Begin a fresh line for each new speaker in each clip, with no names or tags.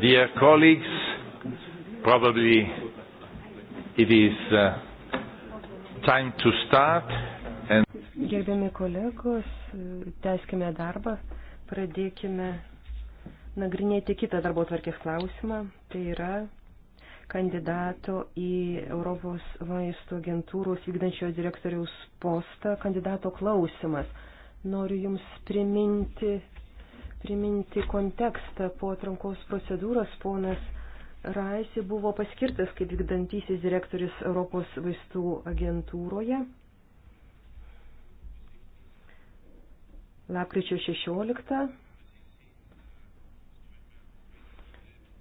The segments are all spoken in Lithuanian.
Dear colleagues, probably it is uh, time to start. And...
Gerbiami kolegos, tęskime darbą, pradėkime nagrinėti kitą darbo tvarkės klausimą, tai yra kandidato į Europos vaistų agentūros vykdančiojo direktoriaus postą kandidato klausimas. Noriu Jums priminti priminti kontekstą po atrankos procedūros ponas Raisi buvo paskirtas kaip vykdantysis direktorius Europos vaistų agentūroje. Lapkričio 16.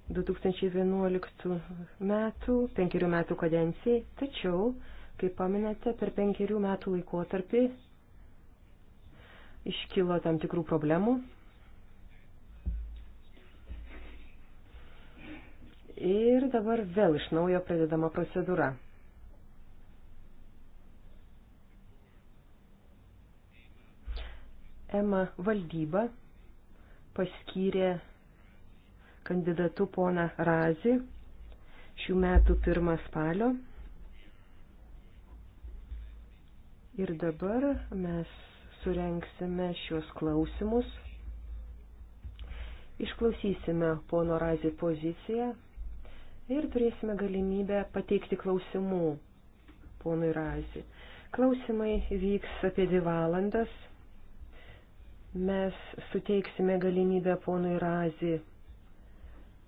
2011 metų, penkerių metų kadencijai, tačiau, kaip paminate, per penkerių metų laikotarpį iškilo tam tikrų problemų Ir dabar vėl iš naujo pradedama procedūra. EMA valdyba paskyrė kandidatu poną Razį šių metų 1 spalio. Ir dabar mes surenksime šios klausimus. Išklausysime pono Razį poziciją ir turėsime galimybę pateikti klausimų ponui Razi. Klausimai vyks apie dvi valandas. Mes suteiksime galimybę ponui Razi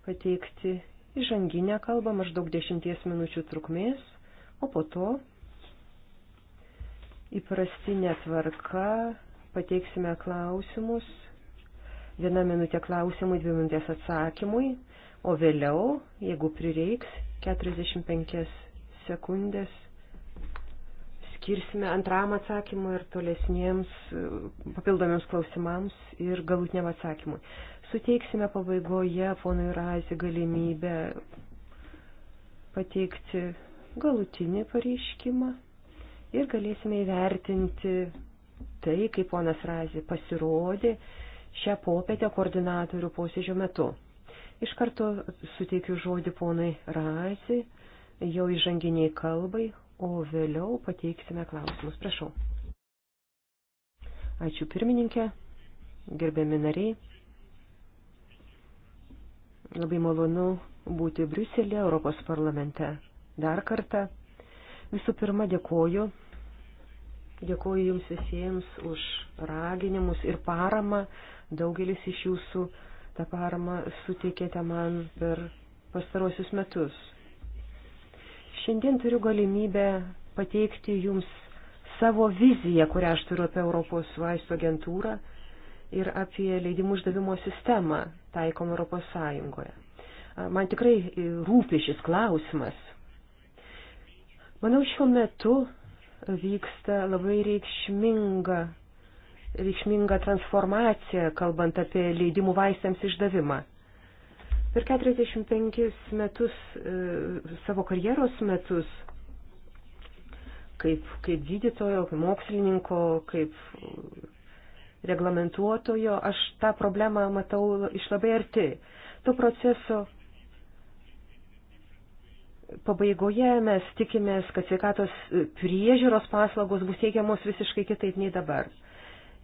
pateikti įžanginę kalbą maždaug dešimties minučių trukmės, o po to įprastinė tvarka pateiksime klausimus. Viena minutė klausimui, dvi minutės atsakymui o vėliau, jeigu prireiks, 45 sekundės skirsime antram atsakymui ir tolesniems e, papildomiams klausimams ir galutiniam atsakymui. Suteiksime pabaigoje ponui Razi galimybę pateikti galutinį pareiškimą ir galėsime įvertinti tai, kaip ponas Razi pasirodė šią popietę koordinatorių posėdžio metu. Iš karto suteikiu žodį ponai Razi, jo įžanginiai kalbai, o vėliau pateiksime klausimus. Prašau. Ačiū pirmininkė, gerbiami nariai. Labai malonu būti Briuselė, Europos parlamente. Dar kartą. Visų pirma, dėkoju. Dėkoju Jums visiems už raginimus ir paramą. Daugelis iš Jūsų tą paramą suteikėte man per pastarosius metus. Šiandien turiu galimybę pateikti jums savo viziją, kurią aš turiu apie Europos vaistų agentūrą ir apie leidimų išdavimo sistemą taikom Europos Sąjungoje. Man tikrai e, rūpi šis klausimas. Manau, šiuo metu vyksta labai reikšminga reikšmingą transformaciją, kalbant apie leidimų vaistėms išdavimą. Per 45 metus e, savo karjeros metus, kaip, kaip gydytojo, kaip mokslininko, kaip reglamentuotojo, aš tą problemą matau iš labai arti. To proceso pabaigoje mes tikimės, kad sveikatos priežiūros paslaugos bus teikiamos visiškai kitaip nei dabar.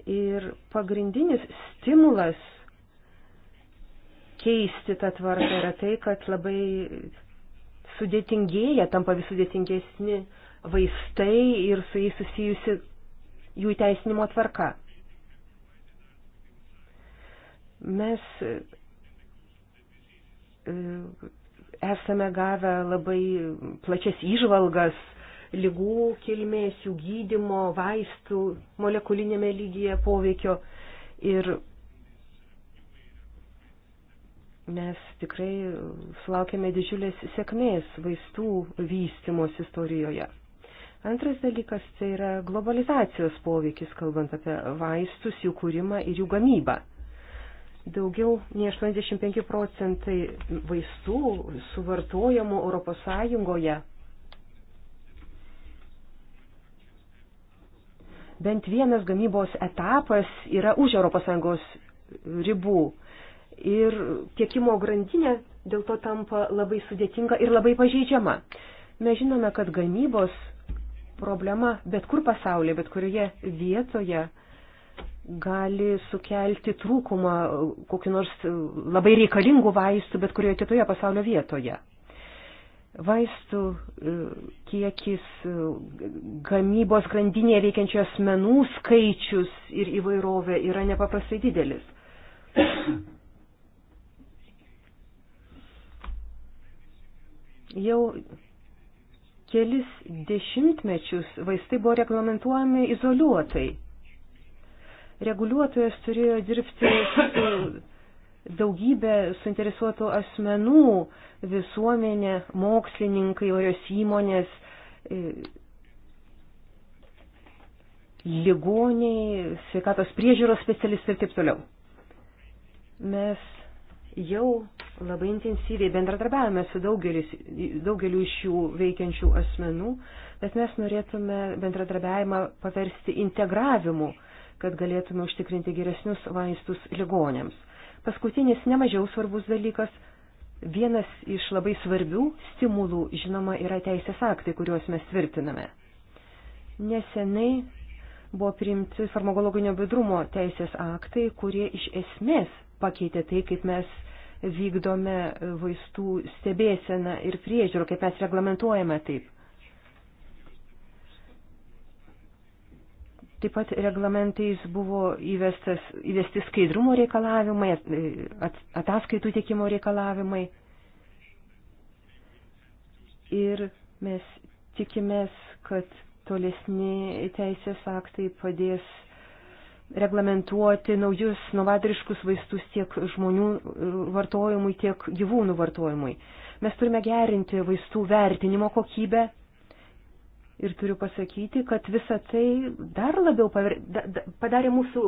Ir pagrindinis stimulas keisti tą tvarką yra tai, kad labai sudėtingėja, tampa vis sudėtingesni vaistai ir su jais susijusi jų teisinimo tvarka. Mes e, esame gavę labai plačias įžvalgas lygų kilmės, jų gydimo, vaistų, molekulinėme lygyje poveikio. Ir mes tikrai sulaukėme didžiulės sėkmės vaistų vystimos istorijoje. Antras dalykas tai yra globalizacijos poveikis, kalbant apie vaistus, jų kūrimą ir jų gamybą. Daugiau nei 85 procentai vaistų suvartojamų ES bent vienas gamybos etapas yra už ES ribų. Ir tiekimo grandinė dėl to tampa labai sudėtinga ir labai pažeidžiama. Mes žinome, kad gamybos problema bet kur pasaulyje, bet kurioje vietoje gali sukelti trūkumą kokiu nors labai reikalingų vaistų bet kurioje kitoje pasaulio vietoje. Vaistų e, kiekis, e, gamybos grandinėje veikiančių asmenų skaičius ir įvairovė yra nepaprastai didelis. Jau kelis dešimtmečius vaistai buvo reglamentuojami izoliuotai. Reguliuotojas turėjo dirbti su daugybė suinteresuotų asmenų, visuomenė, mokslininkai, orios įmonės, e, ligoniai, sveikatos priežiūros specialistai ir taip toliau. Mes jau labai intensyviai bendradarbiavame su daugelis, daugeliu iš jų veikiančių asmenų, bet mes norėtume bendradarbiavimą paversti integravimu, kad galėtume užtikrinti geresnius vaistus ligonėms. Paskutinis nemažiau svarbus dalykas. Vienas iš labai svarbių stimulų, žinoma, yra teisės aktai, kuriuos mes tvirtiname. Nesenai buvo priimti farmakologinio bedrumo teisės aktai, kurie iš esmės pakeitė tai, kaip mes vykdome vaistų stebėseną ir priežiūrą, kaip mes reglamentuojame taip. Taip pat reglamentais buvo įvestas, įvesti skaidrumo reikalavimai, e, ataskaitų tiekimo reikalavimai. Ir mes tikimės, kad tolesni teisės aktai padės reglamentuoti naujus novadriškus vaistus tiek žmonių vartojimui, tiek gyvūnų vartojimui. Mes turime gerinti vaistų vertinimo kokybę Ir turiu pasakyti, kad visa tai dar labiau padarė mūsų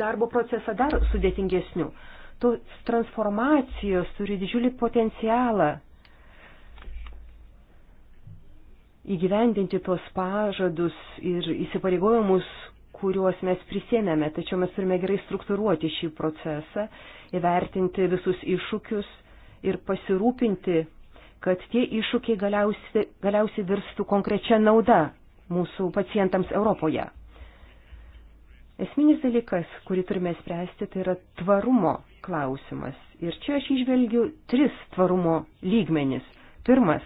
darbo procesą dar sudėtingesniu. Tos transformacijos turi didžiulį potencialą įgyvendinti tuos pažadus ir įsipareigojimus, kuriuos mes prisėmėme, tačiau mes turime gerai struktūruoti šį procesą, įvertinti visus iššūkius ir pasirūpinti, kad tie iššūkiai galiausiai, galiausiai virstų konkrečia nauda mūsų pacientams Europoje. Esminis dalykas, kurį turime spręsti, tai yra tvarumo klausimas. Ir čia aš išvelgiu tris tvarumo lygmenis. Pirmas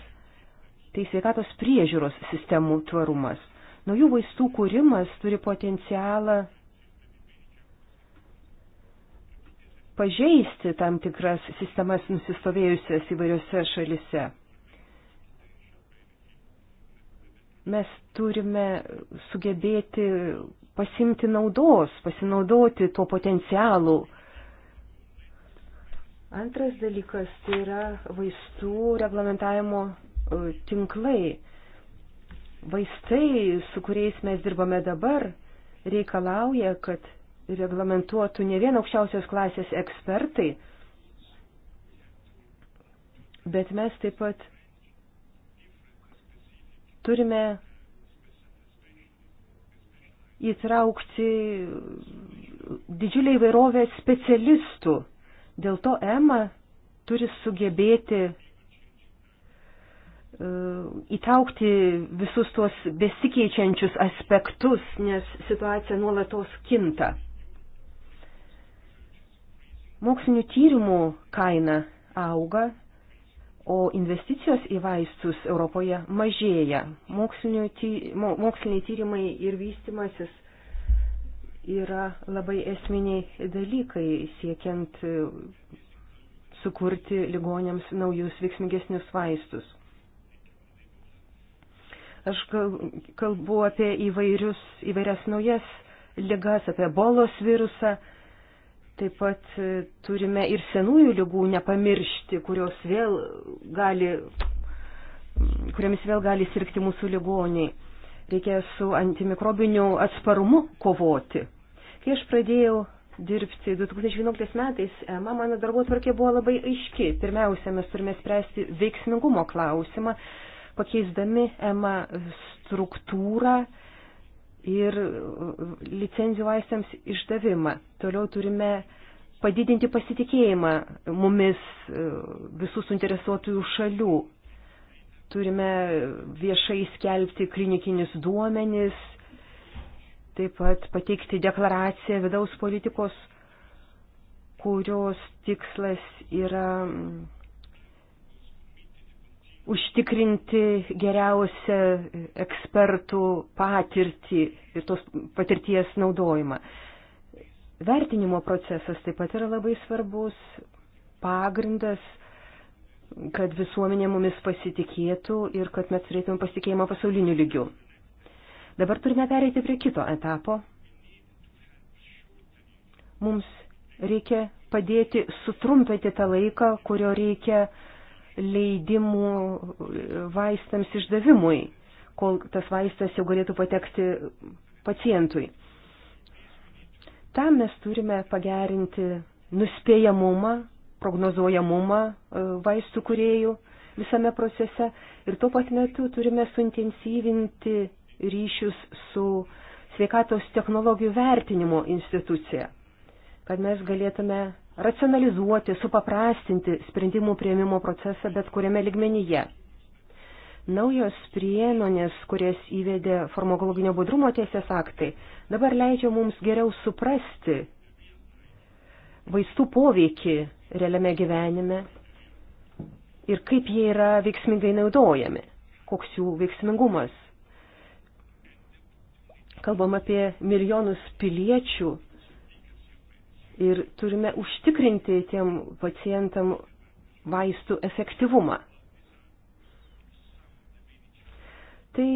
- tai sveikatos priežiūros sistemų tvarumas. Naujų vaistų kūrimas turi potencialą pažeisti tam tikras sistemas nusistovėjusias įvairiose šalise. Mes turime sugebėti pasimti naudos, pasinaudoti tuo potencialu. Antras dalykas tai yra vaistų reglamentavimo e, tinklai. Vaistai, su kuriais mes dirbame dabar, reikalauja, kad reglamentuotų ne vien aukščiausios klasės ekspertai, bet mes taip pat turime įtraukti didžiulį įvairovę specialistų. Dėl to EMA turi sugebėti e, įtraukti visus tuos besikeičiančius aspektus, nes situacija nuolatos kinta. Mokslinių tyrimų kaina auga, o investicijos į vaistus Europoje mažėja. Ty, moksliniai tyrimai ir vystimasis yra labai esminiai dalykai siekiant e, sukurti ligonėms naujus veiksmingesnius vaistus. Aš kalbu apie įvairius, įvairias naujas ligas, apie bolos virusą, Taip pat e, turime ir senųjų lygų nepamiršti, kurios vėl gali, kuriamis vėl gali sirgti mūsų ligoniai. Reikia su antimikrobiniu atsparumu kovoti. Kai aš pradėjau dirbti 2011 metais, EMA mano darbo tvarkė buvo labai aiški. Pirmiausia, mes turime spręsti veiksmingumo klausimą, pakeisdami EMA struktūrą ir uh, licenzijų vaistams išdavimą. Toliau turime padidinti pasitikėjimą mumis uh, visų suinteresuotųjų šalių. Turime viešai skelbti klinikinius duomenis, taip pat pateikti deklaraciją vidaus politikos, kurios tikslas yra mm, užtikrinti geriausią ekspertų patirtį ir tos patirties naudojimą. Vertinimo procesas taip pat yra labai svarbus pagrindas, kad visuomenė mumis pasitikėtų ir kad mes turėtume pasitikėjimą pasauliniu lygiu. Dabar turime pereiti prie kito etapo. Mums reikia padėti sutrumpinti tą laiką, kurio reikia uh, leidimų vaistams išdavimui, kol tas vaistas jau galėtų patekti pacientui. Tam mes turime pagerinti nuspėjamumą, prognozuojamumą e, vaistų kuriejų visame procese ir tuo pat metu turime suintensyvinti ryšius su sveikatos technologijų vertinimo institucija, kad mes galėtume racionalizuoti, supaprastinti sprendimų prieimimo procesą bet kuriame ligmenyje. Naujos priemonės, kurias įvedė farmakologinio budrumo teisės aktai, dabar leidžia mums geriau suprasti vaistų poveikį realiame gyvenime ir kaip jie yra veiksmingai naudojami, koks jų veiksmingumas. Kalbam apie milijonus piliečių, ir turime užtikrinti tiem pacientam vaistų efektyvumą. Tai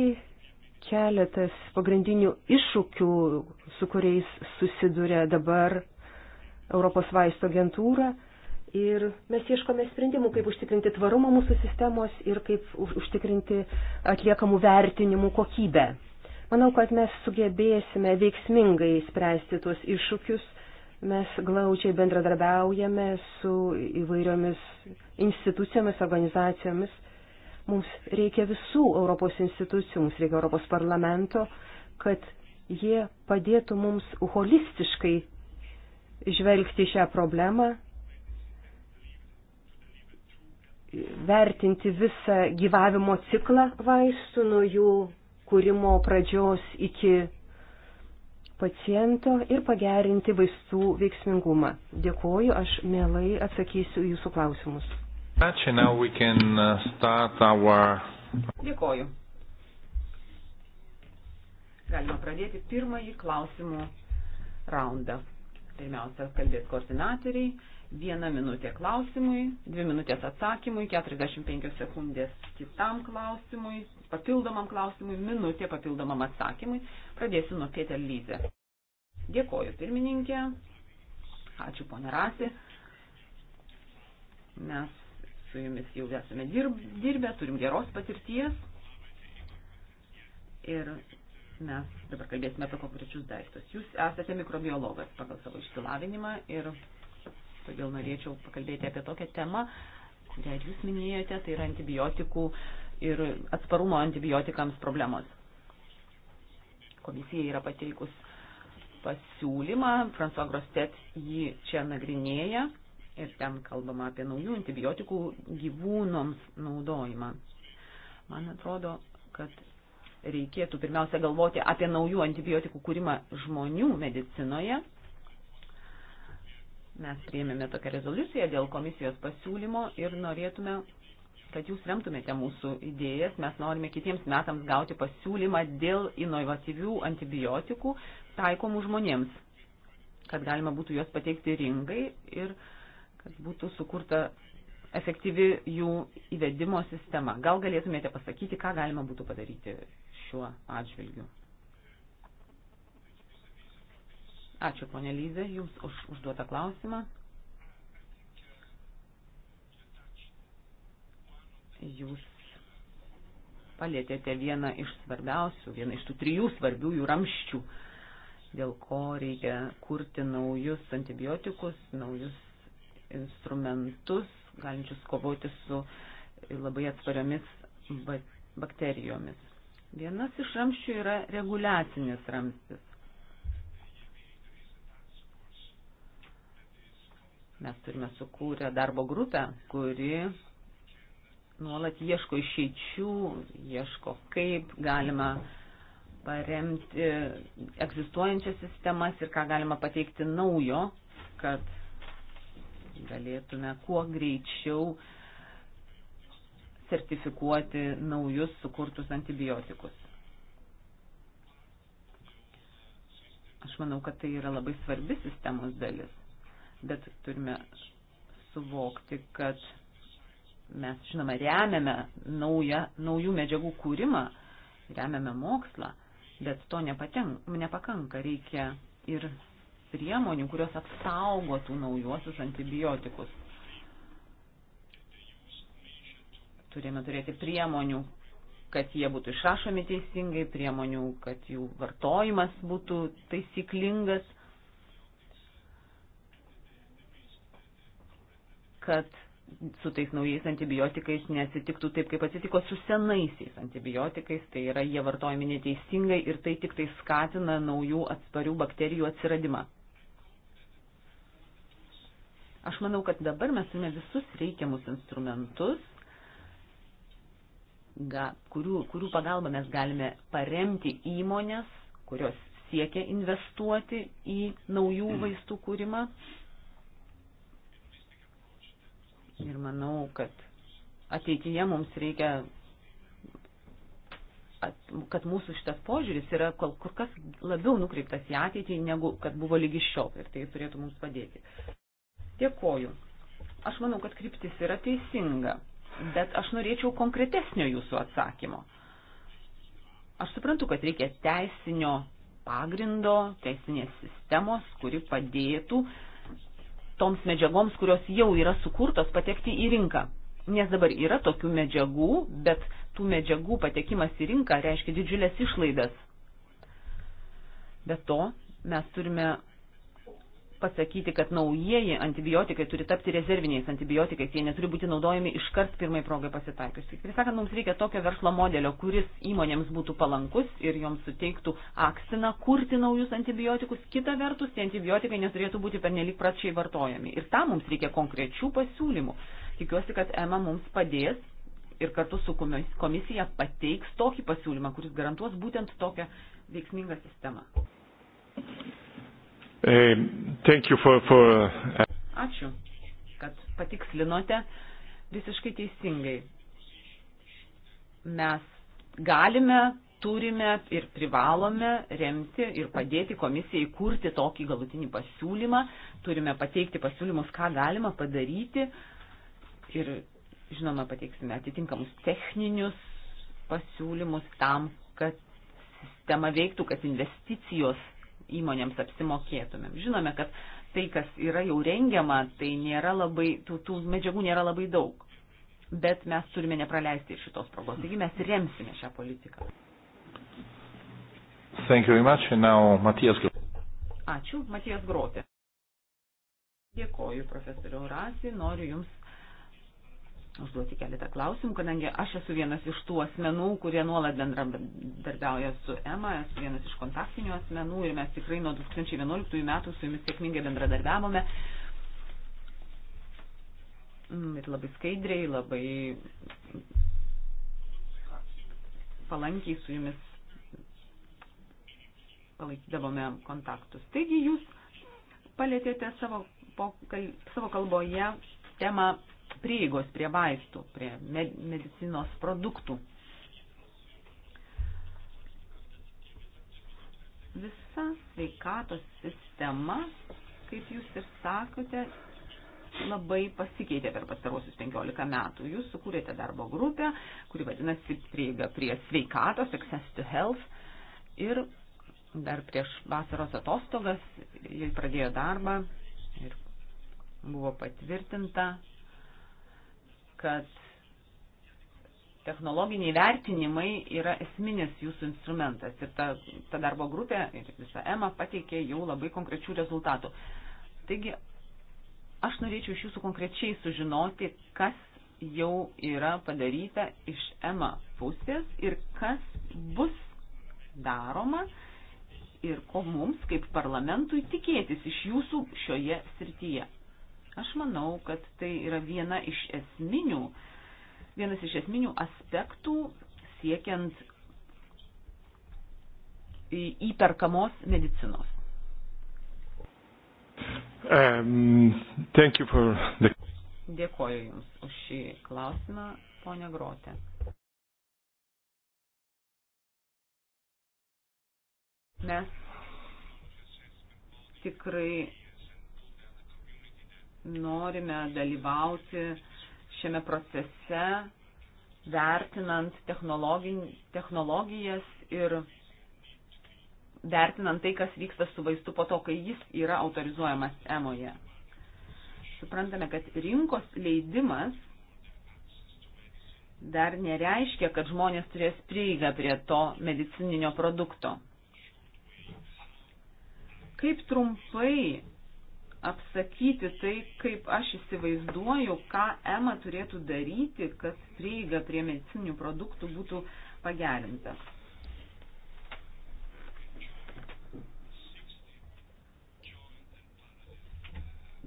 keletas pagrindinių iššūkių, su kuriais susiduria dabar Europos vaisto agentūra. Ir mes ieškome sprendimų, kaip užtikrinti tvarumą mūsų sistemos ir kaip užtikrinti atliekamų vertinimų kokybę. Manau, kad mes sugebėsime veiksmingai spręsti tuos iššūkius Mes glaučiai bendradarbiaujame su įvairiomis institucijomis, organizacijomis. Mums reikia visų Europos institucijų, mums reikia Europos parlamento, kad jie padėtų mums holistiškai žvelgti šią problemą, vertinti visą gyvavimo ciklą vaistų nuo jų kūrimo pradžios iki paciento ir pagerinti vaistų veiksmingumą. Dėkuoju, aš mielai atsakysiu jūsų klausimus.
Ačiū, uh, our...
Dėkuoju. Galima pradėti pirmąjį klausimų raundą. Pirmiausia, kalbės koordinatoriai. Viena minutė klausimui, dvi minutės atsakymui, 45 sekundės kitam klausimui, papildomam klausimui, minutė papildomam atsakymui. Pradėsiu nuo Peter Lyze. Dėkoju pirmininkė, ačiū ponė Rasi. Mes su jumis jau esame dirbę, turim geros patirties ir mes dabar kalbėsime apie konkrečius daiktus. Jūs esate mikrobiologas pagal savo išsilavinimą ir todėl norėčiau pakalbėti apie tokią temą, kurią jūs minėjote, tai yra antibiotikų uh, ir atsparumo antibiotikams problemos. Komisija yra pateikus pasiūlymą, François Grostet jį čia nagrinėja ir ten kalbama apie naujų antibiotikų gyvūnoms naudojimą. Man atrodo, kad reikėtų pirmiausia galvoti apie naujų antibiotikų kūrimą žmonių medicinoje. Mes priėmėme tokią rezoliuciją dėl komisijos pasiūlymo ir norėtume, kad jūs remtumėte mūsų idėjas. Mes norime kitiems metams gauti pasiūlymą dėl inovatyvių antibiotikų taikomų žmonėms, kad galima būtų juos pateikti rinkai ir kad būtų sukurta efektyvi jų įvedimo sistema. Gal galėtumėte pasakyti, ką galima būtų padaryti šiuo atžvilgiu? Ačiū, ponė Lyze, Jums už užduotą klausimą. Jūs palėtėte vieną iš svarbiausių, vieną iš tų trijų svarbiųjų ramščių, dėl ko reikia kurti naujus antibiotikus, naujus instrumentus, galinčius kovoti su labai atspariomis bakterijomis. Vienas iš ramščių yra reguliacinis ramstis. Mes turime sukūrę darbo grupę, kuri nuolat ieško išeičių, ieško, kaip galima paremti egzistuojančias sistemas ir ką galima pateikti naujo, kad galėtume kuo greičiau sertifikuoti naujus sukurtus antibiotikus. Aš manau, kad tai yra labai svarbi sistemos dalis, bet turime suvokti, kad Mes, žinoma, remiame naują, naujų medžiagų kūrimą, remiame mokslą, bet to nepatenk, nepakanka. Reikia ir priemonių, kurios apsaugotų naujuosius antibiotikus. Turime turėti priemonių, kad jie būtų išrašomi teisingai, priemonių, kad jų vartojimas būtų taisyklingas, kad su tais naujais antibiotikais nesitiktų taip, kaip atsitiko su senaisiais antibiotikais, tai yra jie vartojami neteisingai ir tai tik tai skatina naujų atsparių bakterijų atsiradimą. Aš manau, kad dabar mes turime visus reikiamus instrumentus, ga, kurių, kurių pagalba mes galime paremti įmonės, kurios siekia investuoti į naujų vaistų kūrimą. Mm Ir manau, kad ateityje mums reikia, kad mūsų šitas požiūris yra kol kur kas labiau nukreiptas į ateitį, negu kad buvo lygi šiol. Ir tai turėtų mums padėti. Dėkoju. Aš manau, kad kryptis yra teisinga, bet aš norėčiau konkretesnio jūsų atsakymo. Aš suprantu, kad reikia teisinio pagrindo, teisinės sistemos, kuri padėtų uh, toms medžiagoms, kurios jau yra sukurtos, patekti į rinką. Nes dabar yra tokių medžiagų, bet tų medžiagų patekimas į rinką reiškia didžiulės išlaidas. Be to, mes turime pasakyti, kad naujieji antibiotikai turi tapti rezerviniais antibiotikais, jie neturi būti naudojami iškart pirmai progai pasitaikius. Kaip sakant, mums reikia tokio verslo modelio, kuris įmonėms būtų palankus ir joms suteiktų akstiną kurti naujus antibiotikus. Kita vertus, tie antibiotikai neturėtų būti pernelik pračiai vartojami. Ir tam mums reikia konkrečių pasiūlymų. Tikiuosi, kad EMA mums padės ir kartu su komisija pateiks tokį pasiūlymą, kuris garantuos būtent tokią veiksmingą sistemą. Thank
you. Thank you for, for... Uh,
Ačiū, kad patikslinote visiškai teisingai. Mes galime, turime ir privalome remti ir padėti komisijai kurti tokį galutinį pasiūlymą. Turime pateikti pasiūlymus, ką galima padaryti. Ir, žinoma, pateiksime atitinkamus techninius pasiūlymus tam, kad sistema veiktų, kad investicijos įmonėms apsimokėtumėm. Žinome, kad tai, kas yra jau rengiama, tai nėra labai, tų, tų medžiagų nėra labai daug. Bet mes turime nepraleisti ir šitos progos. Taigi mes remsime šią politiką.
Thank you very much. And now
Matijas Grotė.
Ačiū, Matijas Grotė. Dėkoju, profesoriau Rasi. Noriu Jums užduoti keletą klausimų, kadangi aš esu vienas iš tų asmenų, kurie nuolat bendradarbiauja su EMA, esu vienas iš kontaktinių asmenų ir mes tikrai nuo 2011 metų su jumis sėkmingai bendradarbiavome. Mm, ir labai skaidriai, labai palankiai su jumis palaikydavome kontaktus. Taigi jūs palėtėte savo, po, savo kalboje temą prieigos prie vaistų, prie medicinos produktų. Visa sveikatos sistema, kaip jūs ir sakote, labai pasikeitė per pastarosius 15 metų. Jūs sukūrėte darbo grupę, kuri vadinasi prieiga prie sveikatos, access to health. Ir dar prieš vasaros atostogas jie pradėjo darbą ir buvo patvirtinta kad technologiniai vertinimai yra esminis jūsų instrumentas ir ta, ta darbo grupė ir visa EMA pateikė jau labai konkrečių rezultatų. Taigi, aš norėčiau iš jūsų konkrečiai sužinoti, kas jau yra padaryta iš EMA pusės ir kas bus daroma ir ko mums kaip parlamentui tikėtis iš jūsų šioje srityje. Aš manau, kad tai yra viena iš esminių, vienas iš esminių aspektų siekiant įperkamos
medicinos. Um, the...
Dėkoju Jums už šį klausimą, ponė Grotė. Mes tikrai norime dalyvauti šiame procese, vertinant technologijas ir vertinant tai, kas vyksta su vaistu po to, kai jis yra autorizuojamas EMOje. Suprantame, kad rinkos leidimas dar nereiškia, kad žmonės turės prieigą prie to medicininio produkto. Kaip trumpai apsakyti tai, kaip aš įsivaizduoju, ką EMA turėtų daryti, kad prieiga prie medicinių produktų būtų pagerinta.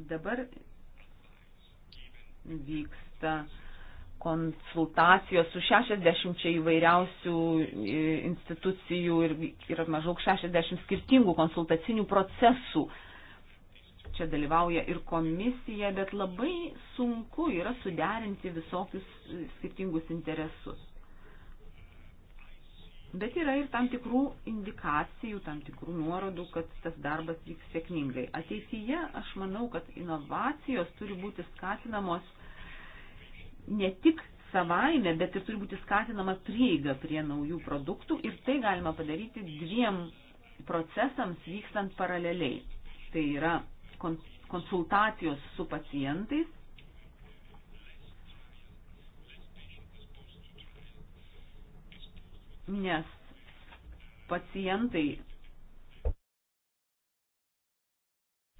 Dabar vyksta konsultacijos su 60 įvairiausių e, institucijų ir, ir maždaug 60 skirtingų konsultacinių procesų čia dalyvauja ir komisija, bet labai sunku yra suderinti visokius e, skirtingus interesus. Bet yra ir tam tikrų indikacijų, tam tikrų nuorodų, kad tas darbas vyks sėkmingai. Ateityje aš manau, kad inovacijos turi būti skatinamos ne tik savaime, bet ir turi būti skatinama prieiga prie naujų produktų ir tai galima padaryti dviem procesams vykstant paraleliai. Tai yra konsultacijos su pacientais. Nes pacientai,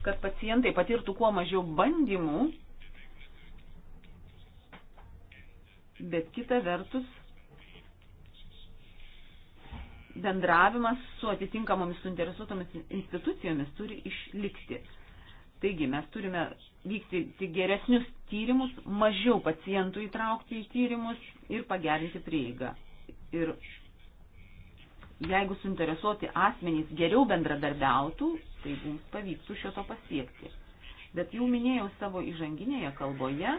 kad pacientai patirtų kuo mažiau bandymų, bet kita vertus bendravimas su atitinkamomis suinteresuotomis institucijomis turi išlikti. Taigi mes turime vykti geresnius tyrimus, mažiau pacientų įtraukti į tyrimus ir pagerinti prieigą. Ir jeigu suinteresuoti asmenys geriau bendradarbiautų, tai mums pavyktų šio to pasiekti. Bet jau minėjau savo įžanginėje kalboje,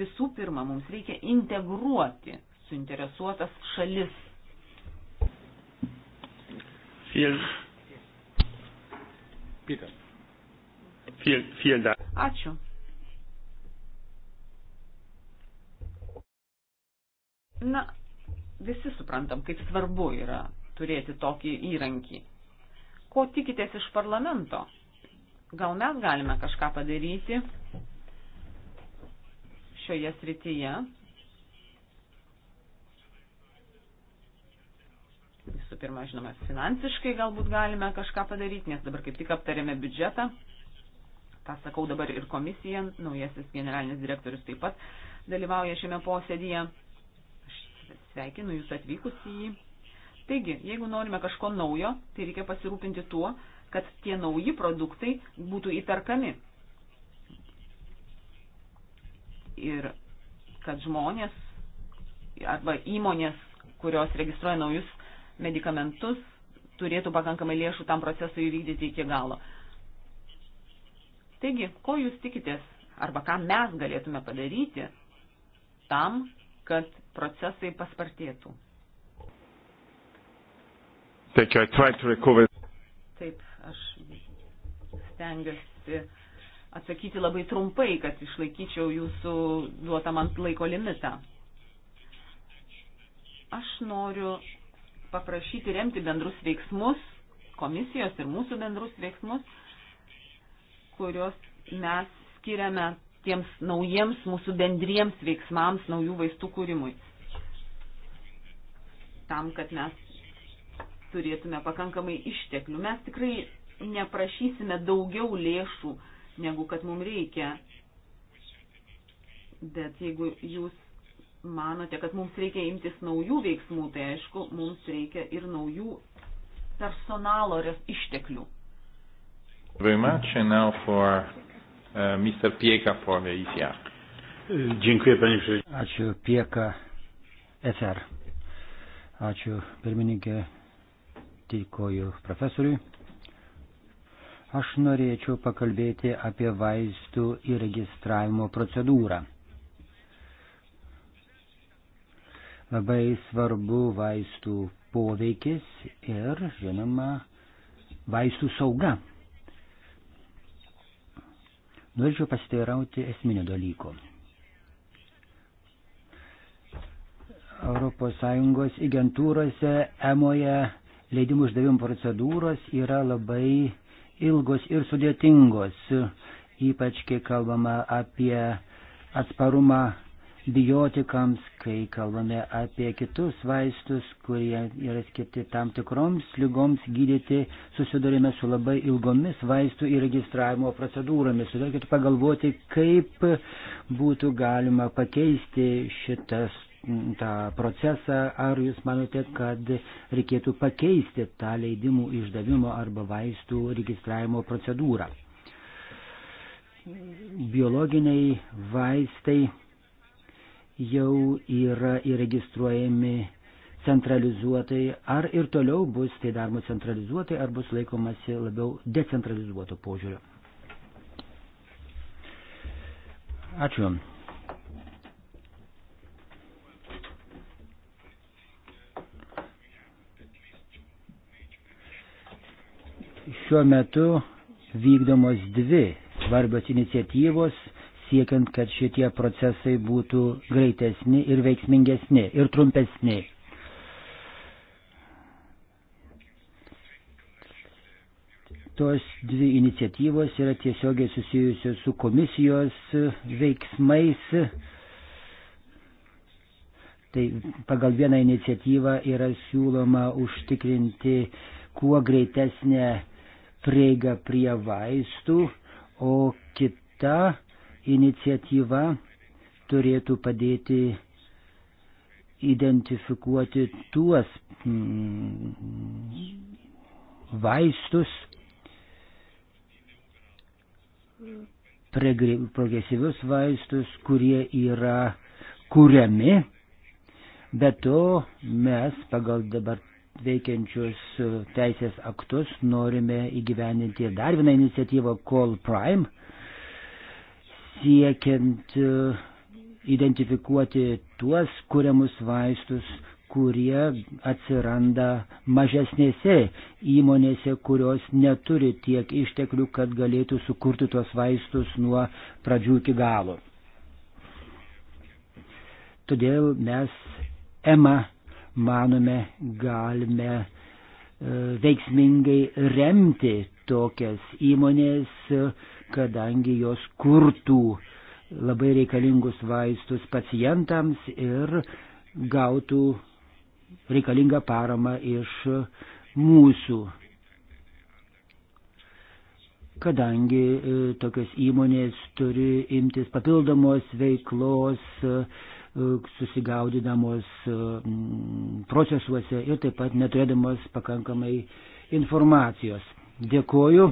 visų pirma, mums reikia integruoti suinteresuotas šalis. Vielen Peter.
Viel, vielen Dank.
Ačiū. Na, visi suprantam, kaip svarbu yra turėti tokį įrankį. Ko tikitės iš parlamento? Gal mes galime kažką padaryti šioje srityje? Visų pirma, žinoma, finansiškai galbūt galime kažką padaryti, nes dabar kaip tik aptarėme biudžetą. Ką sakau dabar ir komisija, naujasis generalinis direktorius taip pat dalyvauja šiame posėdyje. Aš sveikinu jūs atvykus į jį. Taigi, jeigu norime kažko naujo, tai reikia pasirūpinti tuo, kad tie nauji produktai būtų įperkami. Ir kad žmonės arba įmonės, kurios registruoja naujus medikamentus, turėtų pakankamai lėšų tam procesui įvykdyti iki galo. Taigi, ko jūs tikitės arba ką mes galėtume padaryti tam, kad procesai paspartėtų?
Taip,
aš stengiuosi atsakyti labai trumpai, kad išlaikyčiau jūsų duotą man laiko limitą. Aš noriu paprašyti remti bendrus veiksmus, komisijos ir mūsų bendrus veiksmus, kuriuos mes skiriame tiems naujiems mūsų bendriems veiksmams, naujų vaistų kūrimui. Tam, kad mes turėtume pakankamai išteklių. Mes tikrai neprašysime daugiau lėšų, negu kad mums reikia. Bet jeigu jūs manote, kad mums reikia imtis naujų veiksmų, tai aišku, mums reikia ir naujų personalo išteklių.
For, uh, Pieka for e
Dziękuję Panie Przewodniczący. Ačiū Pieka FR. E Ačiū pirmininkė, dėkoju profesoriui. Aš norėčiau pakalbėti apie vaistų įregistravimo procedūrą. Labai svarbu vaistų poveikis ir, žinoma, vaistų sauga. Norėčiau pasiteirauti esminio dalyko. ES agentūrose EMOje e leidimų išdavimo procedūros yra labai ilgos ir sudėtingos, ypač kai kalbama apie atsparumą antibiotikams, kai kalbame apie kitus vaistus, kurie yra skirti tam tikroms lygoms gydyti, susidurime su labai ilgomis vaistų įregistravimo procedūromis. Todėl reikėtų pagalvoti, kaip būtų galima pakeisti šitas tą procesą, ar jūs manote, kad reikėtų pakeisti tą leidimų išdavimo arba vaistų registravimo procedūrą. Biologiniai vaistai jau yra įregistruojami centralizuotai, ar ir toliau bus tai daroma centralizuotai, ar bus laikomasi labiau decentralizuoto požiūrio. Ačiū. Šiuo metu vykdomos dvi svarbios iniciatyvos siekiant, kad šitie procesai būtų greitesni ir veiksmingesni ir trumpesni. Tos dvi iniciatyvos yra tiesiogiai susijusios su komisijos veiksmais. Tai pagal vieną iniciatyvą yra siūloma užtikrinti kuo greitesnę prieigą prie vaistų, o kita iniciatyva turėtų padėti identifikuoti tuos mm, vaistus, progresyvius vaistus, kurie yra kuriami. Be to mes pagal dabar veikiančius teisės aktus norime įgyveninti dar vieną iniciatyvą Call Prime, siekiant e, identifikuoti tuos kuriamus vaistus, kurie atsiranda mažesnėse įmonėse, kurios neturi tiek išteklių, kad galėtų sukurti tuos vaistus nuo pradžių iki galo. Todėl mes EMA, manome, galime e, veiksmingai remti tokias įmonės, kadangi jos kurtų labai reikalingus vaistus pacientams ir gautų reikalingą paramą iš mūsų. Kadangi e, tokios įmonės turi imtis papildomos veiklos, e, susigaudydamos e, procesuose ir taip pat neturėdamos pakankamai informacijos. Dėkoju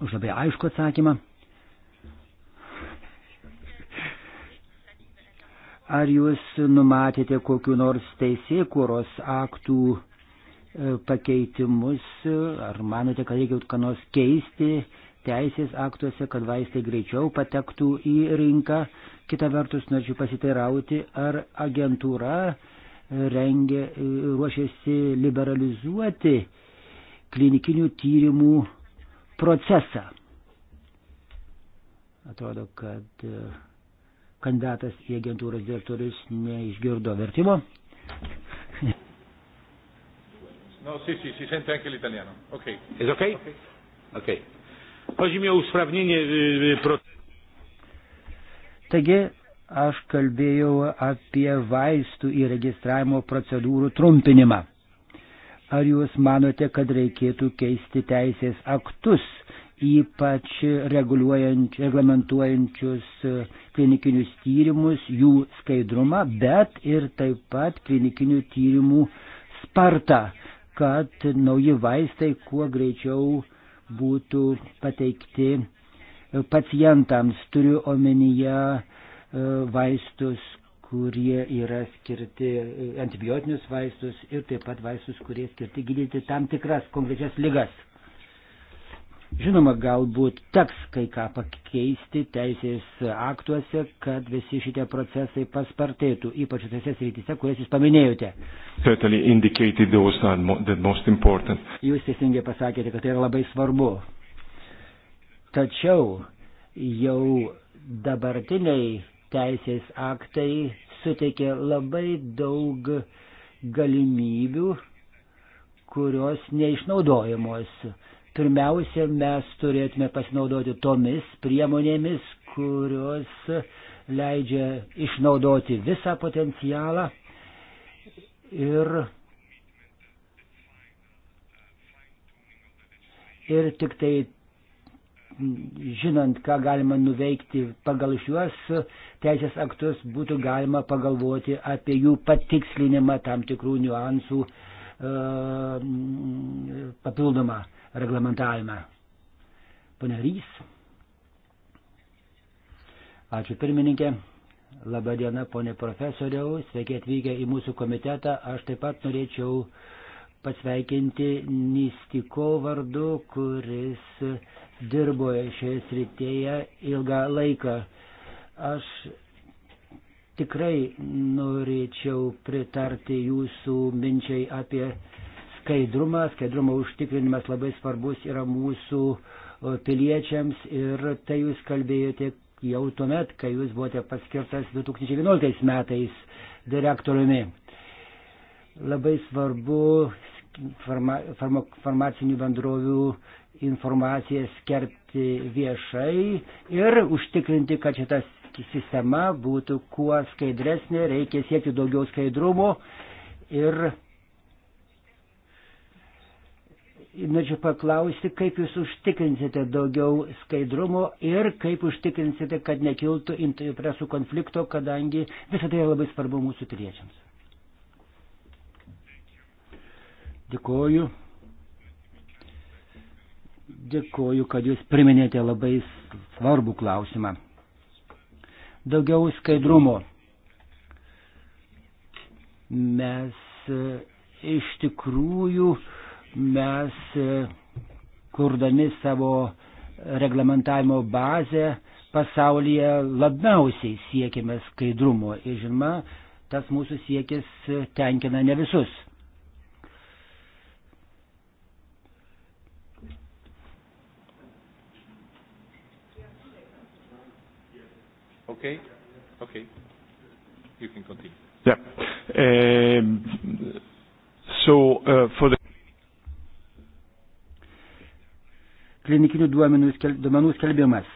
už labai aišku atsakymą. Ar jūs numatėte kokiu nors teisėkūros aktų e, pakeitimus, ar manote, kad reikia ką nors keisti teisės aktuose, kad vaistai greičiau patektų į rinką? Kita vertus, norėčiau pasiteirauti, ar agentūra e, rengia, e, ruošiasi liberalizuoti klinikinių tyrimų procesą. Atrodo, kad e, kandidatas į agentūros direktorius neišgirdo vertimo.
No, sì, sì, si sente anche l'italiano. Ok. È ok? Ok.
okay. Chodzi mi o usprawnienie eh, eh, Taigi, aš kalbėjau apie vaistų įregistravimo procedūrų trumpinimą. Ar jūs manote, kad reikėtų keisti teisės aktus, ypač reglamentuojančius e, klinikinius tyrimus, jų skaidrumą, bet ir taip pat klinikinių tyrimų spartą, kad nauji vaistai kuo greičiau būtų pateikti e, pacientams. Turiu omenyje e, vaistus, kurie yra skirti e, antibiotinius vaistus ir taip pat vaistus, kurie skirti gydyti tam tikras konkrečias ligas. Žinoma, galbūt teks kai ką pakeisti teisės aktuose, kad visi šitie procesai paspartėtų, ypač tose srityse, kurias jūs paminėjote. Jūs teisingai pasakėte, kad tai yra labai svarbu. Tačiau jau dabartiniai teisės aktai suteikė labai daug galimybių, kurios neišnaudojamos. Pirmiausia, mes turėtume pasinaudoti tomis priemonėmis, kurios leidžia išnaudoti visą potencialą ir, ir tik tai žinant, ką galima nuveikti pagal šiuos teisės aktus, būtų galima pagalvoti apie jų patikslinimą tam tikrų niuansų e, papildomą reglamentavimą. Pane Rys. Ačiū pirmininkė. Labą dieną, ponė profesoriau. Sveiki atvykę į mūsų komitetą. Aš taip pat norėčiau uh, pasveikinti Nystiko vardu, kuris dirbo šioje srityje ilgą laiką. Aš tikrai norėčiau pritarti jūsų minčiai apie skaidrumą. Skaidrumo užtikrinimas labai svarbus yra mūsų piliečiams ir tai jūs kalbėjote jau tuomet, kai jūs buvote paskirtas 2011 metais direktoriumi. Labai svarbu farma, farma, farmacinių bendrovių informaciją skerpti viešai ir užtikrinti, kad šita sistema būtų kuo skaidresnė, reikia siekti daugiau skaidrumo ir norėčiau paklausti, kaip jūs užtikrinsite daugiau skaidrumo ir kaip užtikrinsite, kad nekiltų interesų konflikto, kadangi visą tai labai svarbu mūsų piliečiams. Dėkoju. Dėkoju, kad jūs priminėte labai svarbų klausimą. Daugiau skaidrumo. Mes e, iš tikrųjų, mes e, kurdami savo reglamentavimo bazę pasaulyje labiausiai siekime skaidrumo. Ir žinoma, tas mūsų siekis tenkina ne visus.
Okay? Okay. You can continue. Yeah.
Um, so, uh, for the klinikinių duomenų, skel, duomenų skelbimas.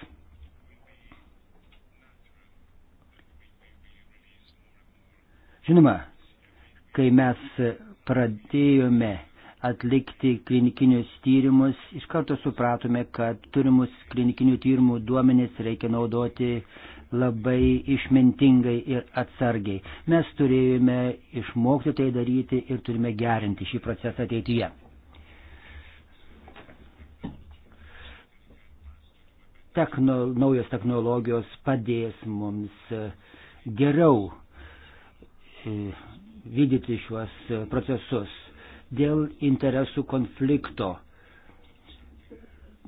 Žinoma, kai mes pradėjome atlikti klinikinius tyrimus, iš karto supratome, kad turimus klinikinių tyrimų duomenys reikia naudoti labai išmintingai ir atsargiai. Mes turėjome išmokti tai daryti ir turime gerinti šį procesą ateityje. Techno, naujos technologijos padės mums e, geriau e, vykdyti šiuos e, procesus dėl interesų konflikto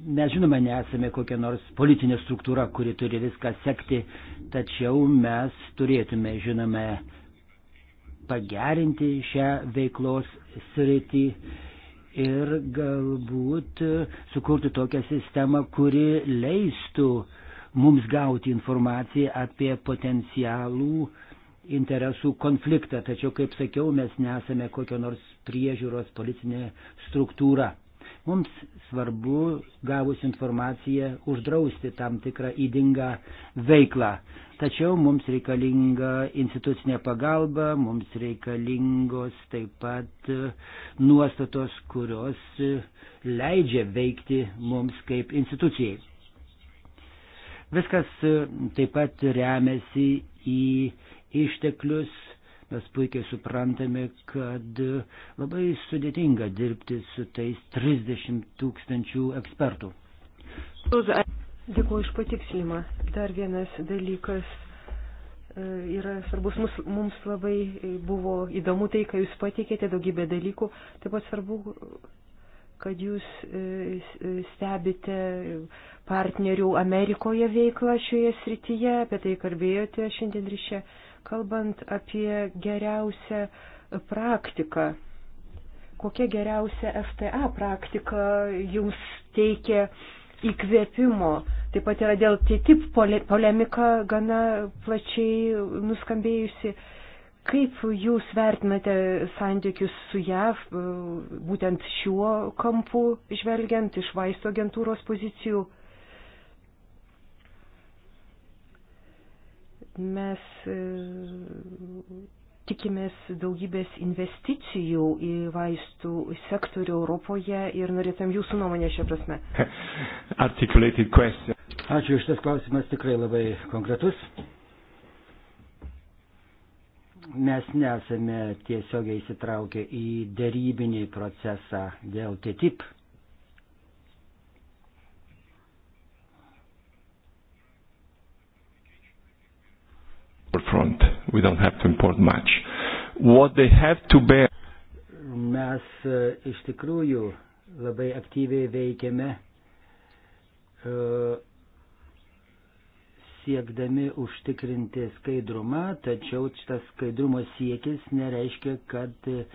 Mes žinoma nesame kokia nors politinė struktūra, kuri turi viską sekti, tačiau mes turėtume, žinome, pagerinti šią veiklos sritį ir galbūt sukurti tokią sistemą, kuri leistų mums gauti informaciją apie potencialų interesų konfliktą. Tačiau, kaip sakiau, mes nesame kokia nors priežiūros policinė struktūra. Mums svarbu, gavus informaciją, uždrausti tam tikrą įdingą veiklą. Tačiau mums reikalinga institucinė pagalba, mums reikalingos taip pat e, nuostatos, kurios e, leidžia veikti mums kaip institucijai. Viskas e, taip pat remiasi į išteklius Mes puikiai suprantame, kad labai sudėtinga dirbti su tais 30 tūkstančių ekspertų.
Dėkuoju iš patikslimą. Dar vienas dalykas e, yra svarbus. Mums, mums labai e, buvo įdomu tai, ką jūs pateikėte, daugybė dalykų. Taip pat svarbu, kad jūs e, stebite partnerių Amerikoje veiklą šioje srityje, apie tai kalbėjote šiandien ryšė. Kalbant apie geriausią praktiką, kokia geriausia FTA praktika jums teikia įkvėpimo. Taip pat yra dėl TTIP pole, polemika gana plačiai nuskambėjusi. Kaip jūs vertinate santykius su JAV, būtent šiuo kampu žvelgiant iš vaisto agentūros pozicijų? mes e, tikimės daugybės investicijų į vaistų sektorių Europoje ir
norėtum jūsų nuomonę šią prasme.
Articulated question.
Ačiū, šitas klausimas tikrai labai konkretus. Mes nesame tiesiogiai įsitraukę į dėrybinį procesą dėl TTIP
front. We don't have to import much. What they have to bear.
Mes e, iš tikrųjų labai aktyviai veikiame e, siekdami užtikrinti skaidrumą, tačiau šitas skaidrumo siekis nereiškia, kad e,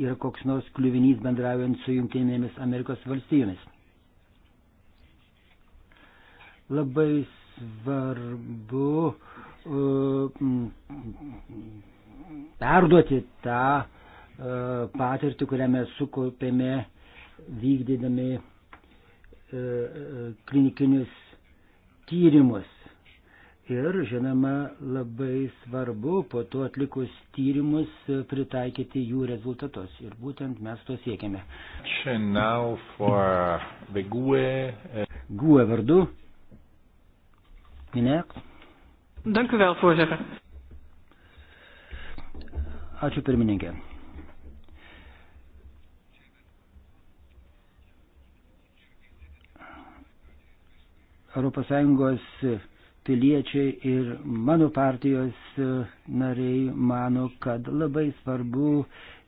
yra koks nors kliuvinys bendraujant su Junktinėmis Amerikos valstybėmis. Labai svarbu e, perduoti tą e, patirtį, kurią mes sukaupėme vykdydami e, klinikinius tyrimus. Ir, žinoma, labai svarbu po to atlikus tyrimus pritaikyti jų rezultatus. Ir būtent mes to siekiame. GUE vardu Minėk.
Dank u wel, voorzitter.
Ačiū pirmininkė. ES piliečiai ir mano partijos nariai mano, kad labai svarbu e,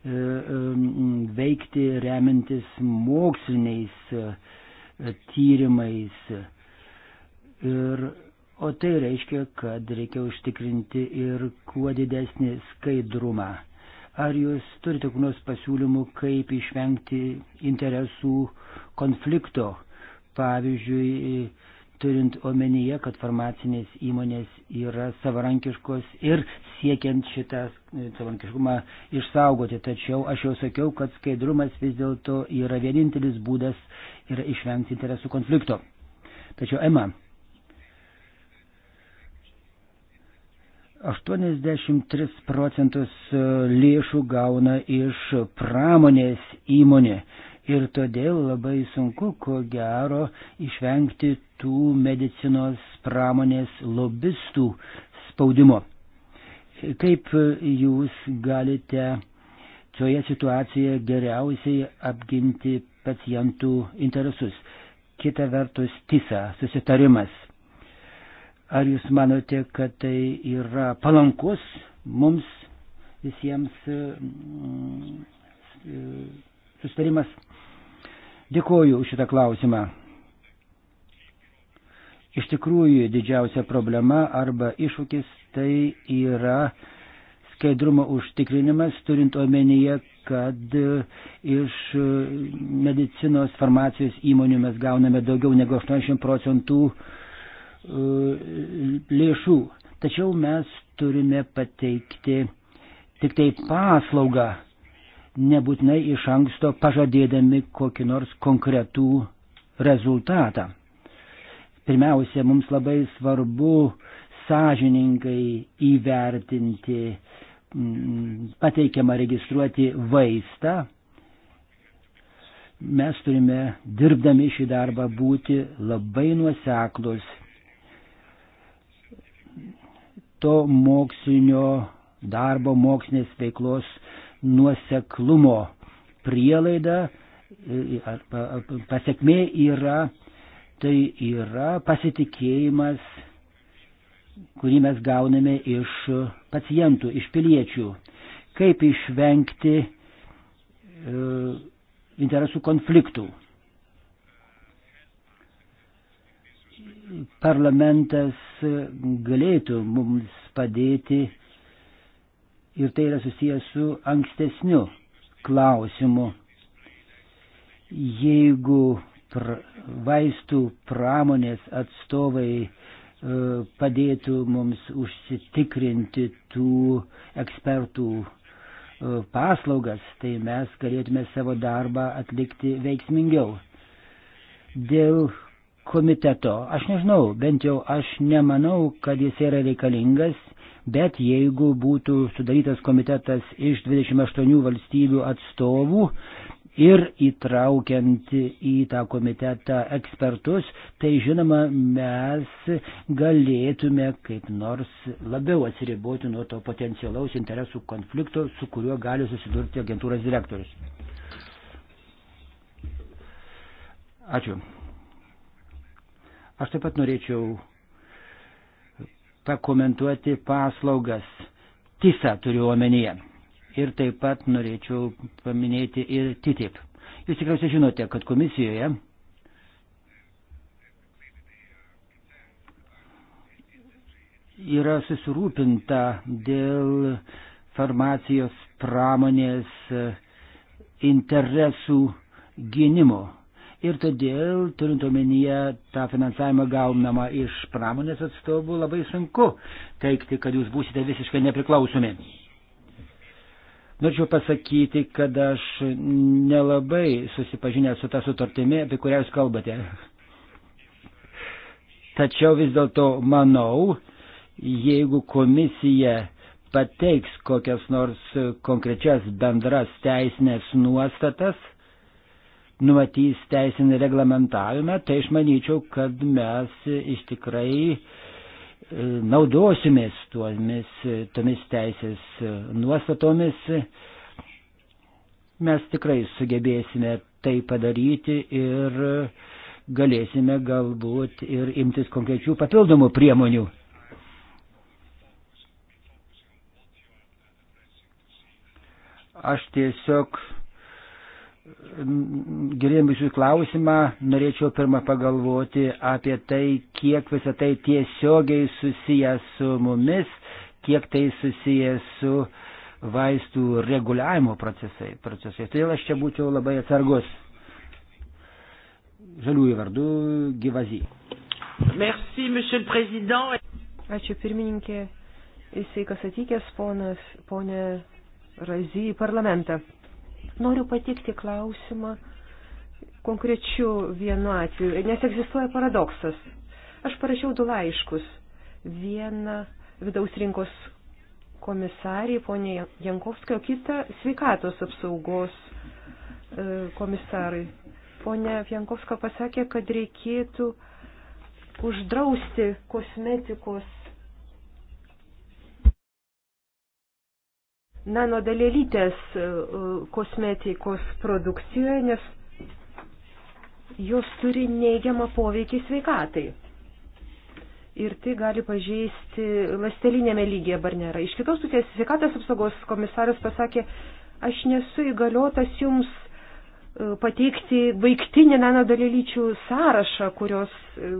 e, veikti remintis moksliniais e, tyrimais. Ir O tai reiškia, kad reikia užtikrinti ir kuo didesnį skaidrumą. Ar jūs turite kokios pasiūlymų, kaip išvengti interesų konflikto? Pavyzdžiui, turint omenyje, kad farmacinės įmonės yra savarankiškos ir siekiant šitą e, savarankiškumą išsaugoti. Tačiau aš jau sakiau, kad skaidrumas vis dėlto yra vienintelis būdas yra išvengti interesų konflikto. Tačiau Ema, 83 procentus e, lėšų gauna iš pramonės įmonė ir todėl labai sunku, ko gero, išvengti tų medicinos pramonės lobistų spaudimo. Kaip jūs galite toje situacijoje geriausiai apginti pacientų interesus? Kita vertus, TISA susitarimas Ar jūs manote, kad tai yra palankus mums visiems e, mm, e, sustarimas? Dėkoju už šitą klausimą. Iš tikrųjų, didžiausia problema arba iššūkis tai yra skaidrumo užtikrinimas, turint omenyje, kad iš medicinos farmacijos įmonių mes gauname daugiau negu 80 procentų uh, E, lėšų. Tačiau mes turime pateikti tik tai paslaugą, nebūtinai iš anksto pažadėdami kokį nors konkretų rezultatą. Pirmiausia, mums labai svarbu sąžiningai įvertinti mm, pateikiamą registruoti vaistą. Mes turime, dirbdami šį darbą, būti labai nuoseklus to mokslinio darbo, mokslinės veiklos nuoseklumo prielaida e, e, arba pasiekmė yra, tai yra pasitikėjimas, kurį mes gauname iš pacientų, iš piliečių. Kaip išvengti e, interesų konfliktų. parlamentas galėtų mums padėti ir tai yra susijęs su ankstesniu klausimu. Jeigu pr vaistų pramonės atstovai e, padėtų mums užsitikrinti tų ekspertų e, paslaugas, tai mes galėtume savo darbą atlikti veiksmingiau. Dėl komiteto. Aš nežinau, bent jau aš nemanau, kad jis yra reikalingas, bet jeigu būtų sudarytas komitetas iš 28 valstybių atstovų ir įtraukiant į tą komitetą ekspertus, tai žinoma, mes galėtume kaip nors labiau atsiriboti nuo to potencialaus interesų konflikto, su kuriuo gali susidurti agentūros direktorius. Ačiū. Aš taip pat norėčiau pakomentuoti paslaugas. TISA turiu omenyje. Ir taip pat norėčiau paminėti ir TTIP. Jūs tikriausiai žinote, kad komisijoje yra susirūpinta dėl farmacijos pramonės interesų gynimo ir todėl, turint omenyje tą finansavimą gaunamą iš pramonės atstovų, labai sunku teikti, kad jūs būsite visiškai nepriklausomi. Norėčiau pasakyti, kad aš nelabai susipažinęs su tą sutartimi, apie kurią jūs kalbate. Tačiau vis dėlto manau, jeigu komisija pateiks kokias nors konkrečias bendras teisinės nuostatas, numatys teisinį reglamentavimą, tai aš manyčiau, kad mes iš tikrai e, naudosimės tuomis, e, tomis teisės e, nuostatomis. Mes tikrai sugebėsime tai padaryti ir galėsime galbūt ir imtis konkrečių papildomų priemonių. Aš tiesiog gilindamas į klausimą, norėčiau pirmą pagalvoti apie tai, kiek visą tai tiesiogiai susiję su mumis, kiek tai susiję su vaistų reguliavimo procesai. procesai. Todėl aš čia būčiau labai atsargus. Žaliųjų vardu gyvazy.
Merci, monsieur le président.
Ačiū pirmininkė. Jisai kas atvykęs ponas, ponė Razy į parlamentą. Noriu patikti klausimą konkrečiu vienu atveju, nes egzistuoja paradoksas. Aš parašiau du laiškus. Vieną vidaus rinkos komisarį, ponė Jankovskio, kitą sveikatos apsaugos e, komisarai. Pone Jankovska pasakė, kad reikėtų uždrausti kosmetikos nanodalelytės e, kosmetikos produkcijoje, nes jos turi neigiamą poveikį sveikatai. Ir tai gali pažeisti lastelinėme lygyje barnerą. Iš kitos pusės sveikatos apsaugos komisaras pasakė, aš nesu įgaliotas jums e, pateikti baigtinį nanodalelyčių sąrašą, kurios e,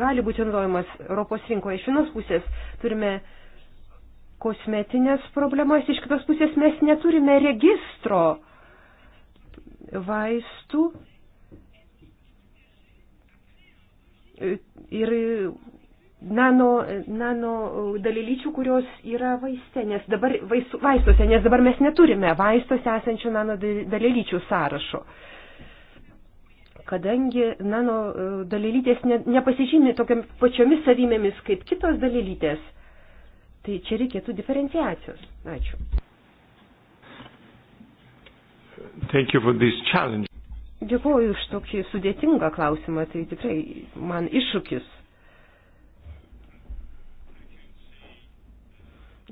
gali būti naudojamas Europos rinkoje. Iš vienos pusės turime uh, kosmetinės problemas, iš kitos pusės mes neturime registro vaistų ir nano, nano dalelyčių, kurios yra vaiste, nes dabar, vaistu, vaistuose, nes dabar mes neturime vaistuose esančių nano dalelyčių sąrašo. Kadangi nano e, dalelytės ne, nepasižymė tokiam pačiomis savimėmis kaip kitos dalelytės, Tai čia reikėtų diferenciacijos. Ačiū.
Thank you for this challenge.
Dėkuoju už tokį sudėtingą klausimą, tai tikrai man iššūkis.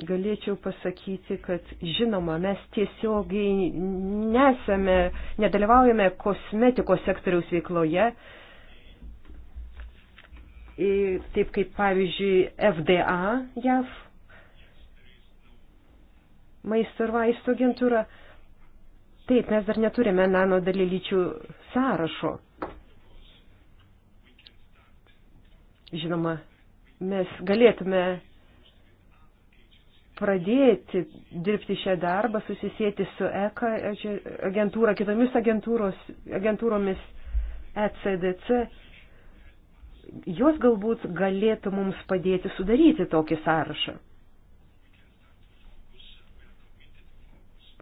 Galėčiau pasakyti, kad žinoma, mes tiesiogiai nesame, nedalyvaujame kosmetikos sektoriaus veikloje, taip kaip pavyzdžiui FDA JAV maisto ir vaisto agentūra. Taip, mes dar neturime nano dalelyčių sąrašo. Žinoma, mes galėtume pradėti dirbti šią darbą, susisėti su ECA agentūra, kitomis agentūromis ECDC. Jos galbūt galėtų mums padėti sudaryti tokį sąrašą.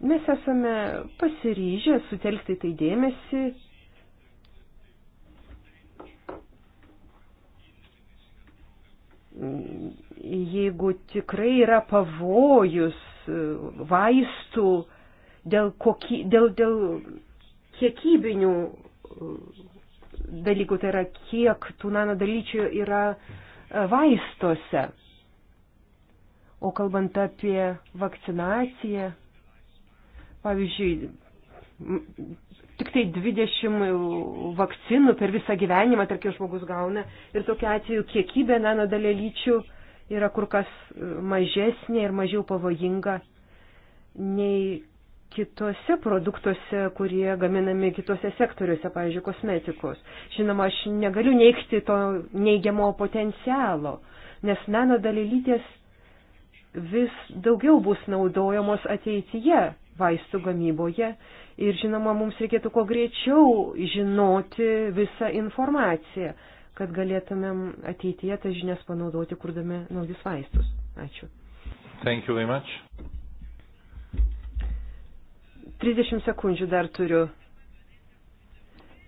Mes esame pasiryžę sutelkti tai dėmesį. Jeigu tikrai yra pavojus vaistų dėl, koky, dėl, dėl kiekybinių dalykų, tai yra kiek tų nanodalyčių yra e, vaistuose. O kalbant apie vakcinaciją, Pavyzdžiui, tik tai 20 vakcinų per visą gyvenimą, tarkim, žmogus gauna ir tokiu atveju kiekybė nanodalelyčių yra kur kas mažesnė ir mažiau pavojinga nei kitose produktuose, kurie gaminami kitose sektoriuose, pavyzdžiui, kosmetikos. Žinoma, aš negaliu neikti to neigiamo potencialo, nes nanodalelytės vis daugiau bus naudojamos ateityje vaistų gamyboje. Ir žinoma, mums reikėtų kuo greičiau žinoti visą informaciją, kad galėtumėm ateityje tas žinias panaudoti, kurdami naujus vaistus. Ačiū.
Thank you very much.
30 sekundžių dar turiu.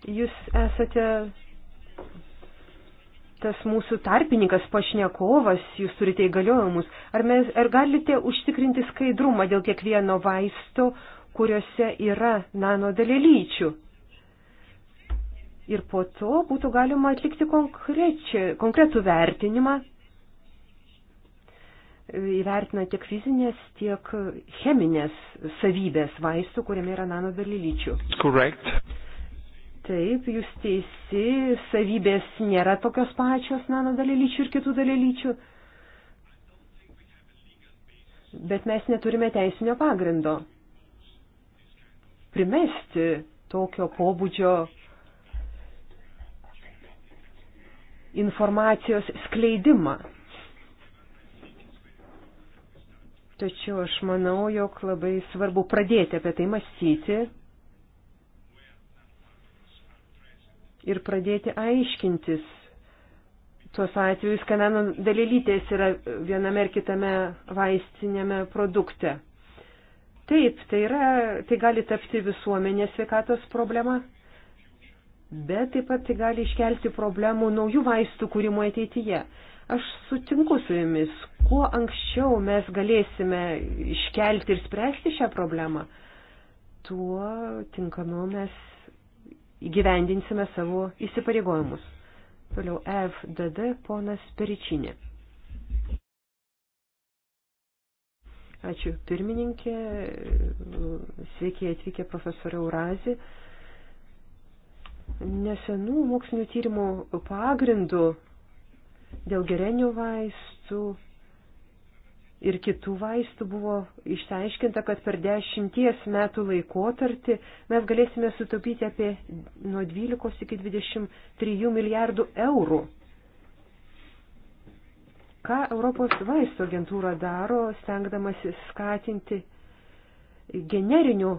Jūs esate tas mūsų tarpininkas, pašnekovas, jūs turite įgaliojimus, ar, mes, ar galite užtikrinti skaidrumą dėl kiekvieno vaisto, kuriuose yra nanodalelyčių? Ir po to būtų galima atlikti konkretų vertinimą, įvertina tiek fizinės, tiek cheminės savybės vaistų, kuriame yra nanodalelyčių. Correct. Taip, jūs teisi, savybės nėra tokios pačios nano dalelyčių ir kitų dalelyčių, bet mes neturime teisinio pagrindo primesti tokio pobūdžio informacijos skleidimą. Tačiau aš manau, jog labai svarbu pradėti apie tai mąstyti ir pradėti aiškintis tuos atvejus, kad dalelytės yra viename ar kitame vaistinėme produkte. Taip, tai, yra, tai gali tapti visuomenės sveikatos problema, bet taip pat tai gali iškelti problemų naujų vaistų kūrimo ateityje. Aš sutinku su jumis, kuo anksčiau mes galėsime iškelti ir spręsti šią problemą, tuo tinkamiau mes įgyvendinsime savo įsipareigojimus. Toliau FDD ponas Peričinė. Ačiū pirmininkė, sveiki atvykę profesorė Urazi. Nesenų mokslinių tyrimų pagrindų dėl gerenių vaistų ir kitų vaistų buvo išsiaiškinta, kad per dešimties metų laikotarpį mes galėsime sutaupyti apie nuo 12 iki 23 milijardų eurų. Ką Europos vaistų agentūra daro, stengdamasi skatinti generinių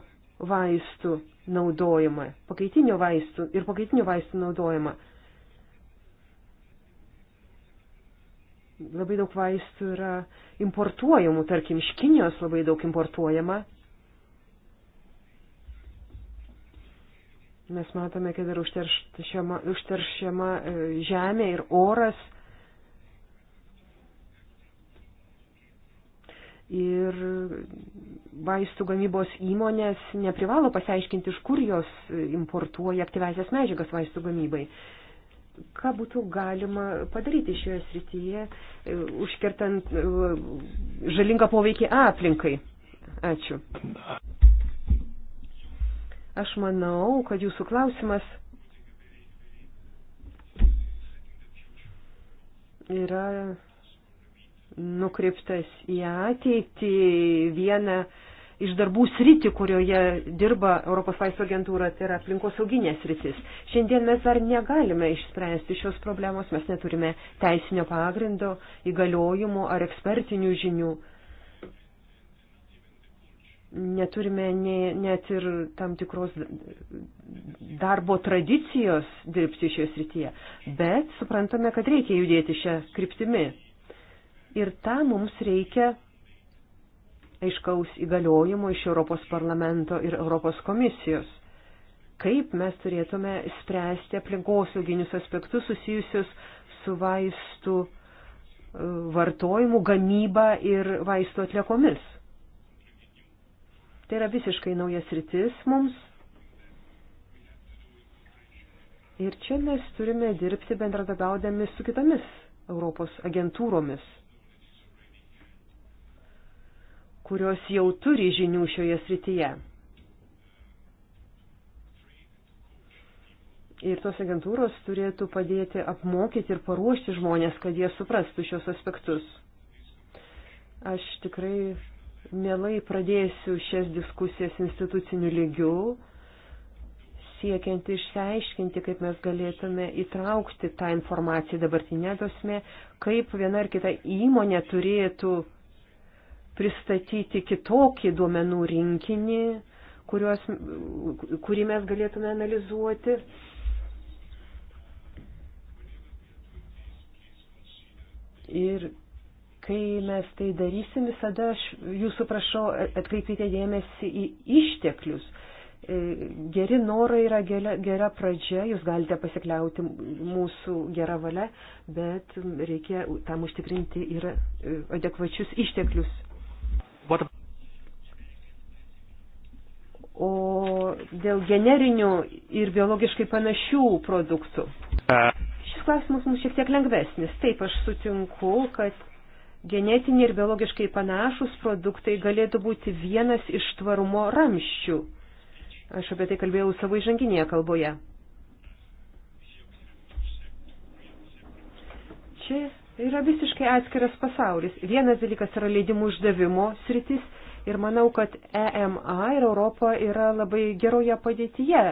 vaistų naudojimą, pakaitinių vaistų ir pakaitinių vaistų naudojimą? Labai daug vaistų yra importuojamų, tarkim, iš Kinijos labai daug importuojama. Mes matome, kad yra užteršiama, užteršiama žemė ir oras. ir vaistų gamybos įmonės neprivalo pasiaiškinti, iš kur jos importuoja aktyvesias medžiagas vaistų gamybai ką būtų galima padaryti šioje srityje, e, užkertant e, žalingą poveikį aplinkai. Ačiū. Aš manau, kad jūsų klausimas yra nukreiptas į ateitį vieną iš darbų sritį, kurioje dirba Europos vaistų agentūra, tai yra aplinkosauginės sritis. Šiandien mes dar negalime išspręsti šios problemos, mes neturime teisinio pagrindo, įgaliojimų ar ekspertinių žinių. Neturime ne, net ir tam tikros darbo tradicijos dirbti šioje srityje, bet suprantame, kad reikia judėti šią kryptimį. Ir tą mums reikia aiškaus įgaliojimo iš Europos parlamento ir Europos komisijos. Kaip mes turėtume spręsti aplinkosauginius aspektus susijusius su vaistų e, vartojimu, gamyba ir vaistų atliekomis. Tai yra visiškai naujas rytis mums. Ir čia mes turime dirbti bendradarbiaudami su kitomis Europos agentūromis kurios jau turi žinių šioje srityje. Ir tos agentūros turėtų padėti apmokyti ir paruošti žmonės, kad jie suprastų šios aspektus. Aš tikrai mielai pradėsiu šias diskusijas instituciniu lygiu, siekiant išsiaiškinti, kaip mes galėtume įtraukti tą informaciją dabartinę dosmę, kaip viena ar kita įmonė turėtų pristatyti kitokį duomenų rinkinį, kuriuos, kurį mes galėtume analizuoti. Ir kai mes tai darysim, visada aš jūsų prašau atkreipkite dėmesį į išteklius. E, geri norai yra gera, gera pradžia, jūs galite pasikliauti mūsų gerą valią, bet reikia tam užtikrinti ir e, adekvačius išteklius. What o dėl generinių ir biologiškai panašių produktų. Šis klausimas mums šiek tiek lengvesnis. Taip, aš sutinku, kad genetiniai ir biologiškai panašus produktai galėtų būti vienas iš tvarumo ramščių. Aš apie tai kalbėjau savo įžanginėje kalboje. Čia yra visiškai atskiras pasaulis. Vienas dalykas yra leidimų išdavimo sritis ir manau, kad EMA ir Europa yra labai geroje padėtyje.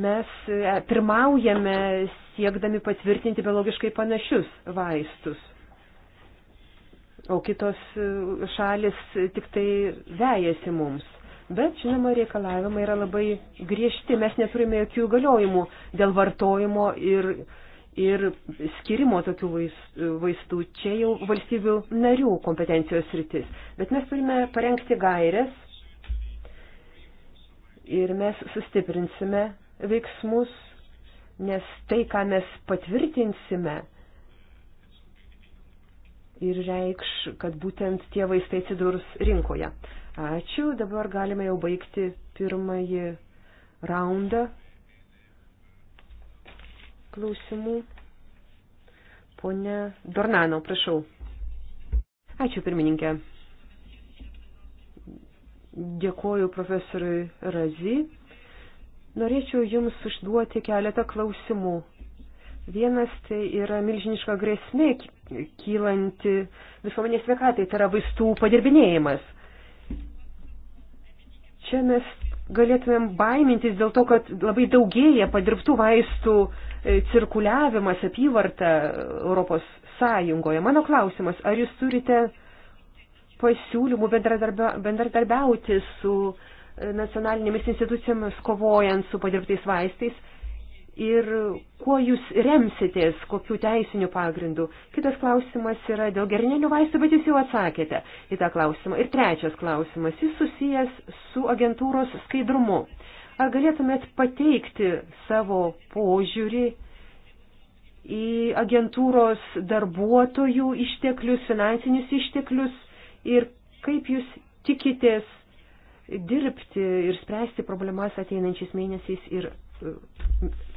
Mes e, pirmaujame siekdami patvirtinti biologiškai panašius vaistus, o kitos e, šalis tik tai vejasi mums. Bet, žinoma, reikalavimai yra labai griežti. Mes neturime jokių galiojimų dėl vartojimo ir uh, ir skirimo tokių vaistų. Čia jau valstybių narių kompetencijos rytis. Bet mes turime parengti gairias ir mes sustiprinsime veiksmus, nes tai, ką mes patvirtinsime ir reikš, kad būtent tie vaistai atsidurs rinkoje. Ačiū, dabar galime jau baigti pirmąjį raundą klausimų. Pone Dornano, prašau. Ačiū pirmininkė. Dėkoju profesoriui Razi. Norėčiau Jums užduoti keletą klausimų. Vienas tai yra milžiniška grėsmė kylanti visuomenės sveikatai, tai yra vaistų padirbinėjimas. Čia mes galėtumėm baimintis dėl to, kad labai daugėja padirbtų vaistų e, cirkuliavimas, apyvarta Europos Sąjungoje. Mano klausimas, ar jūs turite pasiūlymų bendradarbiauti su e, nacionalinėmis institucijomis kovojant su padirbtais vaistais ir kuo jūs remsitės, kokiu teisiniu pagrindu. Kitas klausimas yra dėl gerinėlių vaistų, bet jūs jau atsakėte į tą klausimą. Ir trečias klausimas, jis susijęs su agentūros skaidrumu. Ar galėtumėt pateikti savo požiūrį į agentūros darbuotojų išteklius, finansinius išteklius ir kaip jūs tikitės dirbti ir spręsti problemas ateinančiais mėnesiais ir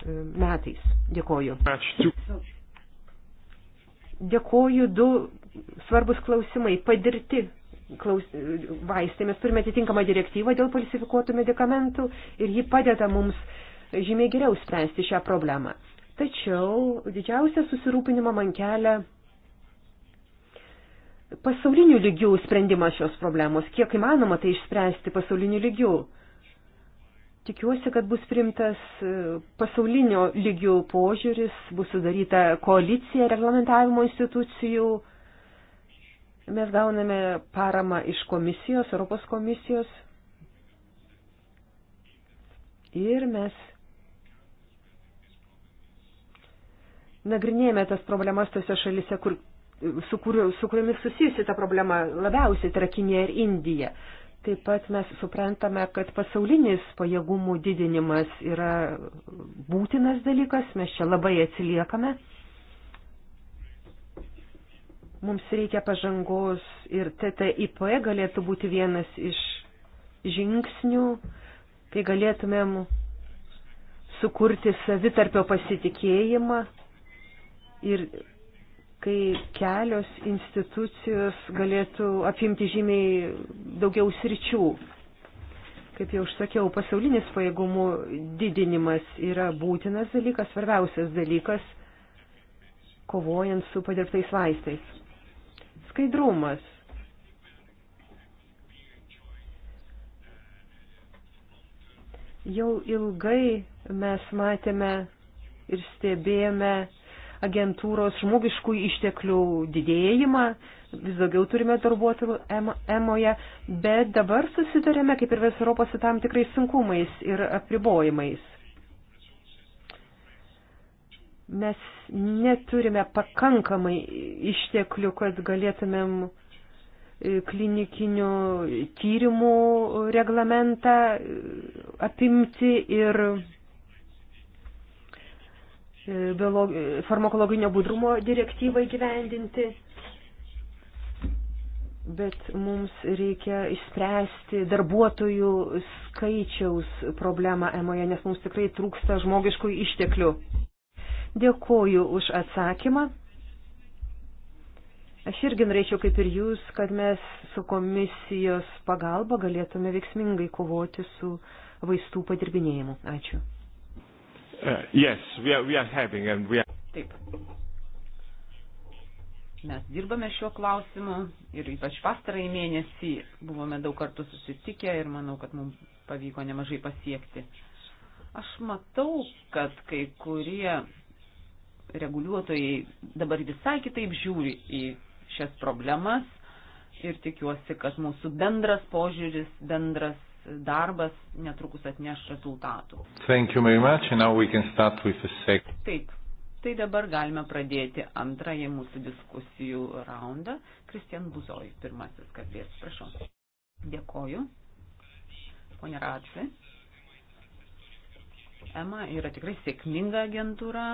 metais. Dėkoju. Ačiū. Dėkoju, du svarbus klausimai. Padirti klaus, vaistai. Mes turime atitinkamą direktyvą dėl palsifikuotų medikamentų ir ji padeda mums žymiai geriau spręsti šią problemą. Tačiau didžiausia susirūpinimo man kelia pasaulinių lygių sprendimas šios problemos. Kiek įmanoma tai išspręsti pasaulinių lygių. Tikiuosi, kad bus primtas e, pasaulinio lygių požiūris, bus sudaryta koalicija reglamentavimo institucijų. Mes gauname paramą iš komisijos, Europos komisijos. Ir mes nagrinėjame tas problemas tose šalise, kur, su, kur, su kuriomis susijusi ta problema labiausiai, tai yra Kinija ir Indija. Taip pat mes suprantame, kad pasaulinis pajėgumų didinimas yra būtinas dalykas, mes čia labai atsiliekame. Mums reikia pažangos ir TTIP galėtų būti vienas iš žingsnių, kai galėtumėm sukurti savitarpio pasitikėjimą ir kai kelios institucijos galėtų apimti žymiai daugiau sričių. Kaip jau užsakiau, pasaulinis pajėgumų didinimas yra būtinas dalykas, svarbiausias dalykas, kovojant su padirbtais vaistais. Skaidrumas. Jau ilgai mes matėme ir stebėjome agentūros žmogiškų išteklių didėjimą, vis daugiau turime darbuotojų EMOje, bet dabar susitarėme, kaip ir vis Europos, su tam tikrais sunkumais ir apribojimais. Mes neturime pakankamai išteklių, kad galėtumėm e, klinikinių tyrimų reglamentą e, apimti ir farmakologinio budrumo direktyvą įgyvendinti. Bet mums reikia išspręsti darbuotojų skaičiaus problemą emoje, nes mums tikrai trūksta žmogiškų išteklių. Dėkoju už atsakymą. Aš irgi norėčiau, kaip ir jūs, kad mes su komisijos pagalba galėtume veiksmingai kovoti su vaistų padirbinėjimu. Ačiū.
Uh, yes, we are, we are having and we are... Taip.
Mes dirbame šiuo klausimu ir ypač pastarąjį mėnesį buvome daug kartų susitikę ir manau, kad mums pavyko nemažai pasiekti. Aš matau, kad kai kurie reguliuotojai dabar visai kitaip žiūri į šias problemas ir tikiuosi, kad mūsų bendras požiūris, bendras darbas netrukus atneš rezultatų. Taip, tai dabar galime pradėti antrąjį mūsų diskusijų raundą. Kristian Buzoj pirmasis kalbės, prašau. Dėkoju. Pone Ratsi. EMA yra tikrai sėkminga agentūra.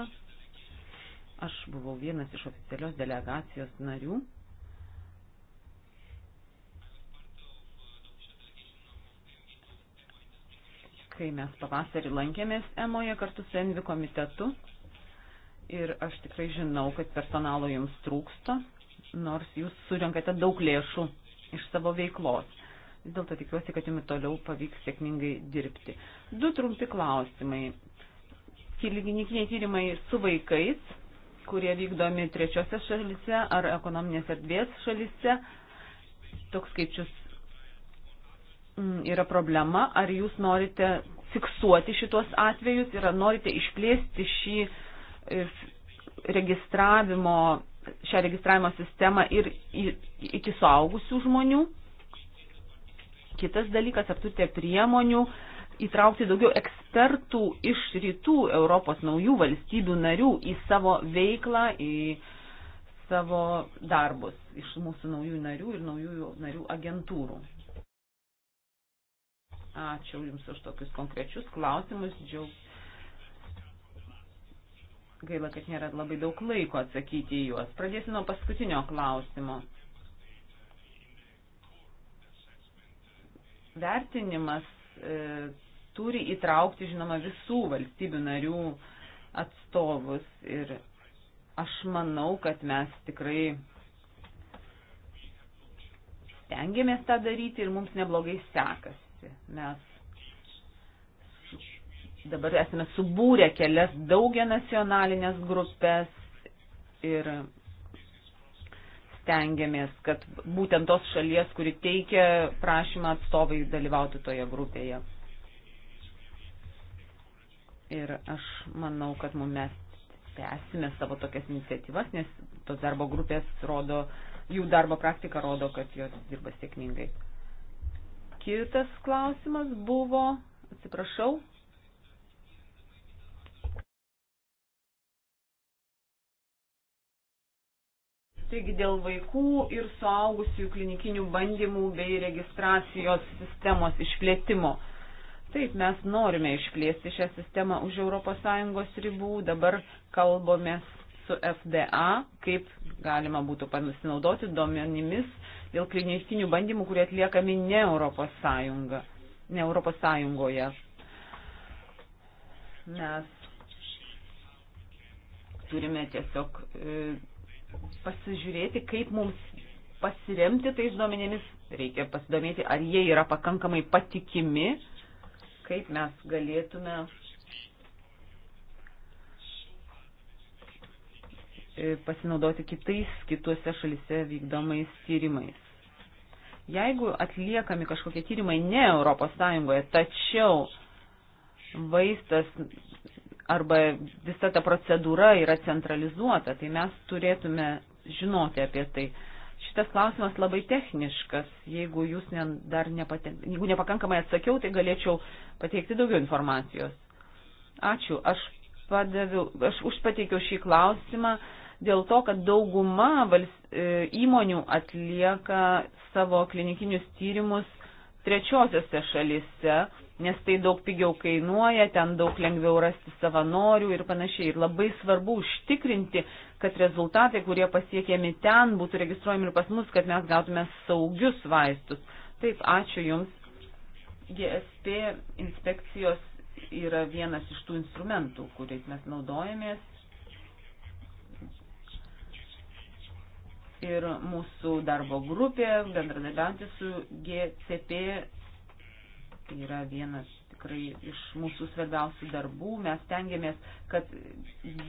Aš buvau vienas iš oficialios delegacijos narių kai mes pavasarį lankėmės EMOje kartu su ENVI komitetu. Ir aš tikrai žinau, kad personalo jums trūksta, nors jūs surinkate daug lėšų iš savo veiklos. Vis dėlto tikiuosi, kad jums toliau pavyks sėkmingai dirbti. Du trumpi klausimai. Klinikiniai tyrimai su vaikais, kurie vykdomi trečiose šalise ar ekonominės erdvės šalise. Toks skaičius Mm, yra problema, ar jūs norite fiksuoti šitos atvejus ir ar norite išplėsti šį e, registravimo, šią registravimo sistemą ir iki suaugusių žmonių. Kitas dalykas, ar turite priemonių įtraukti daugiau ekspertų iš rytų Europos naujų valstybių narių į savo veiklą, į savo darbus iš mūsų naujų narių ir naujų narių agentūrų. Ačiū Jums už tokius konkrečius klausimus. Džiau... Gaila, kad nėra labai daug laiko atsakyti į juos. Pradėsiu nuo paskutinio klausimo. Vertinimas e, turi įtraukti, žinoma, visų valstybių narių atstovus ir aš manau, kad mes tikrai stengiamės tą daryti ir mums neblogai sekasi keičiasi. Mes dabar esame subūrę kelias daugia nacionalinės grupės ir stengiamės, kad būtent tos šalies, kuri teikia prašymą atstovai dalyvauti toje grupėje. Ir aš manau, kad mes tęsime savo tokias iniciatyvas, nes tos darbo grupės rodo, jų darbo praktika rodo, kad jos dirba sėkmingai. Kitas klausimas buvo, atsiprašau. Taigi dėl vaikų ir suaugusiųjų klinikinių bandymų bei registracijos sistemos išplėtimo. Taip, mes norime išplėsti šią sistemą už ES ribų, dabar kalbomės su FDA, kaip galima būtų pasinaudoti duomenimis dėl klinikinių bandymų, kurie atliekami ne Europos, Sąjunga, ne Europos Sąjungoje. Mes turime tiesiog e, pasižiūrėti, kaip mums pasiremti tais duomenėmis. Reikia pasidomėti, ar jie yra pakankamai patikimi, kaip mes galėtume E, pasinaudoti kitais kitose šalise vykdomais tyrimais. Jeigu atliekami kažkokie tyrimai ne ES, tačiau vaistas arba visa ta procedūra yra centralizuota, tai mes turėtume žinoti apie tai. Šitas klausimas labai techniškas. Jeigu jūs ne, dar nepaten, jeigu nepakankamai atsakiau, tai galėčiau pateikti daugiau informacijos. Ačiū. Aš, padaviau, aš užpateikiau šį klausimą dėl to, kad dauguma vals, e, įmonių atlieka savo klinikinius tyrimus trečiosiose šalise, nes tai daug pigiau kainuoja, ten daug lengviau rasti savanorių ir panašiai. Ir labai svarbu užtikrinti, kad rezultatai, kurie pasiekiami ten, būtų registruojami ir pas mus, kad mes gautume saugius vaistus. Taip, ačiū Jums. GSP inspekcijos yra vienas iš tų instrumentų, kuriais mes naudojamės ir mūsų darbo grupė, bendradarbiauti su GCP, tai yra vienas tikrai iš mūsų svarbiausių darbų. Mes tengiamės, kad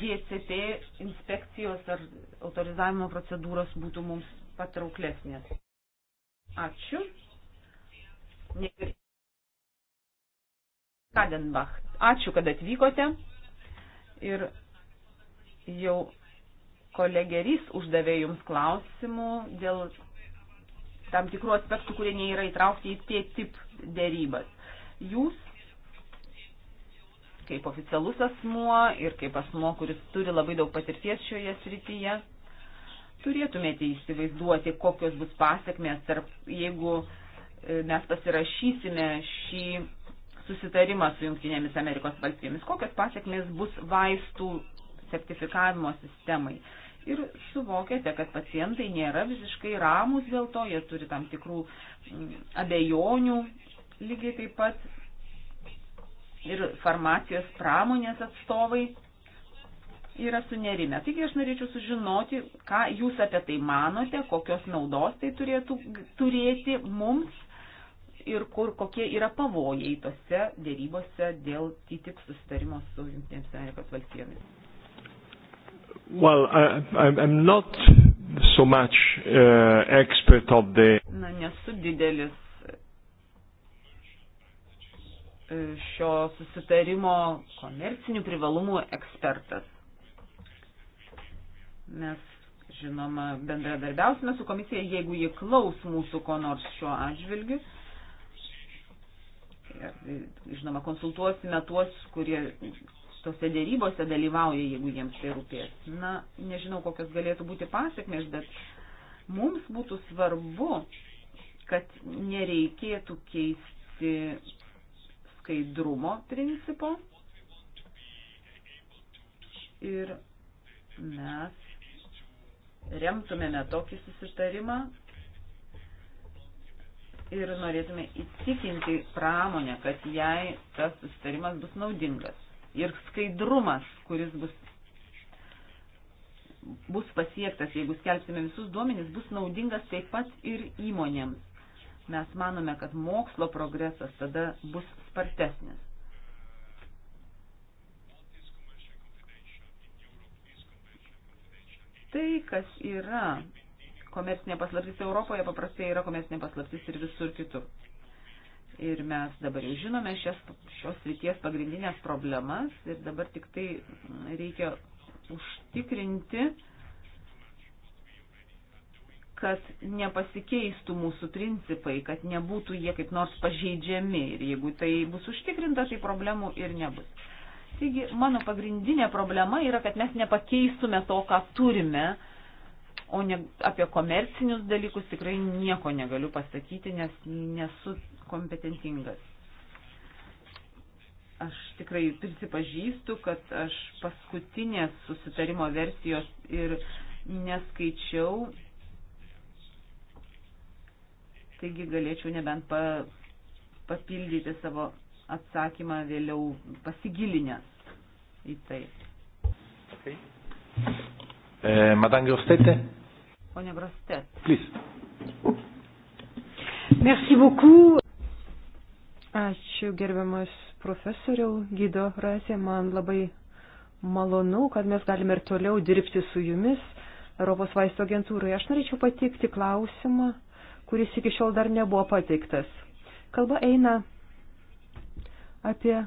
GCP inspekcijos ar autorizavimo procedūros būtų mums patrauklesnės. Ačiū. Kadenbach, ačiū, kad atvykote ir jau kolegerys uždavė jums klausimų dėl tam tikrų aspektų, kurie neįra įtraukti į tie tip dėrybas. Jūs, kaip oficialus asmuo ir kaip asmuo, kuris turi labai daug patirties šioje srityje, turėtumėte įsivaizduoti, kokios bus pasiekmės, tarp, jeigu e, mes pasirašysime šį susitarimą su Junktinėmis Amerikos valstybėmis, kokios pasiekmės bus vaistų sertifikavimo sistemai ir suvokėte, kad pacientai nėra visiškai ramus dėl to, jie turi tam tikrų mm, abejonių, lygiai taip pat ir farmacijos pramonės atstovai yra sunerime. Taigi aš norėčiau sužinoti, ką jūs apie tai manote, kokios naudos tai turėtų turėti mums ir kur, kokie yra pavojai tose dėrybose dėl TTIP susitarimo su Junktinėms Amerikos valstybėmis.
Well, I, I'm not so much uh, expert of the.
Na, nesu didelis e, šio susitarimo komercinių privalumų ekspertas. Mes, žinoma, bendradarbiausime su komisija, jeigu ji klaus mūsų ko nors šiuo atžvilgiu. Žinoma, konsultuosime tuos, kurie tose dėrybose dalyvauja, jeigu jiems tai rūpės. Na, nežinau, kokios galėtų būti pasiekmes, bet mums būtų svarbu, kad nereikėtų keisti skaidrumo principo. Ir mes remtumėme tokį susitarimą ir norėtume įtikinti pramonę, kad jai tas susitarimas bus naudingas ir skaidrumas, kuris bus, bus pasiektas, jeigu skelbsime visus duomenys, bus naudingas taip pat ir įmonėms. Mes manome, kad mokslo progresas tada bus spartesnis. Tai, kas yra komercinė paslaptis Europoje, paprastai yra komercinė paslaptis ir visur kitur. Ir mes dabar jau žinome šios, šios ryties pagrindinės problemas ir dabar tik tai reikia užtikrinti, kad nepasikeistų mūsų principai, kad nebūtų jie kaip nors pažeidžiami ir jeigu tai bus užtikrinta, tai problemų ir nebus. Taigi mano pagrindinė problema yra, kad mes nepakeistume to, ką turime, uh, O ne, apie komercinius dalykus tikrai nieko negaliu pasakyti, nes nesu kompetentingas. Aš tikrai prisipažįstu, kad aš paskutinės susitarimo versijos ir neskaičiau. Taigi galėčiau nebent pa, papildyti savo atsakymą vėliau pasigilinęs į tai.
Okay.
Eh, Madame Grostete.
Pone Grostet. Please. Merci beaucoup.
Ačiū gerbiamas profesoriau Gydo Razė, man labai malonu, kad mes galime ir toliau dirbti su jumis Europos vaisto agentūrai. Aš norėčiau pateikti klausimą, kuris iki šiol dar nebuvo pateiktas. Kalba eina apie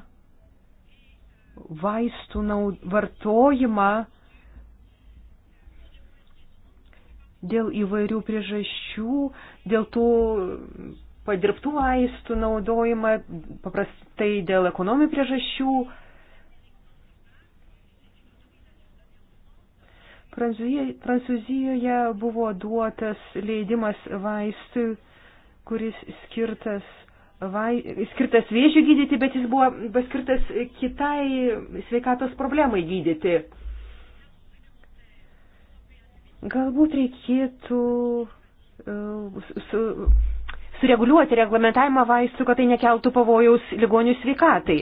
vaistų naud... vartojimą dėl įvairių priežasčių, dėl tų padirbtų vaistų naudojimą, paprastai dėl ekonominių priežasčių. Prancūzijoje buvo duotas leidimas vaistui, kuris skirtas, vai, skirtas vėžių gydyti, bet jis buvo paskirtas kitai sveikatos problemai gydyti. Galbūt reikėtų e, su, sureguliuoti reglamentavimą vaistų, kad tai nekeltų pavojaus ligonių sveikatai.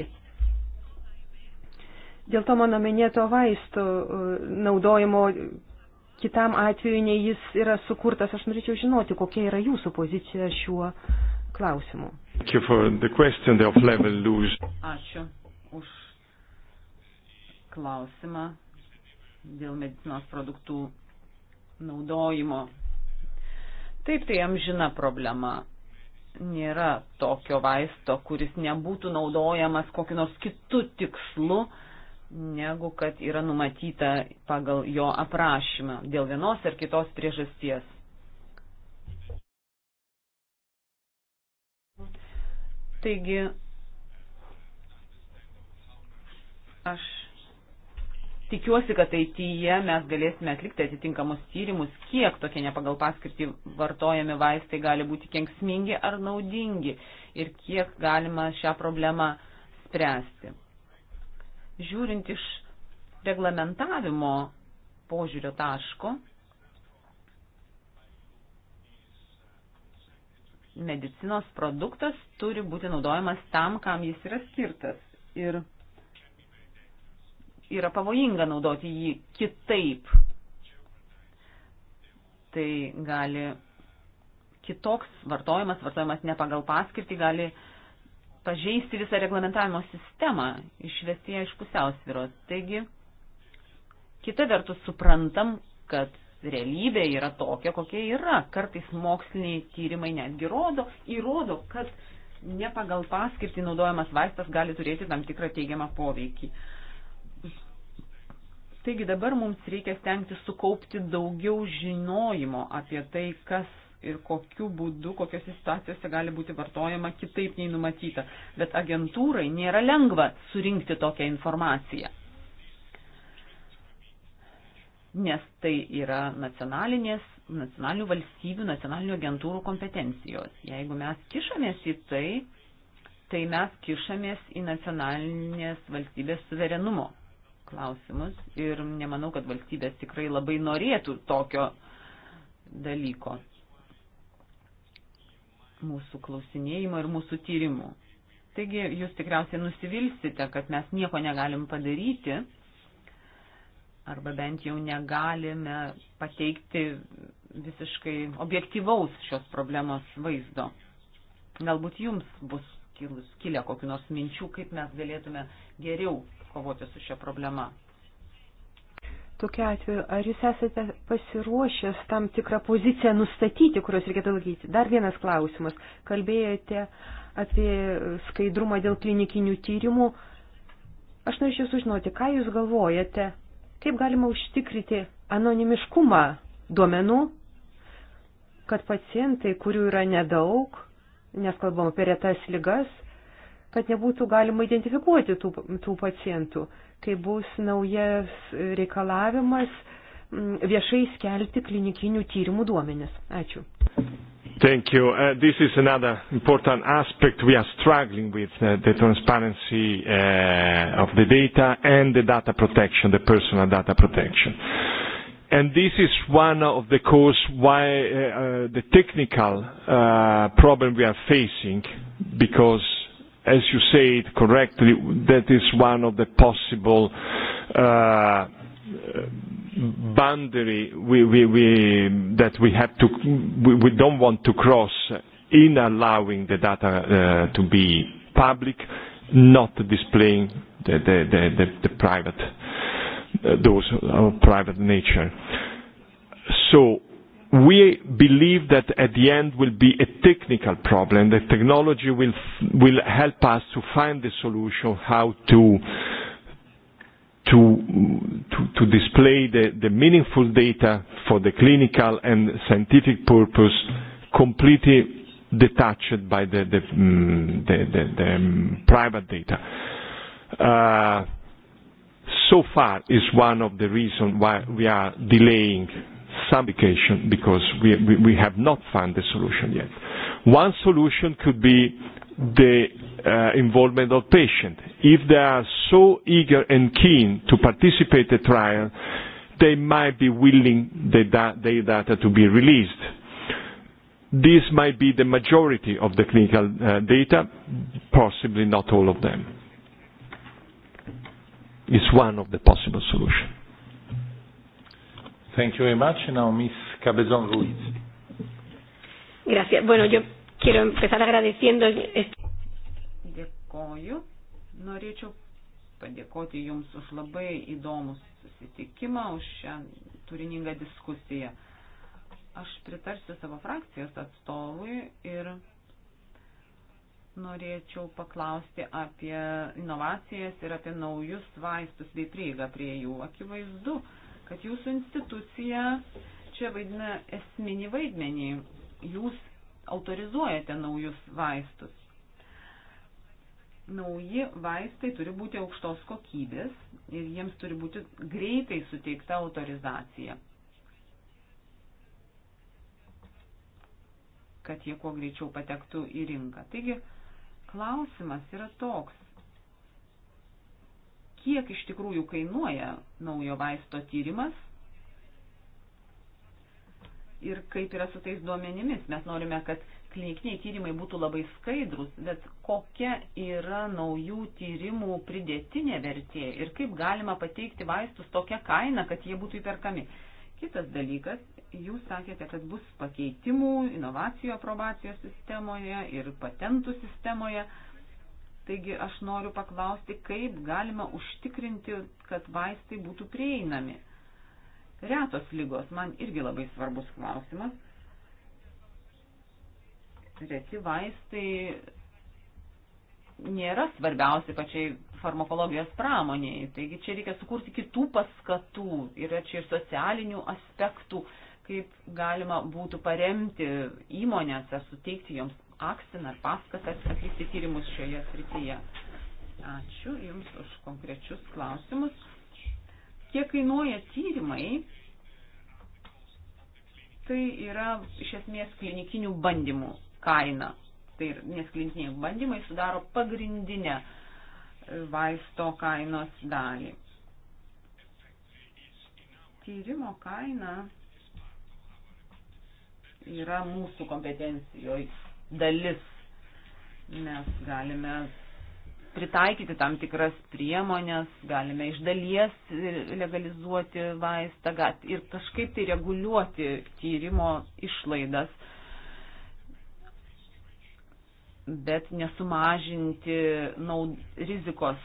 Dėl to mano minėto vaisto e, naudojimo kitam atveju, nei jis yra sukurtas, aš norėčiau žinoti, kokia yra jūsų pozicija šiuo klausimu.
Ačiū
už klausimą dėl medicinos produktų naudojimo. Taip tai amžina problema. Nėra tokio vaisto, kuris nebūtų naudojamas kokiu nors kitu tikslu, negu kad yra numatyta pagal jo aprašymą dėl vienos ar kitos priežasties. Taigi, aš Tikiuosi, kad ateityje mes galėsime atlikti atitinkamus tyrimus, kiek tokie ne pagal paskirtį vartojami vaistai gali būti kenksmingi ar naudingi ir kiek galima šią problemą spręsti. Žiūrint iš reglamentavimo požiūrio taško, medicinos produktas turi būti naudojamas tam, kam jis yra skirtas. Ir yra pavojinga naudoti jį kitaip. Tai gali kitoks vartojimas, vartojimas ne pagal paskirtį gali pažeisti visą reglamentavimo sistemą, išvesti ją iš pusiausvyros. Taigi, kita vertus suprantam, kad realybė yra tokia, kokia yra. Kartais moksliniai tyrimai netgi rodo, įrodo, kad ne pagal paskirtį naudojamas vaistas gali turėti tam tikrą teigiamą poveikį. Uh, Taigi dabar mums reikia stengti sukaupti daugiau žinojimo apie tai, kas ir kokiu būdu, kokiose situacijose gali būti vartojama kitaip nei numatyta. Bet agentūrai nėra lengva surinkti tokią informaciją. Nes tai yra nacionalinės, nacionalinių valstybių, nacionalinių agentūrų kompetencijos. Jeigu mes kišamės į tai, tai mes kišamės į nacionalinės valstybės suverenumo klausimus ir nemanau, kad valstybės tikrai labai norėtų tokio dalyko mūsų klausinėjimo ir mūsų tyrimų. Taigi jūs tikriausiai nusivilsite, kad mes nieko negalim padaryti arba bent jau negalime pateikti visiškai objektyvaus šios problemos vaizdo. Galbūt jums bus kilus, kilę kokiu nors minčių, kaip mes galėtume geriau kovoti su šia problema.
Tokiu atveju, ar jūs esate pasiruošęs tam tikrą poziciją nustatyti, kurios reikėtų laikyti? Dar vienas klausimas. Kalbėjote apie skaidrumą dėl klinikinių tyrimų. Aš norėčiau sužinoti, ką jūs galvojate, kaip galima užtikrinti anonimiškumą duomenų, kad pacientai, kurių yra nedaug, nes kalbam apie retas lygas, kad nebūtų galima identifikuoti tų, tų pacientų, kai bus naujas reikalavimas mm, viešai skelti klinikinių tyrimų duomenis. Ačiū.
Thank you. Uh, this is another important aspect we are struggling with, uh, the transparency uh, of the data and the data protection, the personal data protection. And this is one of the cause why uh, uh the technical uh, problem we are facing because as you say it correctly, that is one of the possible uh, boundary we, we, we, that we have to, we, we don't want to cross in allowing the data uh, to be public, not displaying the, the, the, the, the private, uh, those of uh, private nature. So we believe that at the end will be a technical problem. The technology will, will help us to find the solution how to, to, to, to display the, the meaningful data for the clinical and scientific purpose completely detached by the, the, mm, the, the, the mm, private data. Uh, so far is one of the reasons why we are delaying suffocation because we, we, we have not found a solution yet. One solution could be the uh, involvement of patients. If they are so eager and keen to participate in the trial, they might be willing the da- their data to be released. This might be the majority of the clinical uh, data, possibly not all of them. It's one of the possible solutions. Thank you very much. Now, Miss Cabezón Ruiz.
Gracias. Bueno, yo quiero empezar agradeciendo. Dėkoju. Norėčiau padėkoti Jums už labai įdomų susitikimą, už šią turiningą diskusiją. Aš pritarsiu savo frakcijos atstovui ir norėčiau paklausti apie inovacijas ir apie naujus vaistus bei prieigą prie jų. Akivaizdu, kad jūsų institucija čia vaidina esminį vaidmenį. Jūs autorizuojate naujus vaistus. Nauji vaistai turi būti aukštos kokybės ir jiems turi būti greitai suteikta autorizacija. kad jie kuo greičiau patektų į rinką. Taigi, klausimas yra toks, kiek iš tikrųjų kainuoja naujo vaisto tyrimas ir kaip yra su tais duomenimis. Mes norime, kad klinikiniai tyrimai būtų labai skaidrus, bet kokia yra naujų tyrimų pridėtinė vertė ir kaip galima pateikti vaistus tokią kainą, kad jie būtų įperkami. Kitas dalykas, jūs sakėte, kad bus pakeitimų inovacijų aprobacijos sistemoje ir patentų sistemoje. Uh, Taigi aš noriu paklausti, kaip galima užtikrinti, kad vaistai būtų prieinami. Retos lygos man irgi labai svarbus klausimas. Reti vaistai nėra svarbiausi pačiai farmakologijos pramoniai. Taigi čia reikia sukurti kitų paskatų. Yra čia ir socialinių aspektų, kaip galima būtų paremti įmonės ar suteikti joms akstiną ar paskatas atlikti tyrimus šioje srityje. Ačiū Jums už konkrečius klausimus. Kiek kainuoja tyrimai? Tai yra iš esmės klinikinių bandymų kaina. Tai, nes klinikiniai bandymai sudaro pagrindinę e, vaisto kainos dalį. Tyrimo kaina yra mūsų kompetencijoje dalis. Mes galime pritaikyti tam tikras priemonės, galime iš dalies legalizuoti vaistą ir kažkaip tai reguliuoti tyrimo išlaidas, bet nesumažinti naud, rizikos,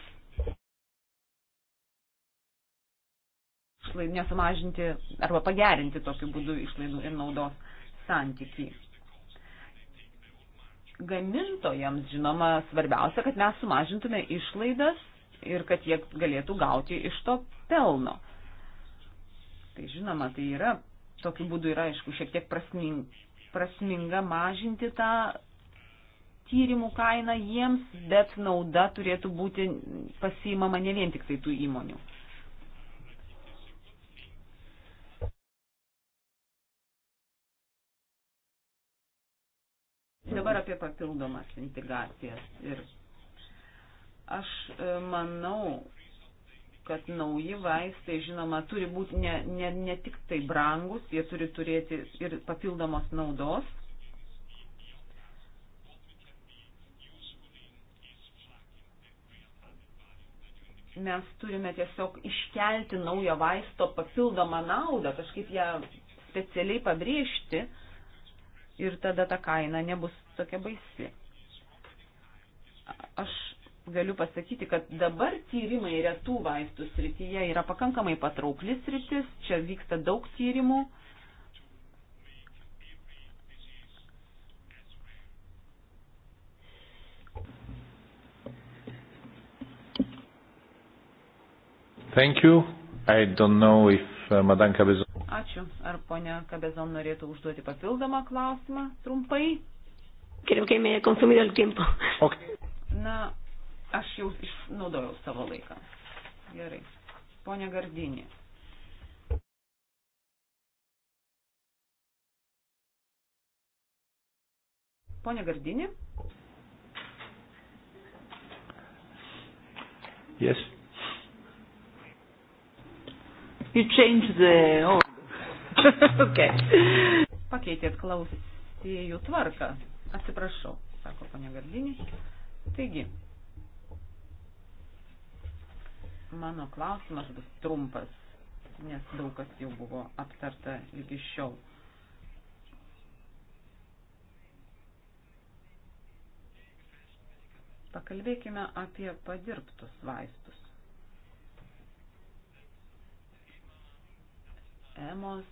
nesumažinti arba pagerinti tokiu būdu išlaidų ir naudos santykį. Gamintojams, žinoma, svarbiausia, kad mes sumažintume išlaidas ir kad jie galėtų gauti iš to pelno. Tai žinoma, tai yra, tokiu būdu yra, aišku, šiek tiek prasming, prasminga mažinti tą tyrimų kainą jiems, bet nauda turėtų būti pasiimama ne vien tik tai tų įmonių. Dabar apie papildomas integracijas. Ir aš e, manau, kad nauji vaistai, žinoma, turi būti ne, ne, ne tik tai brangus, jie turi turėti ir papildomos naudos. Mes turime tiesiog iškelti naują vaisto papildomą naudą, kažkaip ją specialiai pabrėžti. Uh, ir tada ta kaina nebus tokia baisi. Aš galiu pasakyti, kad dabar tyrimai retų vaistų srityje yra pakankamai patrauklis sritis, čia vyksta daug tyrimų.
Thank you. I don't know if uh, Madame Cabezon.
Ačiū. Ar ponia Kabezon norėtų užduoti papildomą klausimą trumpai? Creo que me he consumido el tiempo. Okay. Na, aš jau išnaudojau savo laiką. Gerai. Pone Gardinė. Pone Gardinė.
Yes.
You change the... Oh. okay.
Pakeitėt klausėjų tvarką. Atsiprašau, sako ponia Gardinė. Taigi, mano klausimas bus trumpas, nes daug kas jau buvo aptarta iki šiol. Pakalbėkime apie padirbtus vaistus. Emos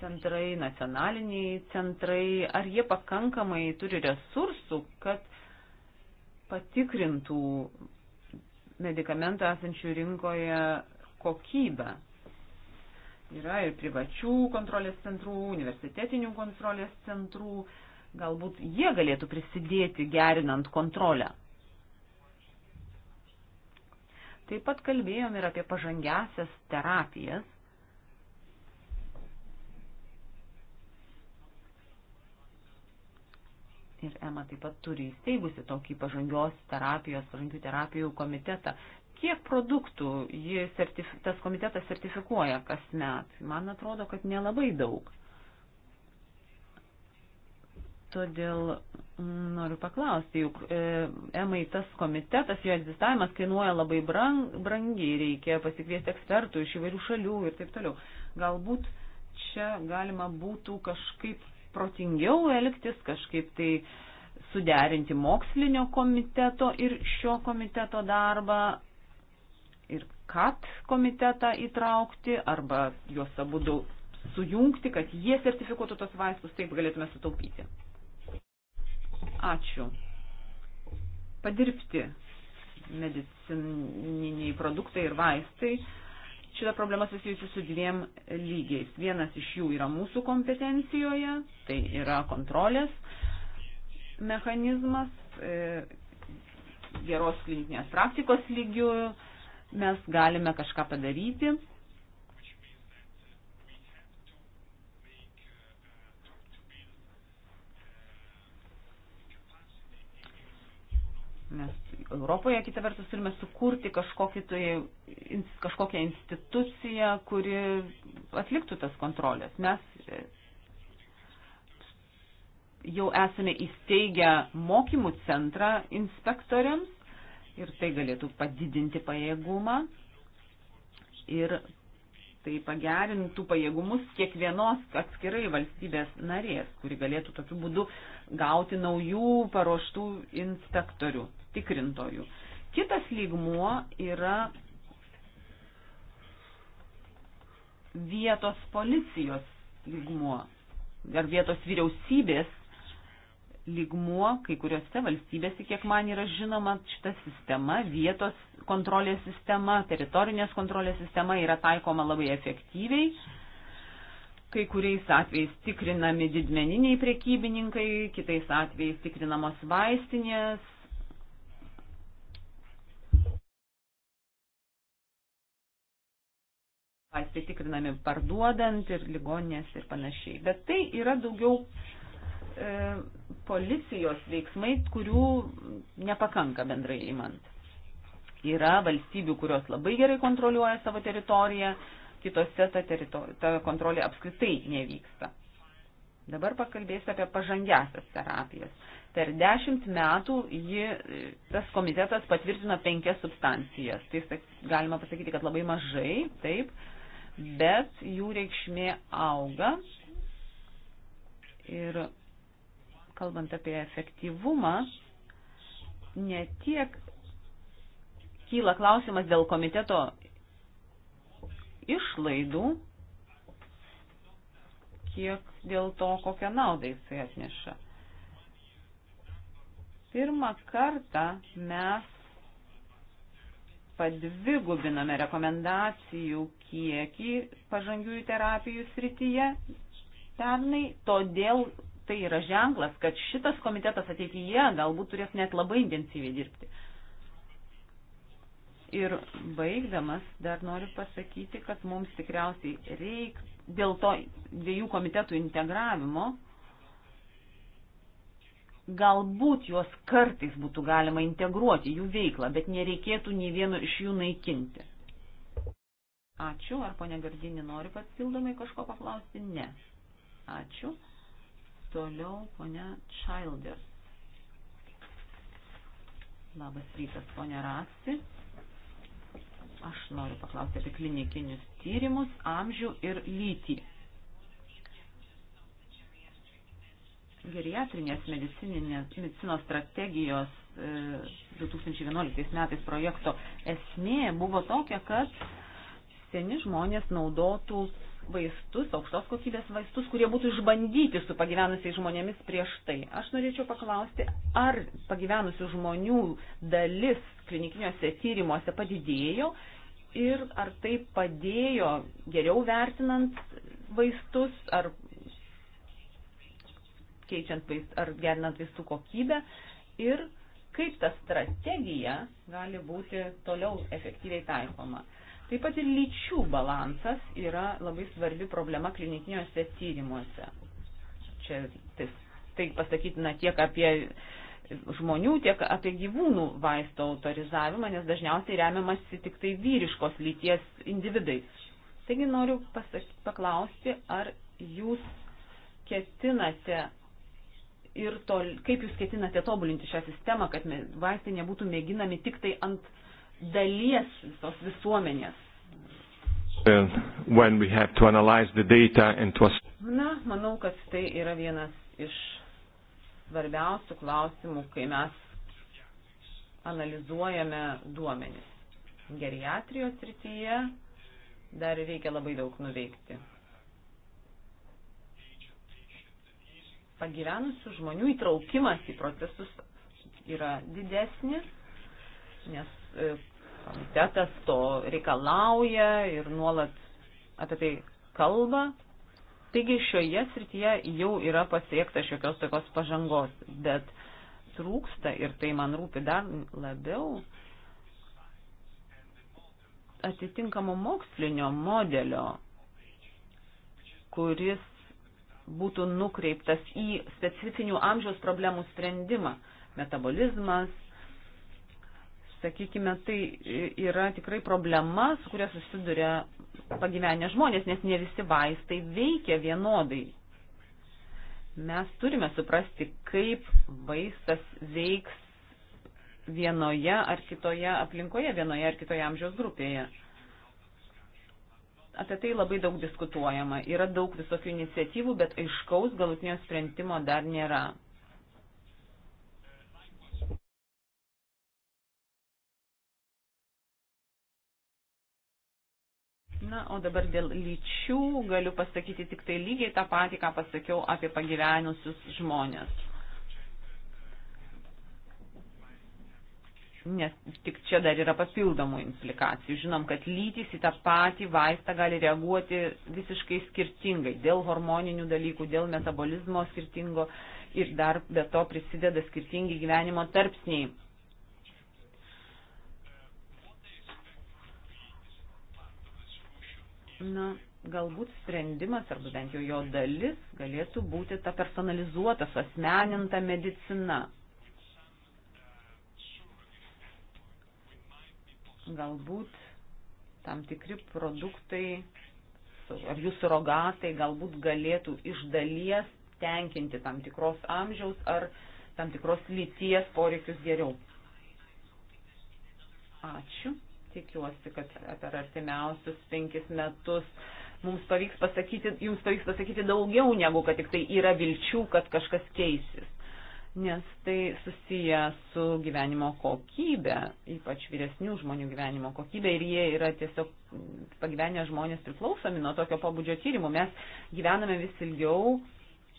centrai, nacionaliniai centrai, ar jie pakankamai turi resursų, kad patikrintų medikamentų esančių rinkoje kokybę. Yra ir privačių kontrolės centrų, universitetinių kontrolės centrų, galbūt jie galėtų prisidėti gerinant kontrolę. Taip pat kalbėjom ir apie pažangiasias terapijas, Ir EMA taip pat turi įsteigusi tokį pažangios terapijos, pažangių terapijų komitetą. Kiek produktų sertif tas komitetas sertifikuoja kasmet? Man atrodo, kad nelabai daug. Todėl noriu paklausti, juk e, EMAI tas komitetas, jo egzistavimas kainuoja labai brang, brangiai, reikia pasikviesti ekspertų iš įvairių šalių ir taip toliau. Galbūt čia galima būtų kažkaip protingiau elgtis, kažkaip tai suderinti mokslinio komiteto ir šio komiteto darbą ir kat komitetą įtraukti arba juos abu sujungti, kad jie sertifikuotų tos vaistus, taip galėtume sutaupyti. Ačiū. Padirbti medicininiai produktai ir vaistai šita problema susijusi su dviem lygiais. Vienas iš jų yra mūsų kompetencijoje, tai yra kontrolės mechanizmas, e, geros klinikinės praktikos lygių mes galime kažką padaryti. Mes Europoje, kita vertus, turime sukurti tai, kažkokią instituciją, kuri atliktų tas kontrolės. Mes e, jau esame įsteigę mokymų centrą inspektoriams ir tai galėtų padidinti pajėgumą ir tai pagerintų pajėgumus kiekvienos atskirai valstybės narės, kuri galėtų tokiu būdu gauti naujų paruoštų inspektorių tikrintojų. Kitas lygmuo yra vietos policijos lygmuo ar vietos vyriausybės lygmuo, kai kuriuose valstybėse, kiek man yra žinoma, šita sistema, vietos kontrolės sistema, teritorinės kontrolės sistema yra taikoma labai efektyviai. Kai kuriais atvejais tikrinami didmeniniai prekybininkai, kitais atvejais tikrinamos vaistinės, vaistai tikrinami parduodant ir ligoninės ir panašiai. Bet tai yra daugiau e, policijos veiksmai, kurių nepakanka bendrai įmant. Yra valstybių, kurios labai gerai kontroliuoja savo teritoriją, kitose ta, teritori ta kontrolė apskritai nevyksta. Dabar pakalbėsiu apie pažangiasias terapijas. Per dešimt metų ji, tas komitetas patvirtino penkias substancijas. Tai galima pasakyti, kad labai mažai, taip, bet jų reikšmė auga. Ir kalbant apie efektyvumą, ne tiek kyla klausimas dėl komiteto išlaidų, kiek dėl to, kokią naudą jisai atneša. Pirmą kartą mes padvigubiname rekomendacijų kiekį pažangiųjų terapijų srityje pernai, todėl tai yra ženklas, kad šitas komitetas ateityje galbūt turės net labai intensyviai dirbti. Ir baigdamas dar noriu pasakyti, kad mums tikriausiai reik dėl to dviejų komitetų integravimo galbūt juos kartais būtų galima integruoti jų veiklą, bet nereikėtų nei vieno iš jų naikinti. Ačiū. Ar ponia Gardinė nori papildomai kažko paklausti? Ne. Ačiū. Toliau ponia Childers. Labas rytas, ponia Rasti. Aš noriu paklausti apie klinikinius tyrimus, amžių ir lytį. geriatrinės medicinos strategijos 2011 e, metais projekto esmė buvo tokia, kad seni žmonės naudotų vaistus, aukštos kokybės vaistus, kurie būtų išbandyti su pagyvenusiais žmonėmis prieš tai. Aš norėčiau paklausti, ar pagyvenusių žmonių dalis klinikiniuose tyrimuose padidėjo ir ar tai padėjo geriau vertinant vaistus, ar keičiant vaist, ar gerinant vaistų kokybę ir kaip ta strategija gali būti toliau efektyviai taikoma. Taip pat ir lyčių balansas yra labai svarbi problema klinikiniuose tyrimuose. Čia tis, tai pasakytina tiek apie žmonių, tiek apie gyvūnų vaisto autorizavimą, nes dažniausiai remiamasi tik tai vyriškos lyties individais. Taigi noriu pasak, paklausti, ar jūs ketinate ir tol, kaip jūs ketinate tobulinti šią sistemą, kad vaistai nebūtų mėginami tik tai ant dalies visos visuomenės. To... Na, manau, kad tai yra vienas iš svarbiausių klausimų, kai mes analizuojame duomenis. Geriatrijos srityje dar reikia labai daug nuveikti. pagyvenusių žmonių įtraukimas į procesus yra didesnis, nes e, komitetas to reikalauja ir nuolat apie tai kalba. Taigi šioje srityje jau yra pasiekta šiokios tokios pažangos, bet trūksta ir tai man rūpi dar labiau atitinkamo mokslinio modelio, kuris būtų nukreiptas į specifinių amžiaus problemų sprendimą. Metabolizmas, sakykime, tai yra tikrai problema, su kuria susiduria pagyvenę žmonės, nes ne visi vaistai veikia vienodai. Mes turime suprasti, kaip vaistas veiks vienoje ar kitoje aplinkoje, vienoje ar kitoje amžiaus grupėje. Apie tai labai daug diskutuojama. Yra daug visokių iniciatyvų, bet aiškaus galutinio sprendimo dar nėra. Na, o dabar dėl lyčių galiu pasakyti tik tai lygiai tą patį, ką pasakiau apie pagyvenusius žmonės. nes tik čia dar yra papildomų implikacijų. Žinom, kad lytis į tą patį vaistą gali reaguoti visiškai skirtingai dėl hormoninių dalykų, dėl metabolizmo skirtingo ir dar be to prisideda skirtingi gyvenimo tarpsniai. Na, galbūt sprendimas, arba bent jau jo dalis, galėtų būti ta personalizuota, suasmeninta medicina galbūt tam tikri produktai ar jų surogatai galbūt galėtų iš dalies tenkinti tam tikros amžiaus ar tam tikros lyties poreikius geriau. Ačiū. Tikiuosi, kad per artimiausius penkis metus mums pavyks pasakyti, jums pavyks pasakyti daugiau negu kad tik tai yra vilčių, kad kažkas keisis nes tai susiję su gyvenimo kokybė, ypač vyresnių žmonių gyvenimo kokybė ir jie yra tiesiog pagyvenę žmonės priklausomi nuo tokio pobūdžio tyrimų. Mes gyvename vis ilgiau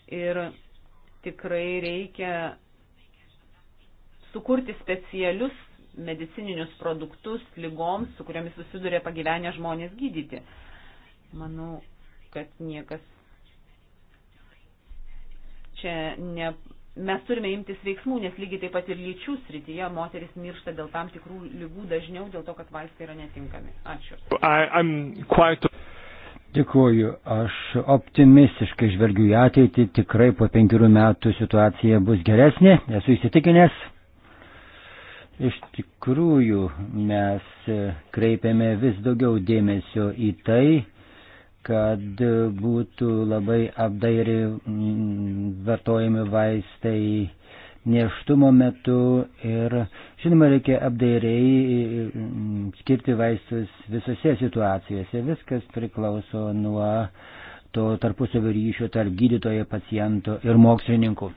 ir tikrai reikia sukurti specialius medicininius produktus lygoms, su kuriomis susiduria pagyvenę žmonės gydyti. Manau, kad niekas čia ne, mes turime imtis veiksmų, nes lygiai taip pat ir lyčių srityje moteris miršta dėl tam tikrų lygų dažniau, dėl to, kad vaistai yra netinkami. Ačiū.
I, quite...
Dėkuoju, aš optimistiškai žvelgiu į ateitį, tikrai po penkerių metų situacija bus geresnė, esu įsitikinęs. Iš tikrųjų, mes kreipiame vis daugiau dėmesio į tai, kad būtų labai apdairi mm, vartojami vaistai neštumo metu ir žinoma reikia apdairiai mm, skirti vaistus visose situacijose. Viskas priklauso nuo to tarpusavio ryšio tarp gydytojo, paciento ir mokslininkų.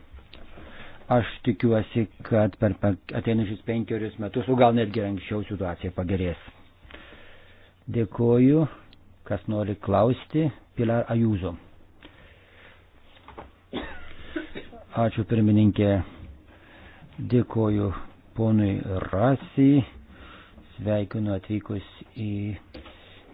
Aš tikiuosi, kad per ateinančius penkerius metus, o gal netgi anksčiau situacija pagerės. Dėkoju kas nori klausti, Pilar Ajūzo. Ačiū pirmininkė, dėkoju ponui Rasi, sveikinu atvykus į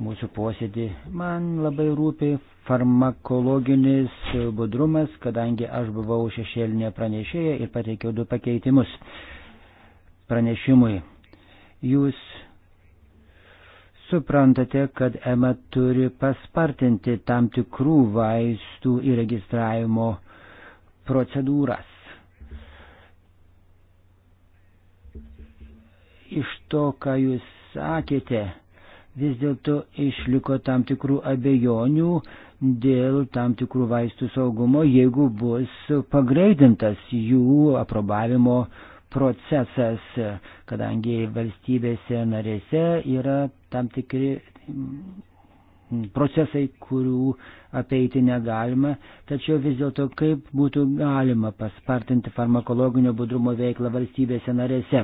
mūsų posėdį. Man labai rūpi farmakologinis budrumas, kadangi aš buvau šešėlinė pranešėja ir pateikiau du pakeitimus pranešimui. Jūs suprantate, kad EMA turi paspartinti tam tikrų vaistų įregistravimo procedūras. Iš to, ką jūs sakėte, vis dėlto išliko tam tikrų abejonių dėl tam tikrų vaistų saugumo, jeigu bus pagreidintas jų aprobavimo procesas, kadangi valstybėse narėse yra tam tikri mm, procesai, kurių apeiti negalima, tačiau vis dėlto kaip būtų galima paspartinti farmakologinio budrumo veiklą valstybėse narėse.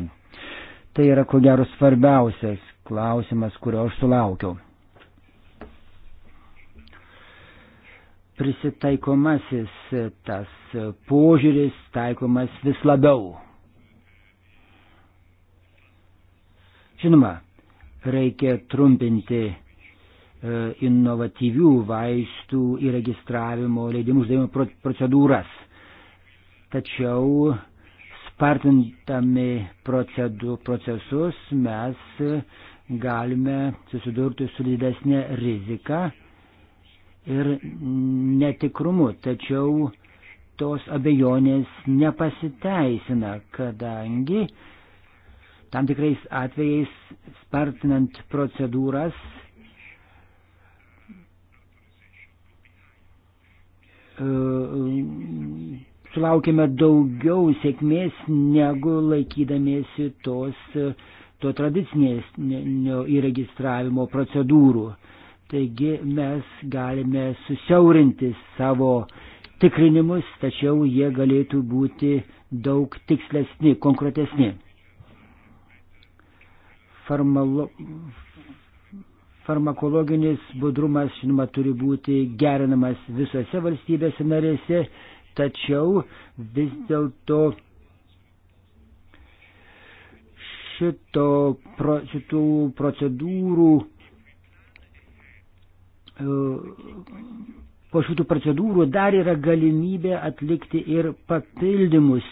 Tai yra ko gero svarbiausias klausimas, kurio aš sulaukiau. Prisitaikomasis tas požiūris taikomas vis labiau. Žinoma, reikia trumpinti e, inovatyvių vaistų įregistravimo, leidimų uždavimo procedūras. Tačiau spartintami procedų, procesus mes galime susidurti su didesnė rizika ir netikrumu. Tačiau tos abejonės nepasiteisina, kadangi tam tikrais atvejais spartinant procedūras. E, Sulaukime daugiau sėkmės negu laikydamėsi tos, to tradicinės įregistravimo procedūrų. Taigi mes galime susiaurinti savo tikrinimus, tačiau jie galėtų būti daug tikslesni, konkretesni farmalo, farmakologinis budrumas, žinoma, turi būti gerinamas visose valstybėse narėse, tačiau vis dėlto šito, pro, šitų procedūrų e, po šitų procedūrų dar yra galimybė atlikti ir papildymus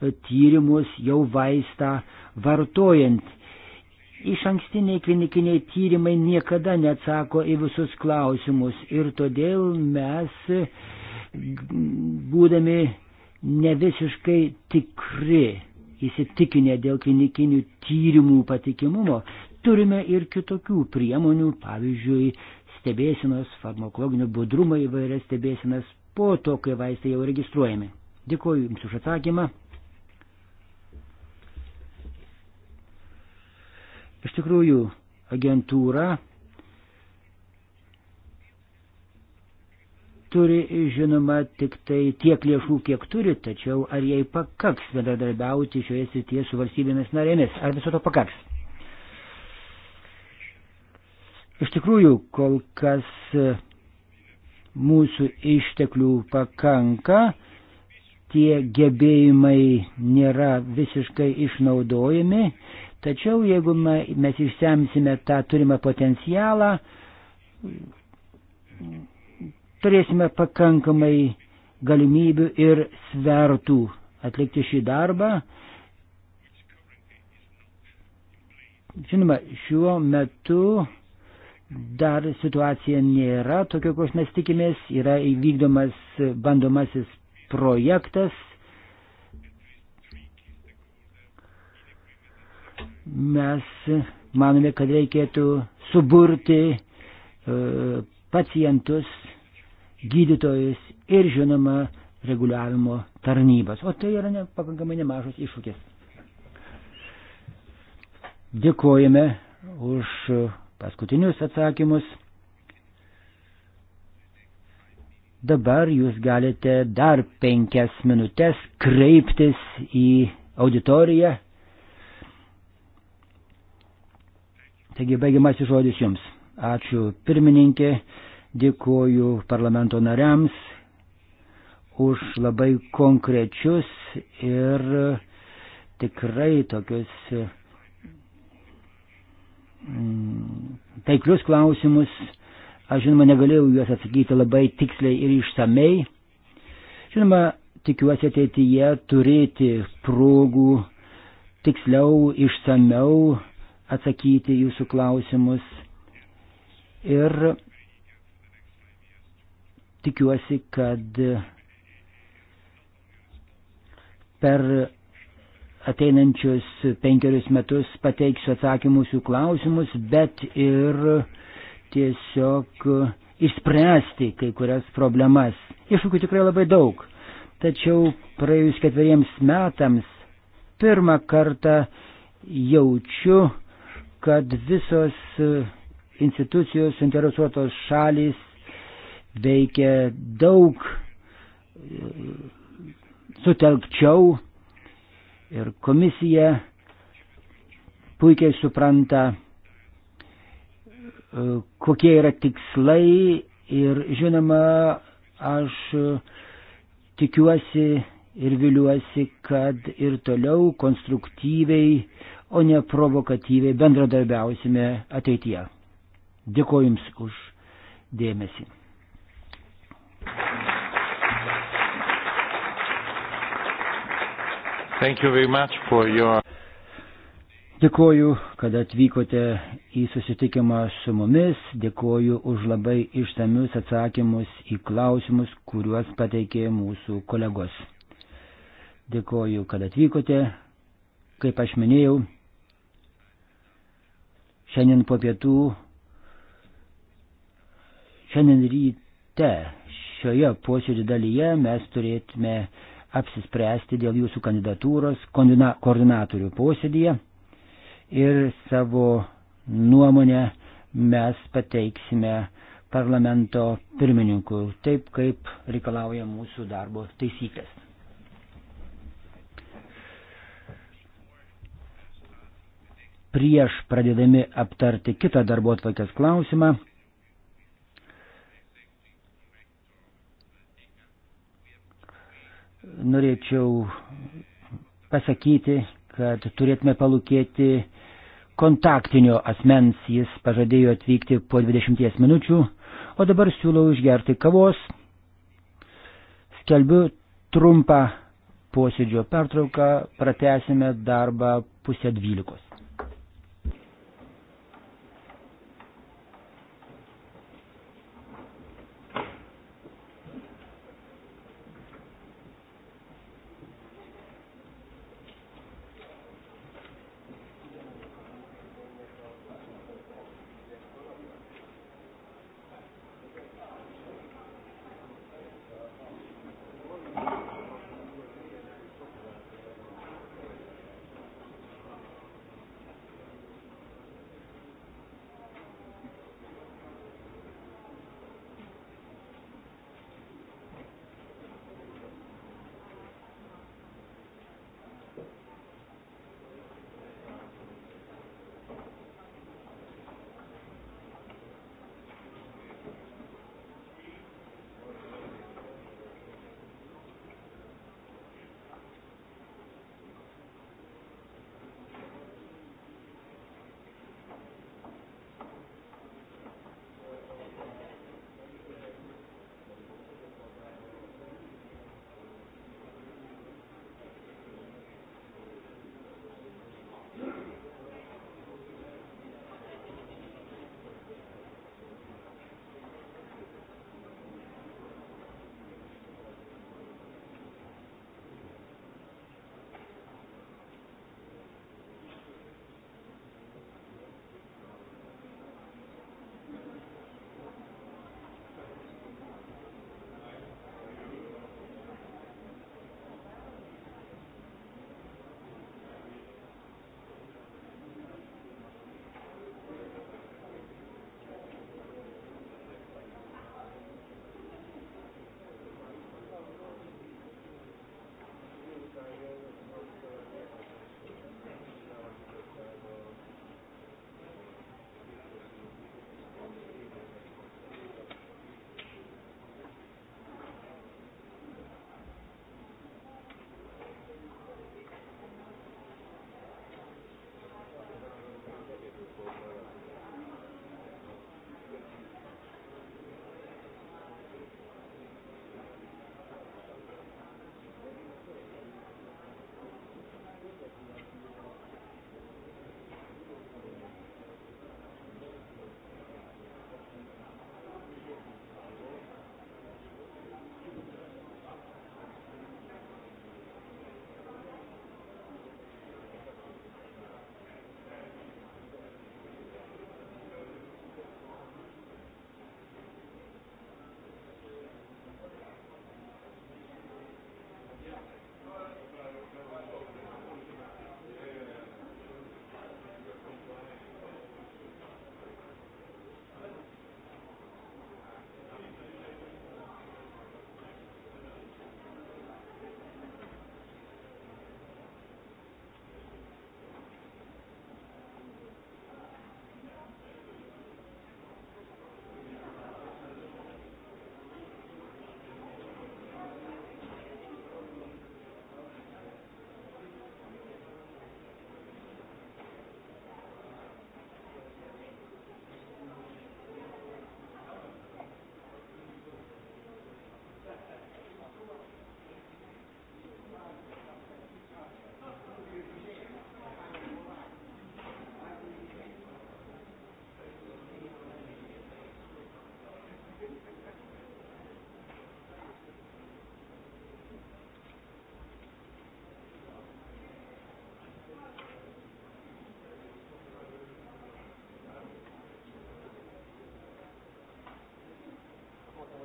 e, tyrimus jau vaistą vartojant Iš ankstiniai klinikiniai tyrimai niekada neatsako į visus klausimus ir todėl mes, būdami ne visiškai tikri, įsitikinę dėl klinikinių tyrimų patikimumo, turime ir kitokių priemonių, pavyzdžiui, stebėsinos, farmakologinio budrumo įvairias stebėsinas po to, kai vaistai jau registruojami. Dėkuoju Jums už atsakymą. Iš tikrųjų, agentūra turi, žinoma, tik tai tiek lėšų, kiek turi, tačiau ar jai pakaks bendradarbiauti šioje srityje su valstybėmis narėmis, ar viso to pakaks? Iš tikrųjų, kol kas e, mūsų išteklių pakanka, tie gebėjimai nėra visiškai išnaudojami Tačiau jeigu mes išsemsime tą turimą potencialą, turėsime pakankamai galimybių ir svertų atlikti šį darbą. Žinoma, šiuo metu dar situacija nėra tokia, kokios mes tikimės, yra įvykdomas bandomasis projektas Mes manome, kad reikėtų suburti e, pacientus, gydytojus ir žinoma reguliavimo tarnybas. O tai yra ne, pakankamai nemažas iššūkis. Dėkojame už paskutinius atsakymus. Dabar jūs galite dar penkias minutės kreiptis į auditoriją Taigi baigiamasis žodis jums. Ačiū pirmininkė, dėkuoju parlamento nariams už labai konkrečius ir tikrai tokius mm, taiklius klausimus. Aš žinoma negalėjau juos atsakyti labai tiksliai ir išsamei. Žinoma, tikiuosi ateityje turėti progų tiksliau, išsameu atsakyti jūsų klausimus ir tikiuosi, kad per ateinančius penkerius metus pateiksiu atsakymus jų klausimus, bet ir tiesiog išspręsti kai kurias problemas. Iššūkių tikrai labai daug. Tačiau praėjus ketveriems metams pirmą kartą jaučiu kad visos e, institucijos, interesuotos šalys veikia daug e, sutelkčiau ir komisija puikiai supranta, e, kokie yra tikslai ir žinoma, aš tikiuosi ir viliuosi, kad ir toliau konstruktyviai o ne provokatyviai bendradarbiausime ateityje. Dėkuoju Jums už dėmesį. Your... Dėkuoju, kad atvykote į susitikimą su mumis, dėkuoju už labai išsamius atsakymus į klausimus, kuriuos pateikė mūsų kolegos. Dėkuoju, kad atvykote, kaip aš minėjau. Šiandien po pietų, šiandien ryte šioje posėdžio dalyje mes turėtume apsispręsti dėl jūsų kandidatūros koordinatorių posėdėje ir savo nuomonę mes pateiksime parlamento pirmininkui, taip kaip reikalauja mūsų darbo taisyklės. prieš pradėdami aptarti kitą darbo atvarkės klausimą. Norėčiau pasakyti, kad turėtume palūkėti kontaktinio asmens, jis pažadėjo atvykti po 20 minučių, o dabar siūlau išgerti kavos. Skelbiu trumpą posėdžio pertrauką, pratesime darbą pusę dvylikos.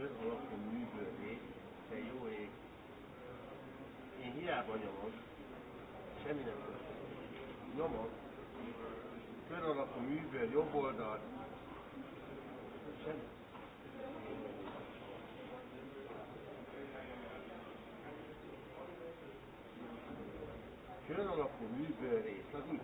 anglais alors que lui venait, c'est yo et et il a bon yomos, c'est mina yomos, c'est alors que lui venait au bord d'art, c'est كان رقم باري صديق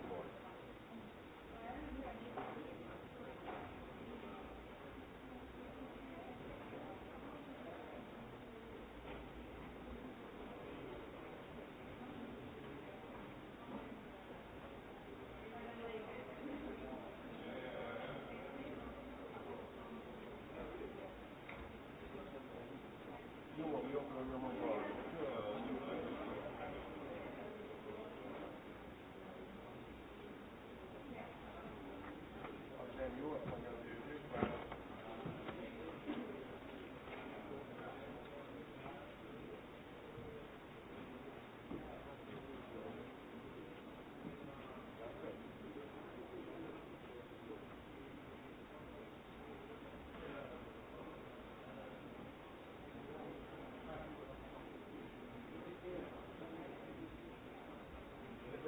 Europe.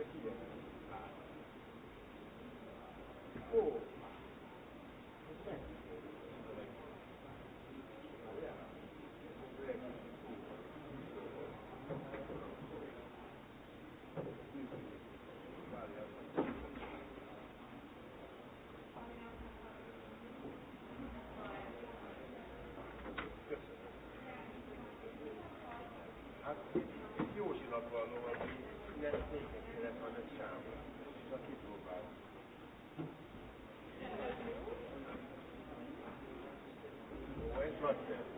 valstybė. O, Jó zsinat van, Where's Rutgers?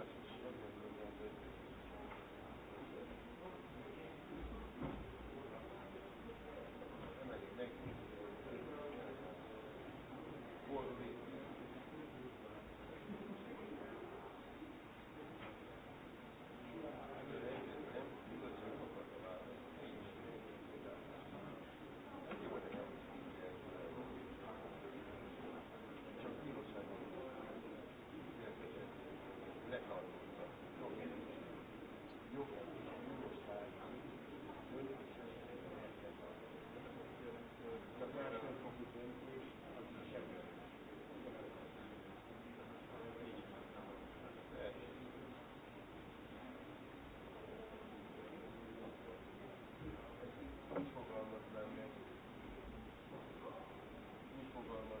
buvo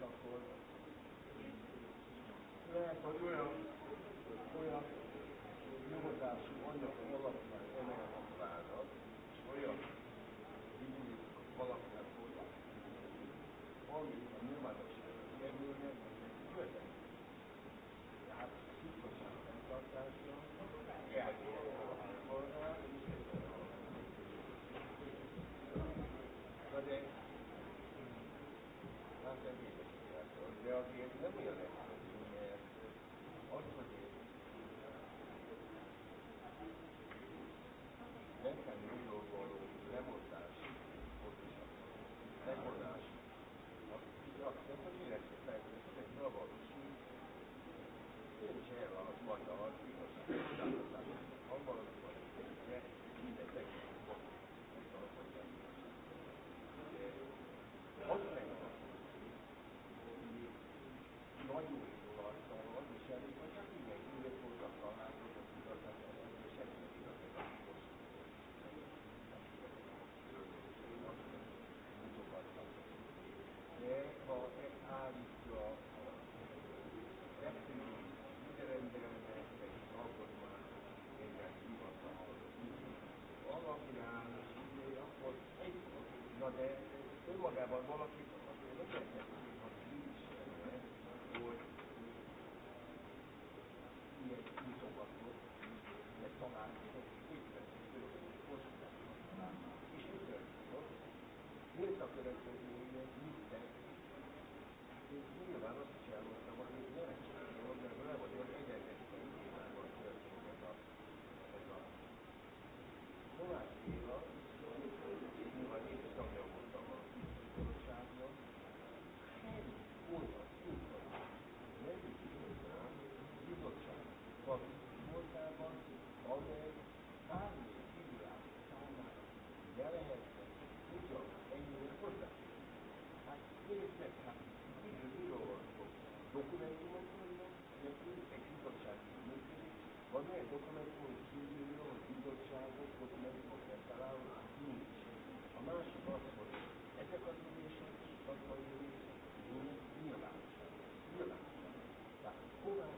Come forward. Yeah, but well. probléma, de önmagában valaki azért nem lehet hogy ilyen kutatókat, de tanácsokat, és mi történt? Miért a következő, hogy mindent? Nyilván azt Vabbè, documento studio, bizottságok, dokumentumok eltalálunk, nincs. A másik az, hogy ezek az ülések, szakmai ülések, nyilvánosak. Nyilvánosak. Tehát tovább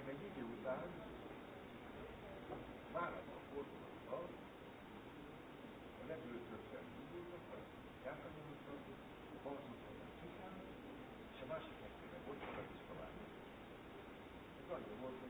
magagyidi után váratlan fordulata a leglőtől felhúzódnak, játszanulottak, balzódnak csitán, és a másik kettőre bocsánat is tovább. Ez annyi volt, hogy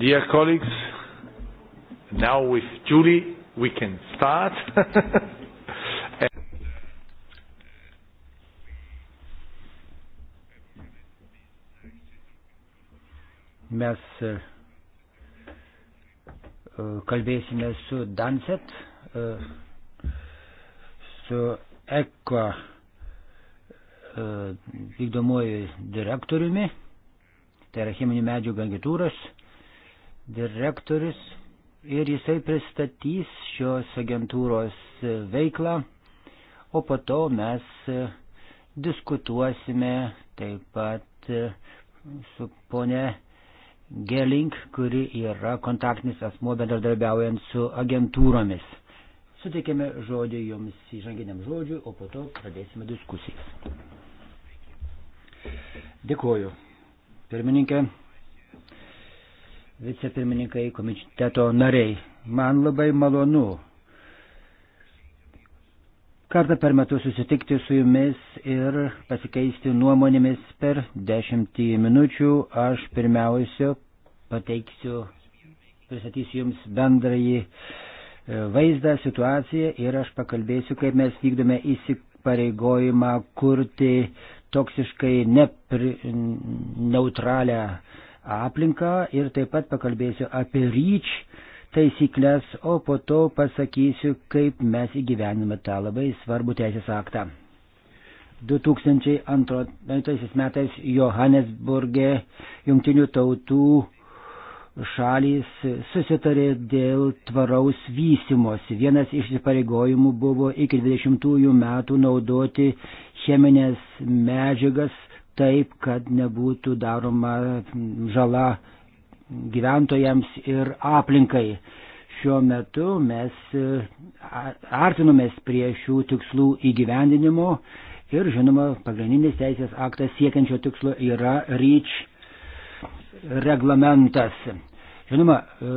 Dear colleagues, now with Julie we can start.
Mes e, e, kalbėsime su Danset, e, su ECO vykdomuoju direktoriumi, tai yra cheminių medžiagų agentūros direktorius ir jisai pristatys šios agentūros veiklą, o po to mes diskutuosime taip pat su ponė Gelink, kuri yra kontaktinis asmo bendradarbiaujant su agentūromis. Suteikėme žodį jums įžanginiam žodžiui, o po to pradėsime diskusijas. Dėkuoju. Pirmininkė, vicepirmininkai, komiteto nariai. Man labai malonu kartą per metus susitikti su jumis ir pasikeisti nuomonėmis per dešimtį minučių. Aš pirmiausia pateiksiu, pristatysiu jums bendrąjį e, vaizdą, situaciją ir aš pakalbėsiu, kaip mes vykdome įsipareigojimą kurti toksiškai nepri, neutralią aplinką ir taip pat pakalbėsiu apie ryč taisyklės, o po to pasakysiu, kaip mes įgyvenime tą labai svarbų teisės aktą. 2002 metais Johannesburgė jungtinių tautų šalys susitarė dėl tvaraus vystimosi. Vienas iš įpareigojimų buvo iki 20 metų naudoti cheminės medžiagas taip, kad nebūtų daroma žala gyventojams ir aplinkai. Šiuo metu mes e, artinomės prie šių tikslų įgyvendinimo ir, žinoma, pagrindinis teisės aktas siekiančio tikslo yra REACH reglamentas. Žinoma, e,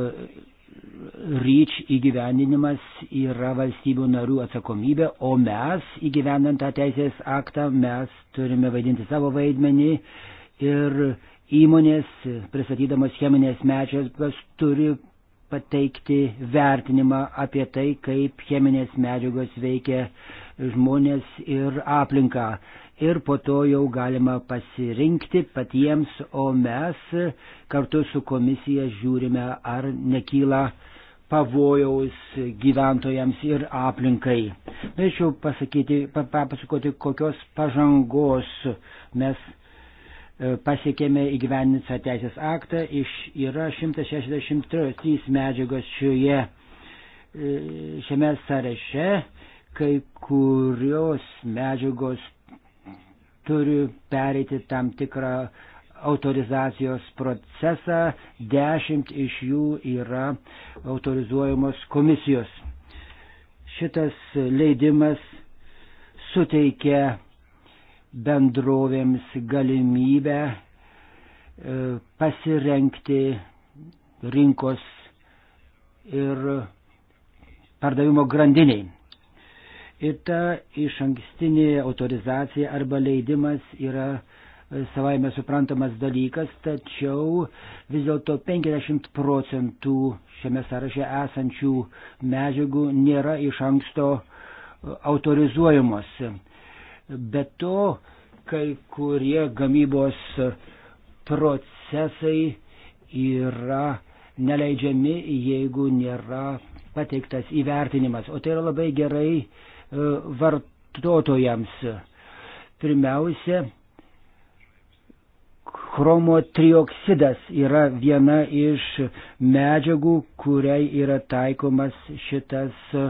ryč įgyveninimas yra valstybių narių atsakomybė, o mes įgyvenant tą teisės aktą mes turime vaidinti savo vaidmenį ir įmonės, pristatydamos cheminės medžiagas, turi pateikti vertinimą apie tai, kaip cheminės medžiagos veikia žmonės ir aplinką ir po to jau galima pasirinkti patiems, o mes kartu su komisija žiūrime, ar nekyla pavojaus gyventojams ir aplinkai. Norėčiau pasakyti, papasakoti, kokios pažangos mes e, pasiekėme įgyveninsą teisės aktą. Iš yra 163 medžiagos šioje, e, šiame sąraše, kai kurios medžiagos turi pereiti tam tikrą autorizacijos procesą, dešimt iš jų yra autorizuojamos komisijos. Šitas leidimas suteikia bendrovėms galimybę e, pasirenkti rinkos ir pardavimo grandiniai ir ta iš ankstinė autorizacija arba leidimas yra e, savaime suprantamas dalykas, tačiau vis dėlto 50 procentų šiame sąraše esančių medžiagų nėra iš anksto e, autorizuojamos. Be to, kai kurie gamybos procesai yra neleidžiami, jeigu nėra pateiktas įvertinimas. O tai yra labai gerai vartotojams. Pirmiausia, chromotrioksidas yra viena iš medžiagų, kuriai yra taikomas šitas e,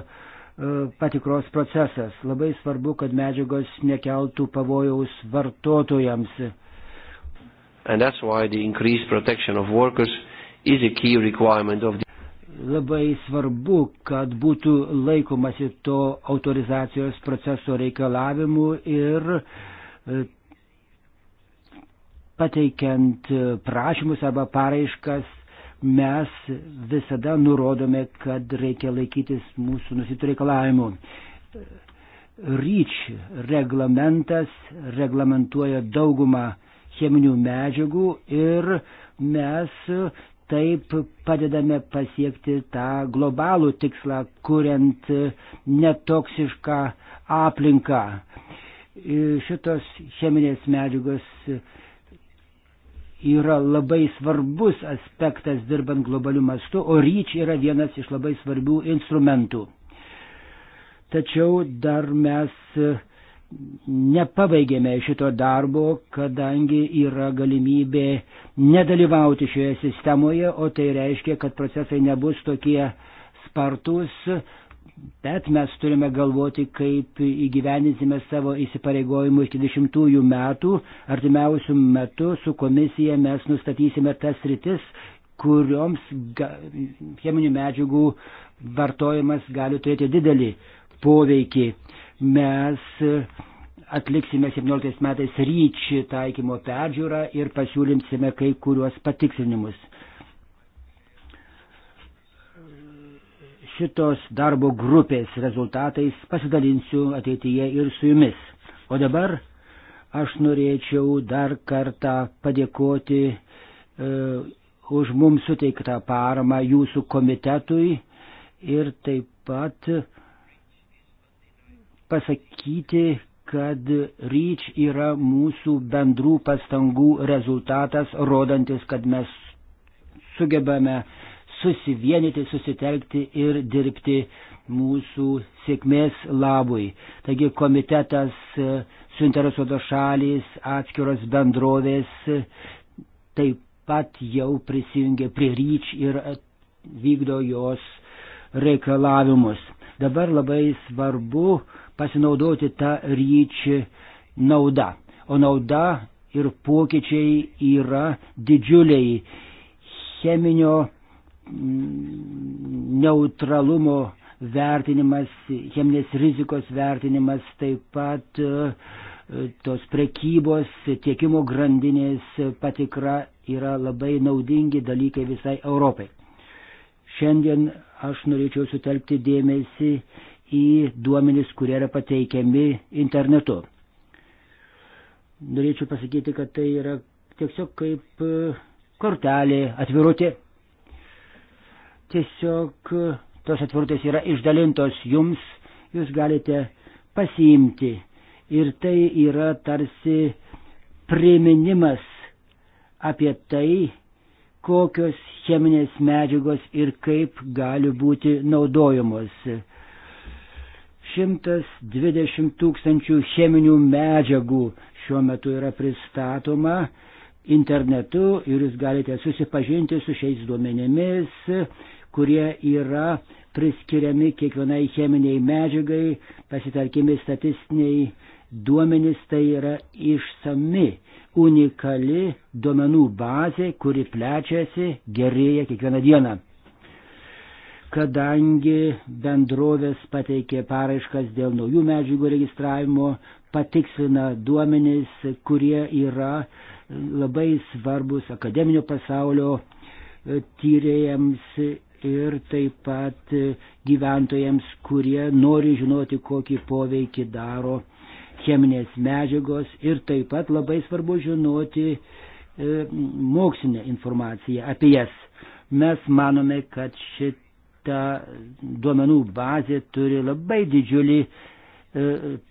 patikros procesas. Labai svarbu, kad medžiagos nekeltų pavojaus vartotojams.
And that's why the increased protection of workers is a key requirement of the
labai svarbu, kad būtų laikomasi to autorizacijos proceso reikalavimų ir e, pateikiant prašymus arba paraiškas mes visada nurodome, kad reikia laikytis mūsų nusitų reikalavimų. Ryč reglamentas reglamentuoja daugumą cheminių medžiagų ir mes taip padedame pasiekti tą globalų tikslą, kuriant netoksišką aplinką. Šitos cheminės medžiagos yra labai svarbus aspektas dirbant globaliu mastu, o ryč yra vienas iš labai svarbių instrumentų. Tačiau dar mes nepabaigėme šito darbo, kadangi yra galimybė nedalyvauti šioje sistemoje, o tai reiškia, kad procesai nebus tokie spartus, bet mes turime galvoti, kaip įgyvendinsime savo įsipareigojimų iki 20 metų. Artimiausių metų su komisija mes nustatysime tas rytis, kurioms cheminių medžiagų vartojimas gali turėti didelį poveikį mes e, atliksime 17 metais ryčių taikymo peržiūrą ir pasiūlymsime kai kuriuos patikslinimus. Šitos darbo grupės rezultatais pasidalinsiu ateityje ir su jumis. O dabar aš norėčiau dar kartą padėkoti e, už mums suteiktą paramą jūsų komitetui ir taip pat pasakyti, kad REACH yra mūsų bendrų pastangų rezultatas, rodantis, kad mes sugebame susivienyti, susitelkti ir dirbti mūsų sėkmės labui. Taigi komitetas, suinteresuotos šalys, atskiros bendrovės taip pat jau prisijungė prie ryč ir vykdo jos reikalavimus. Dabar labai svarbu uh, pasinaudoti tą ryčį naudą. O nauda ir pokyčiai yra didžiuliai cheminio mm, neutralumo vertinimas, cheminės rizikos vertinimas, taip pat e, tos prekybos, tiekimo grandinės patikra yra labai naudingi dalykai visai Europai. Šiandien aš norėčiau sutelkti dėmesį į duomenis, kurie yra pateikiami internetu. Norėčiau pasakyti, kad tai yra tiesiog kaip e, kortelė, atvirutė. Tiesiog e, tos atvirutės yra išdalintos jums, jūs galite pasiimti. Ir tai yra tarsi priminimas apie tai, kokios cheminės medžiagos ir kaip gali būti naudojamos. 120 tūkstančių cheminių medžiagų šiuo metu yra pristatoma internetu ir jūs galite susipažinti su šiais duomenimis, kurie yra priskiriami kiekvienai cheminiai medžiagai, pasitarkime statistiniai duomenys, tai yra išsami, unikali duomenų bazė, kuri plečiasi, gerėja kiekvieną dieną kadangi bendrovės pateikė paraiškas dėl naujų medžiagų registravimo, patikslina duomenys, kurie yra labai svarbus akademinio pasaulio e, tyrėjams ir taip pat e, gyventojams, kurie nori žinoti, kokį poveikį daro cheminės medžiagos ir taip pat labai svarbu žinoti e, mokslinę informaciją apie jas. Mes manome, kad šit ta duomenų bazė turi labai didžiulį e,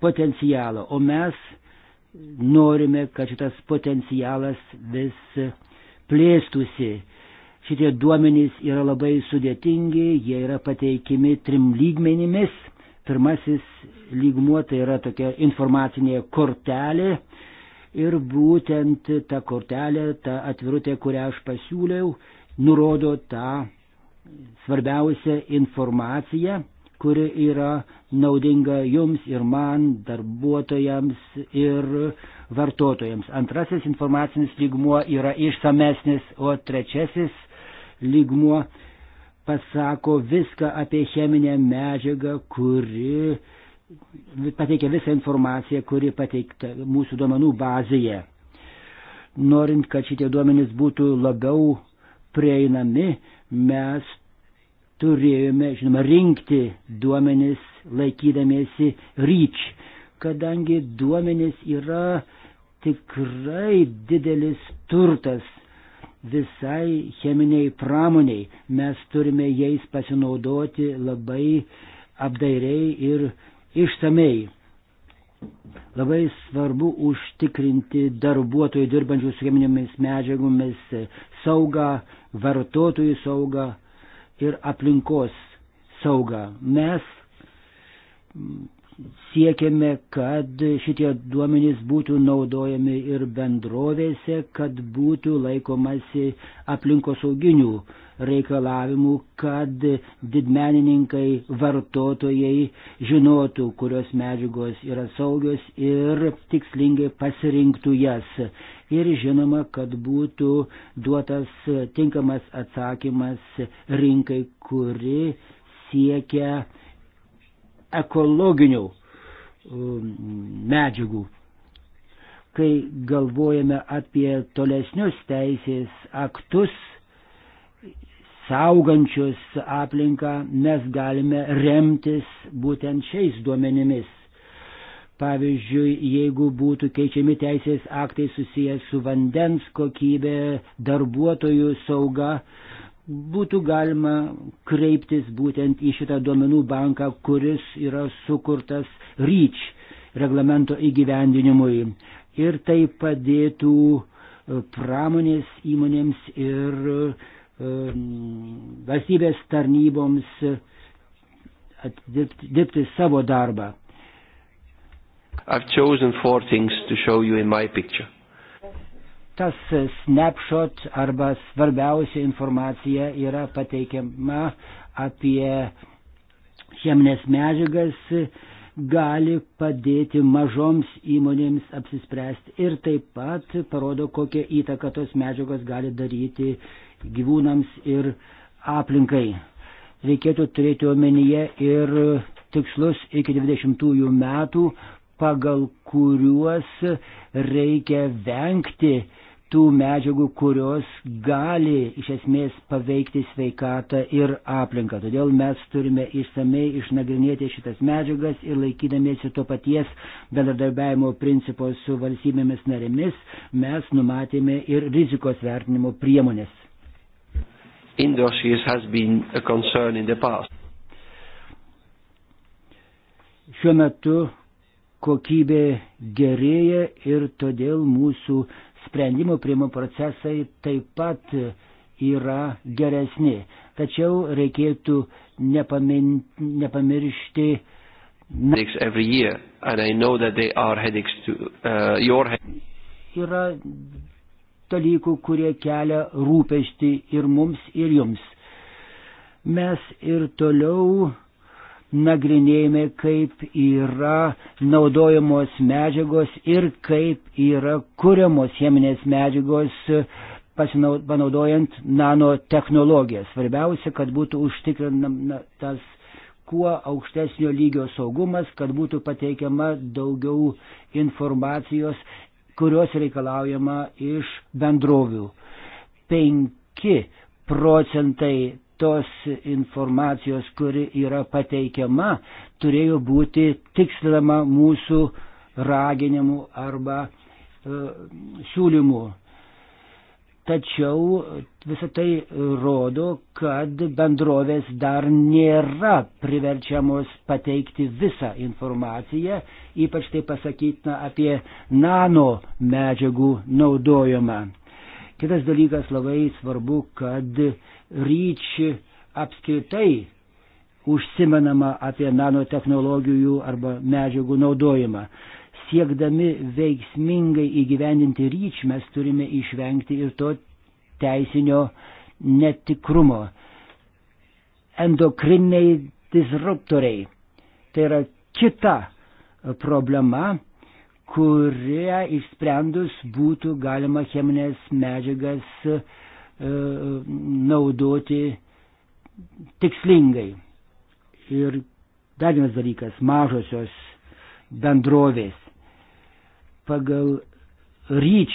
potencialą, o mes norime, kad šitas potencialas vis plėstusi. Šitie duomenys yra labai sudėtingi, jie yra pateikimi trim lygmenimis. Pirmasis lygmuo tai yra tokia informacinė kortelė ir būtent ta kortelė, ta atvirutė, kurią aš pasiūliau, nurodo tą svarbiausia informacija, kuri yra naudinga jums ir man, darbuotojams ir vartotojams. Antrasis informacinis lygmuo yra išsamesnis, o trečiasis lygmuo pasako viską apie cheminę medžiagą, kuri pateikia visą informaciją, kuri pateikta mūsų duomenų bazėje. Norint, kad šitie duomenys būtų labiau prieinami, mes turėjome, žinoma, rinkti duomenis laikydamiesi ryč, kadangi duomenis yra tikrai didelis turtas visai cheminiai pramoniai. Mes turime jais pasinaudoti labai apdairiai ir išsamei. Labai svarbu užtikrinti darbuotojų dirbančių su cheminėmis medžiagomis saugą, vartotojų saugą ir aplinkos saugą. Mes siekiame, kad šitie duomenys būtų naudojami ir bendrovėse, kad būtų laikomasi aplinkosauginių reikalavimų, kad didmenininkai, vartotojai žinotų, kurios medžiagos yra saugios ir tikslingai pasirinktų jas. Ir žinoma, kad būtų duotas tinkamas atsakymas rinkai, kuri siekia ekologinių um, medžiagų. Kai galvojame apie tolesnius teisės aktus, saugančius aplinką, mes galime remtis būtent šiais duomenimis. Pavyzdžiui, jeigu būtų keičiami teisės aktai susijęs su vandens kokybė, darbuotojų sauga, būtų galima kreiptis būtent į šitą duomenų banką, kuris yra sukurtas REACH reglamento įgyvendinimui. Ir tai padėtų e, pramonės įmonėms ir e, valstybės tarnyboms e, atdirbti, dirbti savo darbą.
I've chosen four things to show you in my picture
tas snapshot arba svarbiausia informacija yra pateikiama apie cheminės medžiagas, gali padėti mažoms įmonėms apsispręsti ir taip pat parodo, kokią įtaką tos medžiagos gali daryti gyvūnams ir aplinkai. Reikėtų turėti omenyje ir tikslus iki 20 metų, pagal kuriuos reikia vengti tų medžiagų, kurios gali iš esmės paveikti sveikatą ir aplinką. Todėl mes turime išsamei išnagrinėti šitas medžiagas ir laikydamėsi to paties bendradarbiavimo principo su valstybėmis narėmis, mes numatėme ir rizikos vertinimo priemonės.
Industries has been a concern in the past.
Šiuo metu kokybė gerėja ir todėl mūsų sprendimų priimų procesai taip pat yra geresni. Tačiau reikėtų nepamin, nepamiršti.
Year, to, uh,
yra dalykų, kurie kelia rūpešti ir mums, ir jums. Mes ir toliau nagrinėjame, kaip yra naudojamos medžiagos ir kaip yra kuriamos cheminės medžiagos panaudojant nanotehnologijas. Svarbiausia, kad būtų užtikrinamas kuo aukštesnio lygio saugumas, kad būtų pateikiama daugiau informacijos, kurios reikalaujama iš bendrovių. 5 procentai tos informacijos, kuri yra pateikiama, turėjo būti tikslinama mūsų raginimu arba e, siūlymu. Tačiau visą tai rodo, kad bendrovės dar nėra priverčiamos pateikti visą informaciją, ypač tai pasakytina apie nano medžiagų naudojimą. Kitas dalykas labai svarbu, kad ryčių apskritai užsimenama apie nanotehnologijų arba medžiagų naudojimą. Siekdami veiksmingai įgyvendinti ryč mes turime išvengti ir to teisinio netikrumo. Endokriniai disruptoriai. Tai yra kita problema, kurią išsprendus būtų galima cheminės medžiagas uh, E, naudoti tikslingai. Ir dar vienas dalykas - mažosios bendrovės. Pagal ryč,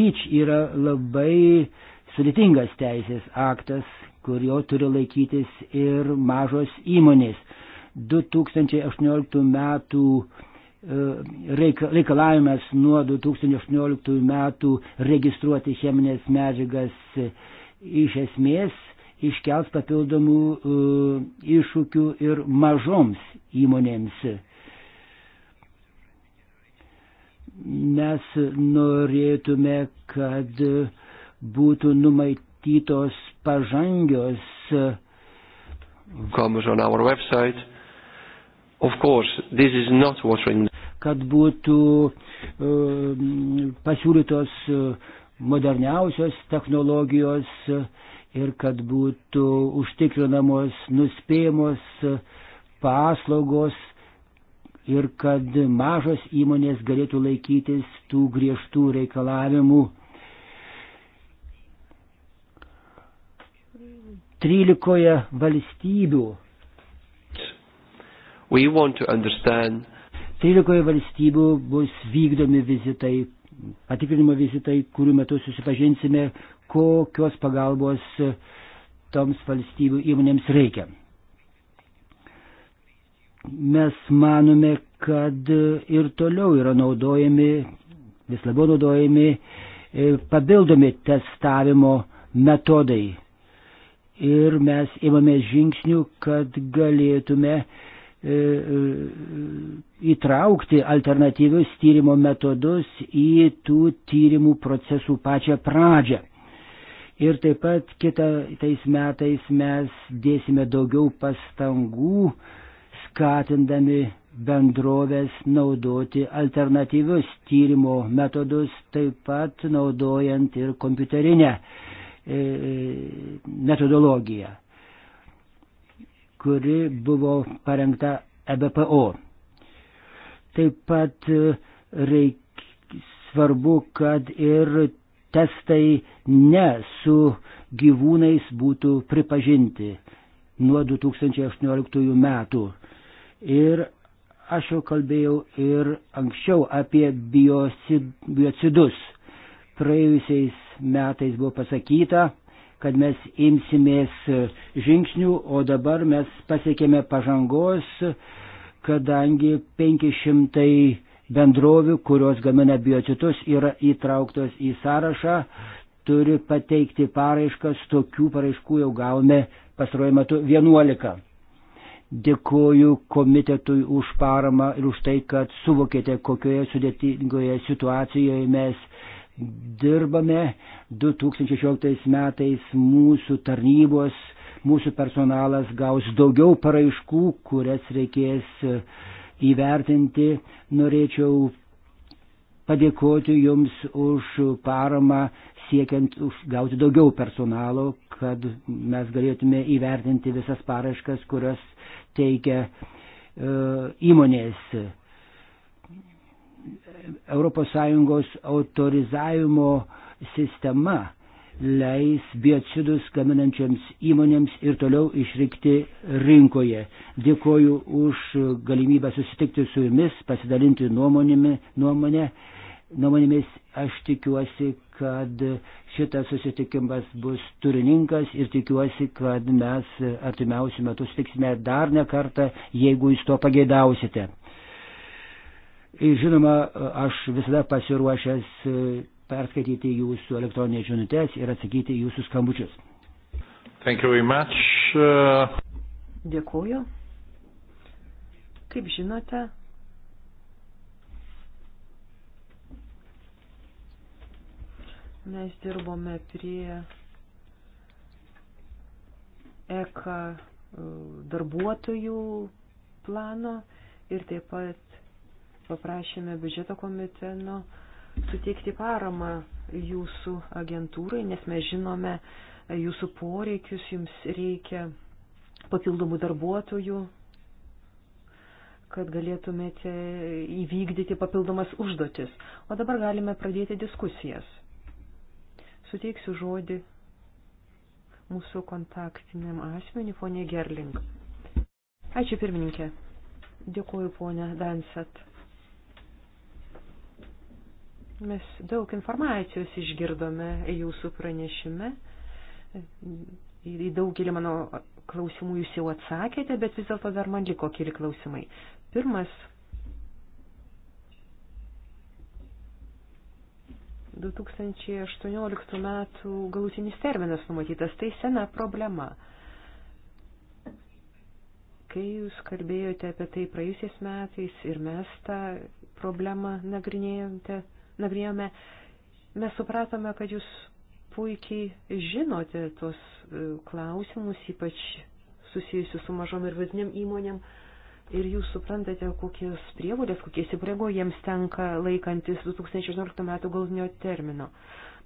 ryč yra labai sudėtingas teisės aktas, kurio turi laikytis ir mažos įmonės. 2018 metų reikalavimas nuo 2018 metų registruoti cheminės medžiagas e, iš esmės iškels papildomų uh, iššūkių ir mažoms įmonėms. Mes norėtume, kad būtų numatytos pažangios. E,
Comes on our website. Of course, this is not what we
kad būtų um, pasiūlytos uh, moderniausios technologijos uh, ir kad būtų užtikrinamos nuspėjamos uh, paslaugos ir kad mažos įmonės galėtų laikytis tų griežtų reikalavimų. 13 valstybių.
We want to understand
13 valstybių bus vykdomi vizitai, patikrinimo vizitai, kurių metu susipažinsime, kokios pagalbos toms valstybių įmonėms reikia. Mes manome, kad ir toliau yra naudojami, vis labiau naudojami e, papildomi testavimo metodai. Ir mes imame žingsnių, kad galėtume uh, E, e, įtraukti alternatyvius tyrimo metodus į tų tyrimų procesų pačią pradžią. Ir taip pat kitais metais mes dėsime daugiau pastangų, skatindami bendrovės naudoti alternatyvius tyrimo metodus, taip pat naudojant ir kompiuterinę e, metodologiją kuri buvo parengta EBPO. Taip pat e, reik, svarbu, kad ir testai ne su gyvūnais būtų pripažinti nuo 2018 metų. Ir aš jau kalbėjau ir anksčiau apie biocidus. Praėjusiais metais buvo pasakyta, kad mes imsimės žingsnių, o dabar mes pasiekėme pažangos, kadangi 500 bendrovių, kurios gamina biocitus, yra įtrauktos į sąrašą, turi pateikti paraiškas, tokių paraiškų jau gavome pastaruoju metu 11. Dėkoju komitetui už paramą ir už tai, kad suvokėte, kokioje sudėtingoje situacijoje mes dirbame. 2016 metais mūsų tarnybos, mūsų personalas gaus daugiau paraiškų, kurias reikės e, įvertinti. Norėčiau padėkoti Jums už paramą siekiant gauti daugiau personalo, kad mes galėtume įvertinti visas paraiškas, kurias teikia e, įmonės ES autorizavimo sistema leis biocidus gaminančiams įmonėms ir toliau išrikti rinkoje. Dėkoju už galimybę susitikti su jumis, pasidalinti nuomonėmi, nuomonė, nuomonėmis. Aš tikiuosi, kad šitas susitikimas bus turiningas ir tikiuosi, kad mes artimiausių metų sutiksime dar ne kartą, jeigu jūs to pageidausite. Žinoma, aš visada pasiruošęs e, perskaityti jūsų elektroninės žinutės ir atsakyti jūsų skambučius. Uh... Dėkuoju. Kaip žinote,
mes dirbome prie ECA e, darbuotojų plano ir taip pat paprašėme biudžeto komiteto suteikti paramą jūsų agentūrai, nes mes žinome e, jūsų poreikius, jums reikia papildomų darbuotojų, kad galėtumėte įvykdyti papildomas užduotis. O dabar galime pradėti diskusijas. Suteiksiu žodį mūsų kontaktiniam asmeniu, ponė Gerling. Ačiū pirmininkė. Dėkuoju, ponė Dansat Mes daug informacijos išgirdome jūsų pranešime. Į daugelį mano klausimų jūs jau atsakėte, bet vis dėlto dar man liko keli klausimai. Pirmas. 2018 metų galutinis terminas numatytas, tai sena problema. Kai jūs kalbėjote apie tai praėjusiais metais ir mes tą problemą nagrinėjome, nagrinėjome, mes supratome, kad jūs puikiai žinote tos e, klausimus, ypač susijusius su mažom ir vidiniam įmonėm. Ir jūs suprantate, kokios prievolės, kokie įsipareigojimai jiems tenka laikantis 2016 metų galutinio termino.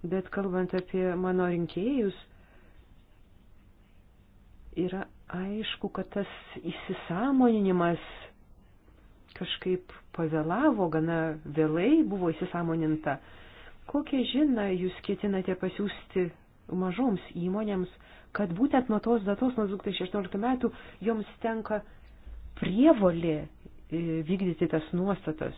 Bet kalbant apie mano rinkėjus, yra aišku, kad tas įsisamoninimas kažkaip pavėlavo, gana vėlai buvo įsisamoninta. Kokią žiną jūs ketinate pasiūsti mažoms įmonėms, kad būtent nuo tos datos, nuo 2016 metų, joms tenka prievolė e, vykdyti tas nuostatas?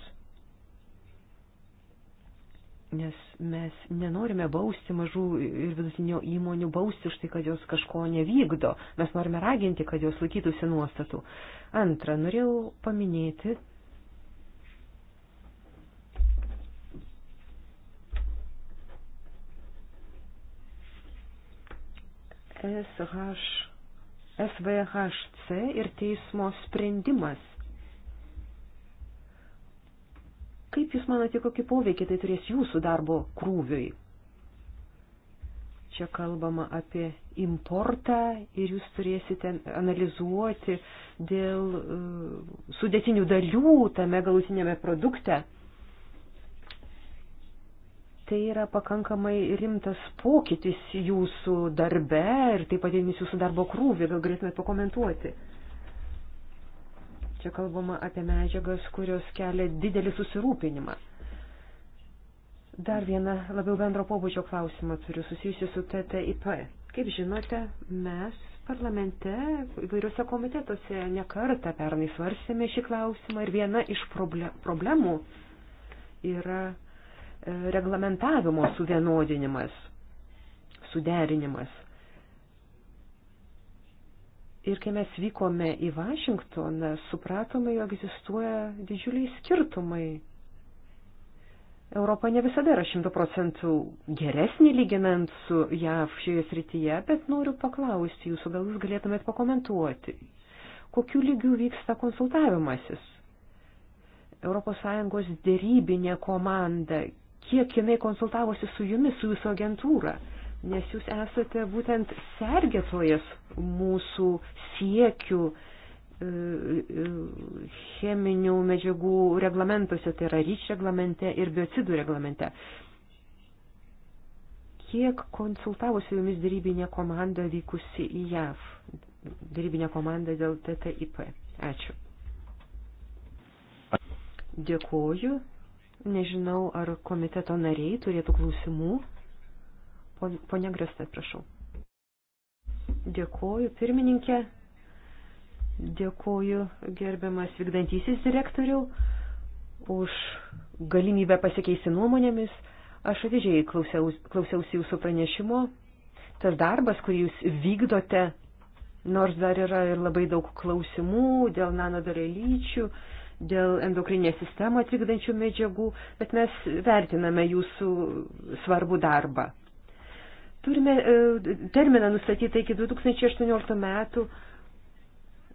Nes mes nenorime bausti mažų ir vidutinio įmonių, bausti už tai, kad jos kažko nevykdo. Mes norime raginti, kad jos laikytųsi nuostatų. Antra, norėjau paminėti SH, SVHC ir teismo sprendimas. Kaip Jūs manote, kokį poveikį tai turės Jūsų darbo krūviui? Čia kalbama apie importą ir Jūs turėsite analizuoti dėl uh, sudėtinių dalių tame galutinėme produkte. Uh, Tai yra pakankamai rimtas pokytis jūsų darbe ir taip padėmis jūsų darbo krūvį, gal galėtumėte pakomentuoti. Čia kalbama apie medžiagas, kurios kelia didelį susirūpinimą. Dar vieną labiau bendro pobūdžio klausimą turiu susijusi su TTIP. Kaip žinote, mes parlamente, įvairiuose komitetuose nekartą pernai svarstėme šį klausimą ir viena iš problemų yra reglamentavimo suvienodinimas, suderinimas. Ir kai mes vykome į Vašingtoną, supratome, jog egzistuoja didžiuliai skirtumai. Europa ne visada yra šimtų procentų geresnė lyginant su JAV šioje srityje, bet noriu paklausti jūsų, gal jūs galėtumėt pakomentuoti, kokiu lygiu vyksta konsultavimasis. ES dėrybinė komanda kiek jinai konsultavosi su jumis, su jūsų agentūra, nes jūs esate būtent sergėtojas mūsų siekių e, e, cheminių medžiagų reglamentuose, tai yra ryč reglamente ir biocidų reglamente. Kiek konsultavosi jumis dėrybinė komanda vykusi į JAV, dėrybinė komanda dėl TTIP? Ačiū. Dėkuoju. Nežinau, ar komiteto nariai turėtų klausimų. Pone Grastet, prašau. Dėkoju, pirmininkė. Dėkoju, gerbiamas vykdantysis direktoriau, už galimybę pasikeisti nuomonėmis. Aš atidžiai klausiaus, klausiausi jūsų pranešimo. Tas darbas, kurį jūs vykdote, nors dar yra ir labai daug klausimų dėl nanodalelyčių, dėl endokrinės sistemą atvykdančių medžiagų, bet mes vertiname jūsų svarbų darbą. Turime e, terminą nustatytą iki 2018 metų,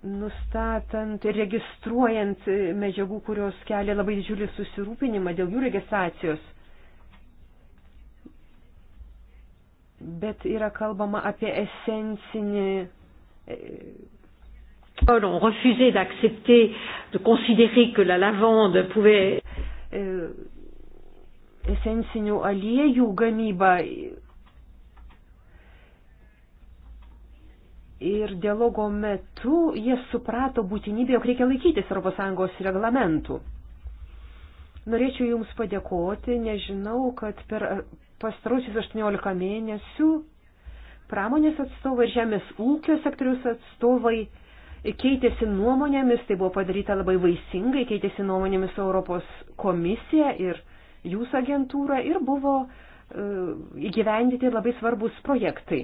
nustatant ir registruojant medžiagų, kurios kelia labai didžiulį susirūpinimą dėl jų registracijos. Bet yra kalbama apie esencinį ont refusé d'accepter, de considérer que la lavande pouvait. Esencinių euh, aliejų gamyba ir dialogo metu jie suprato būtinybę, jog reikia laikytis ES reglamentų. Norėčiau Jums padėkoti, nežinau, kad per pastarusius 18 mėnesių pramonės atstovai ir žemės ūkio sektorius atstovai keitėsi nuomonėmis, tai buvo padaryta labai vaisingai, keitėsi nuomonėmis su Europos komisija ir jūsų agentūra ir buvo e, įgyvendyti labai svarbus projektai.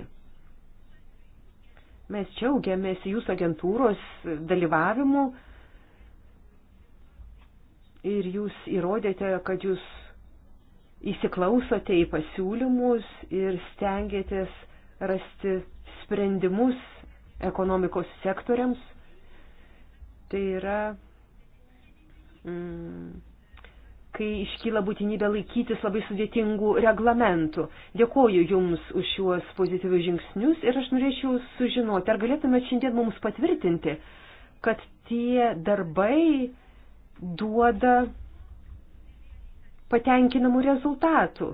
Mes džiaugiamės jūsų agentūros dalyvavimu ir jūs įrodėte, kad jūs įsiklausote į pasiūlymus ir stengiatės rasti sprendimus ekonomikos sektoriams. Tai yra, mm, kai iškyla būtinybė laikytis labai sudėtingų reglamentų. Dėkuoju Jums už šiuos pozityvius žingsnius ir aš norėčiau sužinoti, ar galėtumėt šiandien mums patvirtinti, kad tie darbai duoda patenkinamų rezultatų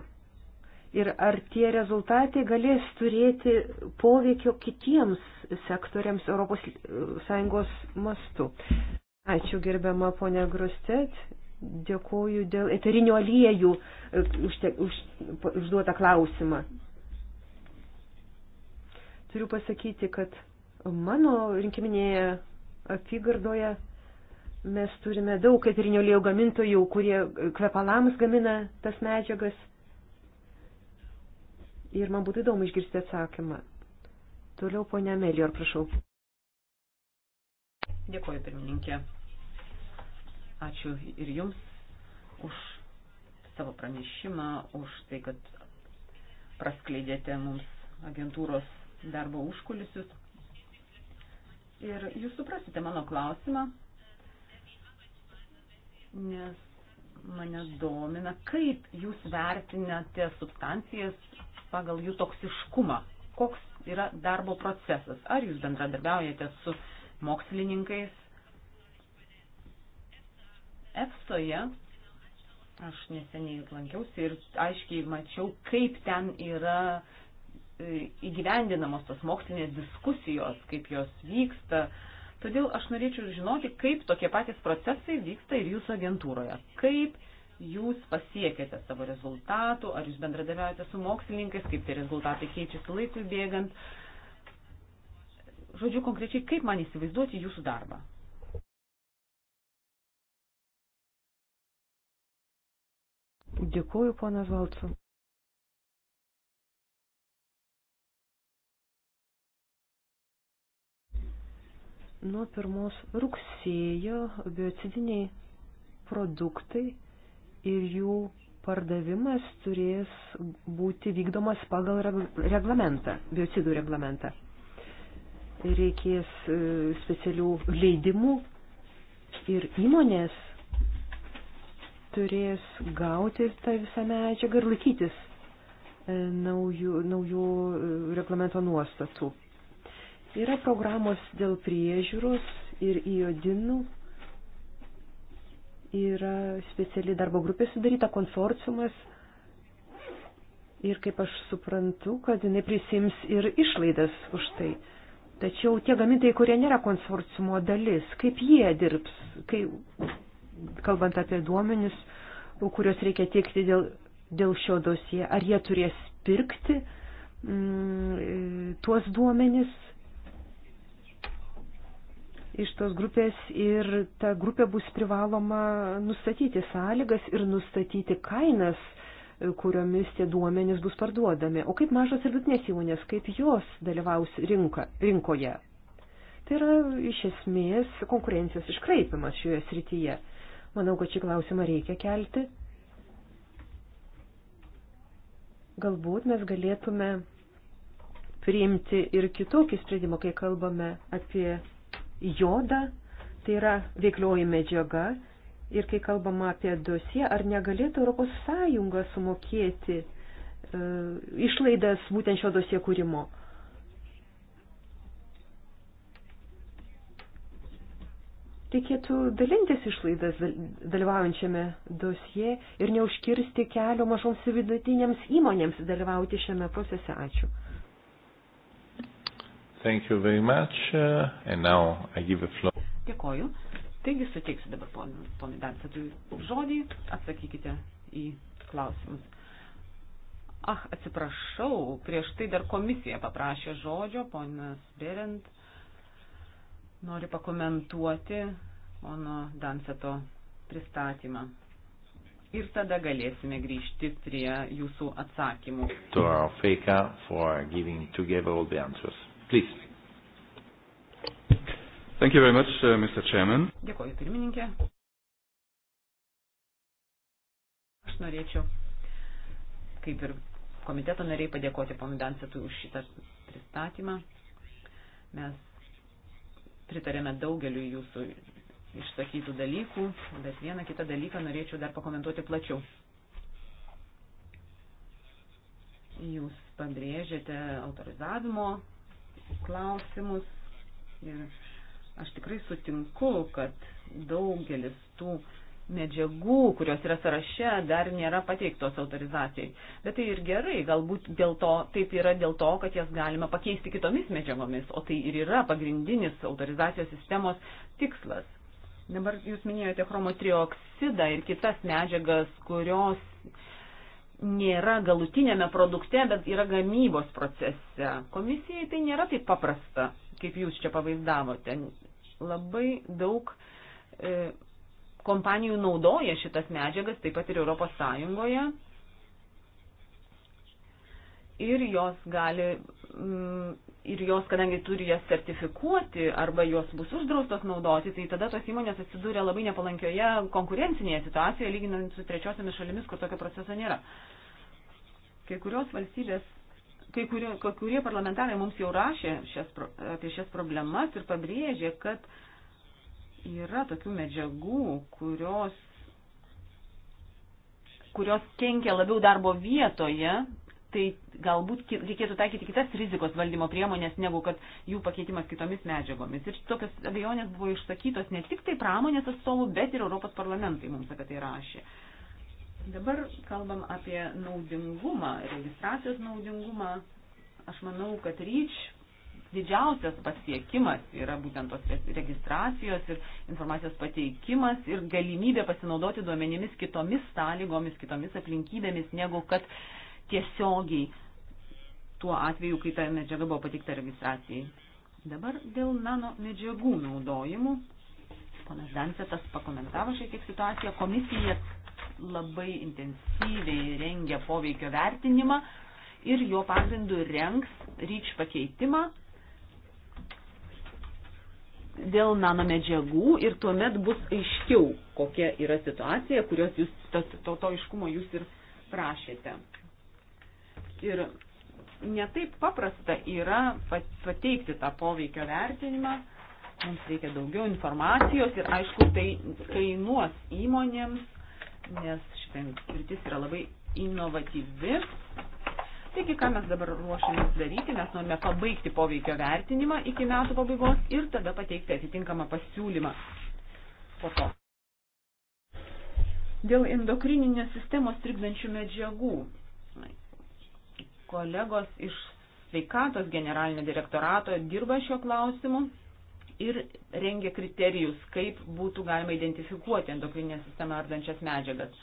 ir ar tie rezultatai galės turėti poveikio kitiems sektoriams ES mastu. Ačiū gerbiama ponė Grostet, dėkoju dėl eterinių aliejų e, užte, už, užduotą klausimą. Turiu pasakyti, kad mano rinkiminėje apygardoje mes turime daug eterinių aliejų gamintojų, kurie kvepalams gamina tas medžiagas ir man būtų įdomu išgirsti atsakymą. Toliau ponia Melior, prašau.
Dėkuoju, pirmininkė. Ačiū ir jums už savo pranešimą, už tai, kad praskleidėte mums agentūros darbo užkulisius. Ir jūs suprasite mano klausimą, nes mane domina, kaip jūs vertinate substancijas, pagal jų toksiškumą. Koks yra darbo procesas? Ar jūs bendradarbiaujate su mokslininkais? EFSOje aš neseniai lankiausi ir aiškiai mačiau, kaip ten yra e, įgyvendinamos tos mokslinės diskusijos, kaip jos vyksta. Todėl aš norėčiau žinoti, kaip tokie patys procesai vyksta ir jūsų agentūroje. Kaip jūs pasiekėte savo rezultatų, ar jūs bendradarbiaujate su mokslininkais, kaip tie rezultatai keičiasi laikui bėgant. Žodžiu, konkrečiai, kaip man įsivaizduoti jūsų
darbą?
Dėkuoju, ponas Valcu. Nuo pirmos rugsėjo biocidiniai produktai ir jų pardavimas turės būti vykdomas pagal reglamentą, biocidų reglamentą. Reikės e, specialių leidimų ir įmonės turės gauti tą visą medžiagą ir laikytis e, naujų, naujų e, reglamento nuostatų. Yra programos dėl priežiūros ir įodinų yra speciali darbo grupė sudaryta, konsorciumas. Ir kaip aš suprantu, kad jinai prisims ir išlaidas už tai. Tačiau tie gamintojai, kurie nėra konsorciumo dalis, kaip jie dirbs, kai, kalbant apie duomenis, kuriuos reikia tiekti dėl, dėl šio dosie, ar jie turės pirkti mm, tuos duomenis, iš tos grupės ir ta grupė bus privaloma nustatyti sąlygas ir nustatyti kainas, kuriomis tie duomenys bus parduodami. O kaip mažos ir vidutinės įmonės, kaip jos dalyvaus rinka, rinkoje? Tai yra iš esmės konkurencijos iškraipimas šioje srityje. Manau, kad šį klausimą reikia kelti. Galbūt mes galėtume priimti ir kitokį sprendimą, kai kalbame apie jodą, tai yra veiklioji medžiaga. Ir kai kalbama apie dosie, ar negalėtų ES sumokėti e, išlaidas būtent šio dosie kūrimo? reikėtų dalintis išlaidas dalyvaujančiame dosie ir neužkirsti kelio mažoms ir vidutinėms įmonėms dalyvauti šiame procese. Ačiū.
Thank you very much. Uh, and now I give the floor.
Dėkoju. Taigi suteiksiu dabar ponui Dansatui žodį, atsakykite į klausimus. Ach, atsiprašau, prieš tai dar komisija paprašė žodžio, ponas Berend nori pakomentuoti pono Dansato pristatymą. Ir tada galėsime grįžti prie jūsų atsakymų.
To our faker for giving together all the answers. Please. Thank you very
much, uh, Mr. Chairman.
Dėkuoju, pirmininkė. Aš norėčiau, kaip ir komiteto nariai, padėkoti ponui Dancetui už šitą pristatymą. Mes pritarėme daugeliu jūsų išsakytų dalykų, bet vieną kitą dalyką norėčiau dar pakomentuoti plačiau. Jūs pabrėžėte autorizavimo klausimus. Ir aš tikrai sutinku, kad daugelis tų medžiagų, kurios yra sąraše, dar nėra pateiktos autorizacijai. Bet tai ir gerai, galbūt dėl to, taip yra dėl to, kad jas galima pakeisti kitomis medžiagomis, o tai ir yra pagrindinis autorizacijos sistemos tikslas. Dabar jūs minėjote chromotrioksidą ir kitas medžiagas, kurios nėra galutinėme produkte, bet yra gamybos procese. Komisijai tai nėra taip paprasta, kaip jūs čia pavaizdavote. Labai daug e, kompanijų naudoja šitas medžiagas, taip pat ir Europos Sąjungoje, ir jos gali, mm, ir jos, kadangi turi jas sertifikuoti arba jos bus uždraustos naudoti, tai tada tos įmonės atsidūrė labai nepalankioje konkurencinėje situacijoje, lyginant su trečiosiamis šalimis, kur tokio proceso nėra. Kai kurios valstybės, kai kurie, kai kurie parlamentarai mums jau rašė šias, apie šias problemas ir pabrėžė, kad yra tokių medžiagų, kurios kurios kenkia labiau darbo vietoje, tai galbūt reikėtų taikyti kitas rizikos valdymo priemonės, negu kad jų pakeitimas kitomis medžiagomis. Ir tokios abejonės buvo išsakytos ne tik tai pramonės atstovų, bet ir Europos parlamentai mums apie tai rašė. Dabar kalbam apie naudingumą, registracijos naudingumą. Aš manau, kad ryč didžiausias pasiekimas yra būtent tos registracijos ir informacijos pateikimas ir galimybė pasinaudoti duomenimis kitomis sąlygomis, kitomis aplinkybėmis, negu kad uh, tiesiogiai tuo atveju, kai ta medžiaga buvo patikta registracijai. Dabar dėl nano medžiagų naudojimų. Ponas Dansetas pakomentavo šiek tiek situaciją. Komisija labai intensyviai rengia poveikio vertinimą ir jo pagrindu renks ryč pakeitimą dėl nanomedžiagų ir tuomet bus aiškiau, kokia yra situacija, kurios jūs, to, to, to aiškumo jūs ir prašėte. Ir netaip paprasta yra pateikti tą poveikio vertinimą. Mums reikia daugiau informacijos ir aišku, tai kainuos įmonėms, nes šitą sritis yra labai inovatyvi. Taigi, ką mes dabar ruošiamės daryti, mes norime pabaigti poveikio vertinimą iki metų pabaigos ir tada pateikti atitinkamą pasiūlymą po to. Dėl endokrininės sistemos trikdančių medžiagų Kolegos iš sveikatos generalinio direktorato dirba šio klausimu ir rengia kriterijus, kaip būtų galima identifikuoti endokrininę sistemą ardančias medžiagas.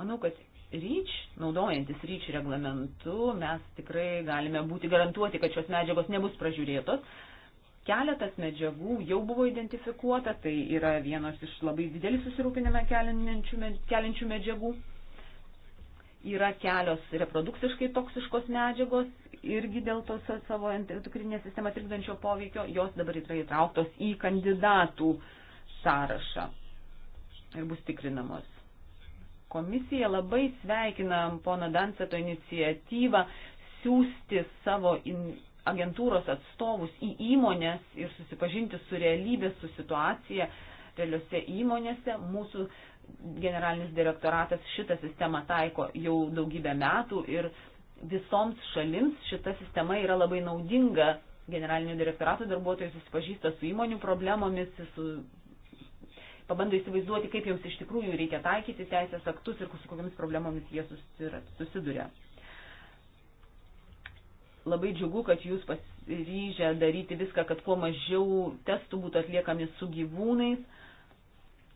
Manau, kad REACH, naudojantis REACH reglamentu, mes tikrai galime būti garantuoti, kad šios medžiagos nebus pražiūrėtos. Keletas medžiagų jau buvo identifikuota, tai yra vienos iš labai didelį susirūpinimą keliančių medžiagų yra kelios reprodukciškai toksiškos medžiagos irgi dėl to savo endokrininę sistemą trikdančio poveikio, jos dabar yra įtrauktos į kandidatų sąrašą ir bus tikrinamos. Komisija labai sveikina pono Danseto iniciatyvą siūsti savo in, agentūros atstovus į įmonės ir susipažinti su realybė, su situacija realiuose įmonėse. Mūsų uh, generalinis direktoratas šitą sistemą taiko jau daugybę metų ir visoms šalims šita sistema yra labai naudinga. Generalinio direktorato darbuotojai susipažįsta su įmonių problemomis, su pabando įsivaizduoti, kaip jums iš tikrųjų reikia taikyti teisės aktus ir su kokiamis problemomis jie susiduria. Labai džiugu, kad jūs pasiryžę daryti viską, kad kuo mažiau testų būtų atliekami su gyvūnais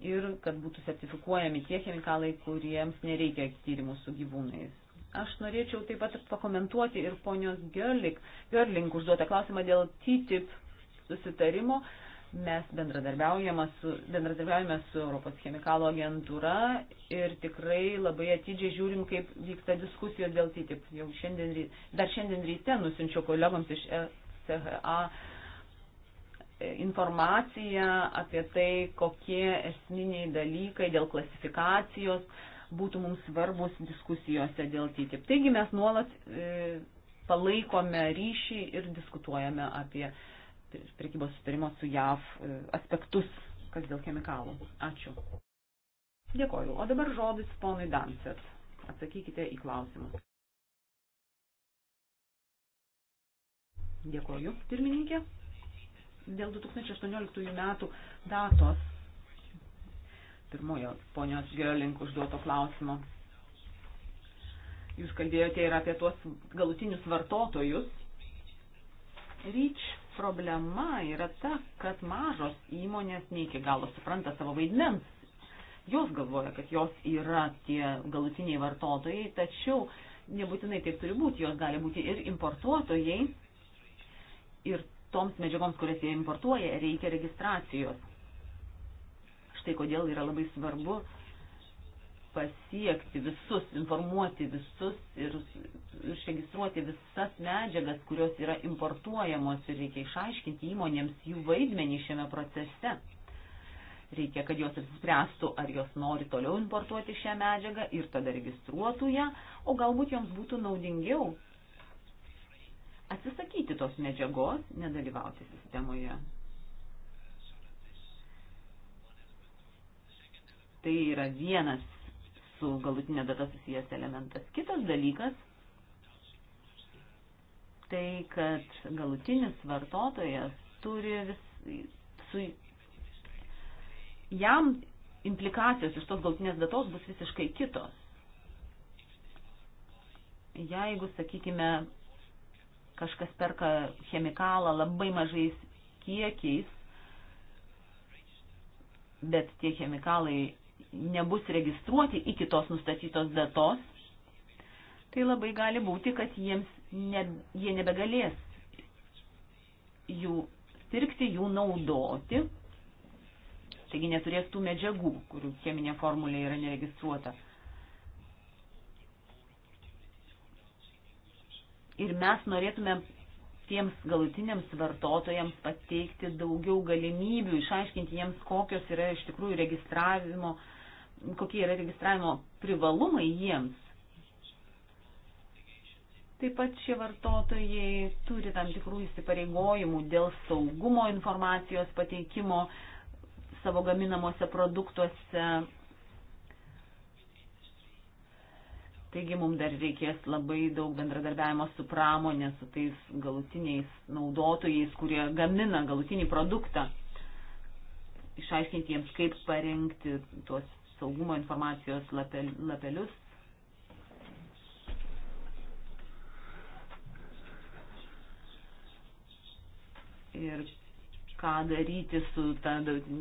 ir kad būtų sertifikuojami tie chemikalai, kuriems nereikia tyrimų su gyvūnais. Aš norėčiau taip pat pakomentuoti ir ponios Görling, Görling užduotą klausimą dėl TTIP susitarimo. Mes bendradarbiaujame su, bendradarbiaujame su Europos chemikalo agentūra ir tikrai labai atidžiai žiūrim, kaip vyksta diskusijos dėl TTIP. Jau šiandien, dar šiandien ryte nusinčiau kolegoms iš SHA informaciją apie tai, kokie esminiai dalykai dėl klasifikacijos būtų mums svarbus diskusijose dėl TTIP. Taigi mes nuolat e, palaikome ryšį ir diskutuojame apie prekybos sutarimo su JAV e, aspektus, kas dėl chemikalų. Ačiū. Dėkoju. O dabar žodis ponui Danset. Atsakykite į klausimus. Dėkoju, pirmininkė dėl 2018 metų datos pirmojo ponios Gerling užduoto klausimo. Jūs kalbėjote ir apie tuos galutinius vartotojus. Ryč problema yra ta, kad mažos įmonės ne iki galo supranta savo vaidmens. Jos galvoja, kad jos yra tie galutiniai vartotojai, tačiau nebūtinai taip turi būti, jos gali būti ir importuotojai. Ir toms medžiagoms, kurias jie importuoja, reikia registracijos. Štai kodėl yra labai svarbu pasiekti visus, informuoti visus ir išregistruoti visas medžiagas, kurios yra importuojamos ir reikia išaiškinti įmonėms jų vaidmenį šiame procese. Reikia, kad jos apsispręstų, ar jos nori toliau importuoti šią medžiagą ir tada registruotų ją, o galbūt joms būtų naudingiau atsisakyti tos medžiagos, nedalyvauti sistemoje. Tai yra vienas su galutinė data susijęs elementas. Kitas dalykas - tai, kad galutinis vartotojas turi vis, su, jam implikacijos iš tos galutinės datos bus visiškai kitos. Jeigu, sakykime, kažkas perka chemikalą labai mažais kiekiais, bet tie chemikalai nebus registruoti iki tos nustatytos datos, tai labai gali būti, kad jiems ne, jie nebegalės jų pirkti, jų naudoti, taigi neturės tų medžiagų, kurių cheminė formulė yra neregistruota. Ir mes norėtume tiems galutiniams vartotojams pateikti daugiau galimybių, išaiškinti jiems, kokios yra iš tikrųjų registravimo, kokie yra registravimo privalumai jiems. Taip pat šie vartotojai turi tam tikrų įsipareigojimų dėl saugumo informacijos pateikimo savo gaminamuose produktuose, Taigi mums dar reikės labai daug bendradarbiavimo su pramonė, su tais galutiniais naudotojais, kurie gamina galutinį produktą. Išaiškinti jiems, kaip parengti tuos saugumo informacijos lapelius. Ir ką daryti su ta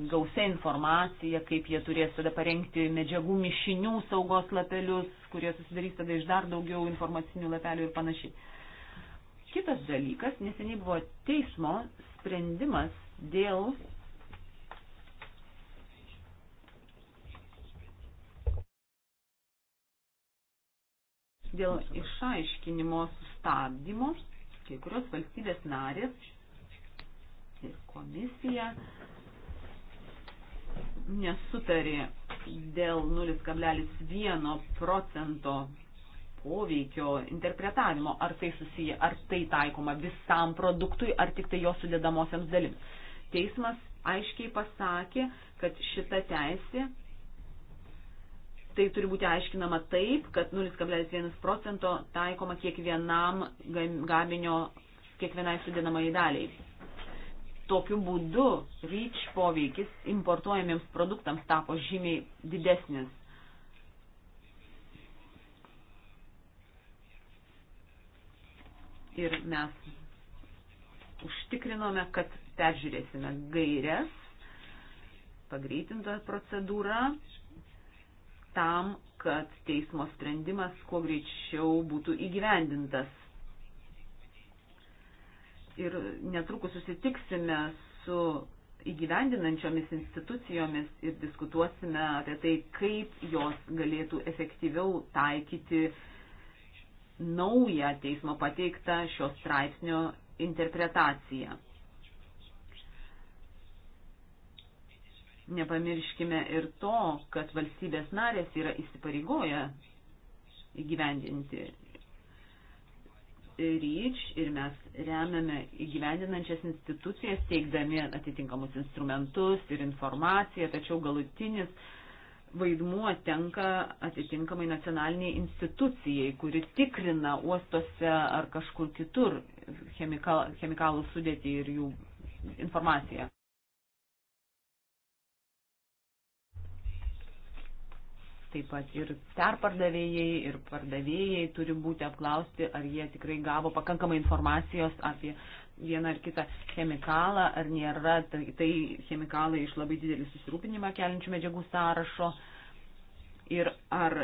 gausia informacija, kaip jie turės tada parengti medžiagų mišinių saugos lapelius, kurie susidarys tada iš dar daugiau informacinių lapelių ir panašiai. Kitas dalykas, neseniai buvo teismo sprendimas dėl dėl išaiškinimo sustabdymo, kai kurios valstybės narės ir komisija nesutarė dėl 0,1 procento poveikio interpretavimo, ar tai susiję, ar tai taikoma visam produktui, ar tik tai jo sudėdamosiams dalims. Teismas aiškiai pasakė, kad šita teisė, tai turi būti aiškinama taip, kad 0,1 procento taikoma kiekvienam gaminio, kiekvienai sudėdamai daliai tokiu būdu REACH poveikis importuojamiems produktams tapo žymiai didesnis. Ir mes užtikrinome, kad peržiūrėsime gairias, pagreitintą procedūrą, tam, kad teismo sprendimas kuo greičiau būtų įgyvendintas ir netrukus susitiksime su įgyvendinančiomis institucijomis ir diskutuosime apie tai, kaip jos galėtų efektyviau taikyti naują teismo pateiktą šios straipsnio interpretaciją. Nepamirškime ir to, kad valstybės narės yra įsipareigoję įgyvendinti REACH ir mes remiame įgyvendinančias institucijas, teikdami atitinkamus instrumentus ir informaciją, tačiau galutinis vaidmuo tenka atitinkamai nacionaliniai institucijai, kuri tikrina uostuose ar kažkur kitur chemikal, chemikalų sudėtį ir jų informaciją. taip pat ir perpardavėjai, ir pardavėjai turi būti apklausti, ar jie tikrai gavo pakankamai informacijos apie vieną ar kitą chemikalą, ar nėra tai, tai chemikalai iš labai didelį susirūpinimą keliančių medžiagų sąrašo, ir ar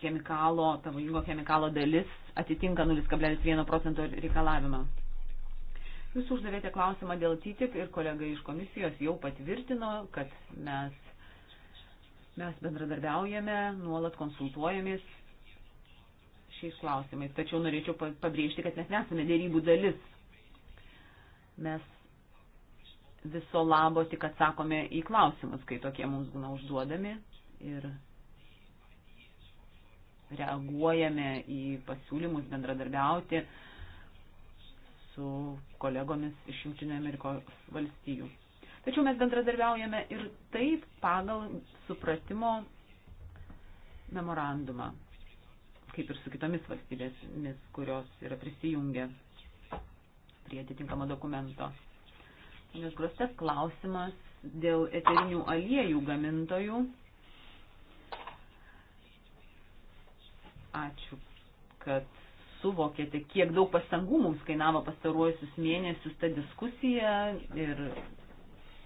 chemikalo, tavojingo chemikalo dalis atitinka 0,1 procento reikalavimą. Jūs uždavėte klausimą dėl TTIP ir kolega iš komisijos jau patvirtino, kad mes Mes bendradarbiaujame, nuolat konsultuojamės šiais klausimais, tačiau norėčiau pabrėžti, kad mes nesame dėrybų dalis. Mes viso labo tik atsakome į klausimus, kai tokie mums būna užduodami ir reaguojame į pasiūlymus bendradarbiauti su kolegomis iš Junktinio Amerikos valstijų. Tačiau mes bendradarbiaujame ir taip pagal supratimo memorandumą, kaip ir su kitomis valstybėmis, kurios yra prisijungę prie atitinkamo dokumento. Nes grostas klausimas dėl eterinių aliejų gamintojų. Ačiū, kad suvokėte, kiek daug pastangų mums kainavo pastaruosius mėnesius ta diskusija ir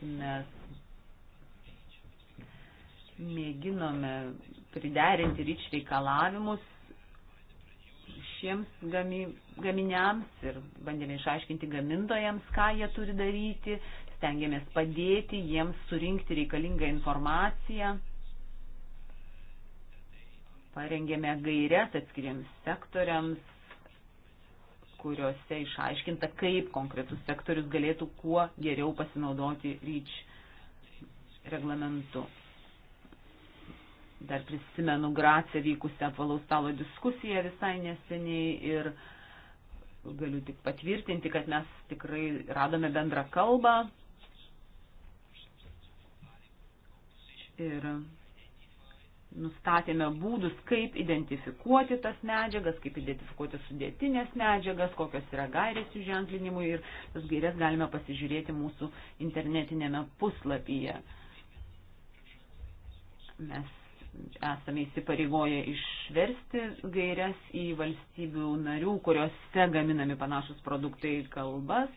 mes mėginome priderinti ryč reikalavimus šiems gami, gaminiams ir bandėme išaiškinti gamintojams, ką jie turi daryti, stengiamės padėti jiems surinkti reikalingą informaciją. Parengėme gairias atskiriams sektoriams, kuriuose išaiškinta, kaip konkretus sektorius galėtų kuo geriau pasinaudoti REACH reglamentu. Dar prisimenu Grace vykusią apvalaus stalo diskusiją visai neseniai ir galiu tik patvirtinti, kad mes tikrai radome bendrą kalbą. Ir nustatėme būdus, kaip identifikuoti tas medžiagas, kaip identifikuoti sudėtinės medžiagas, kokios yra gairės jų ženklinimui ir tas gairės galime pasižiūrėti mūsų internetinėme puslapyje. Mes esame įsipareigoję išversti gairias į valstybių narių, kuriuose gaminami panašus produktai kalbas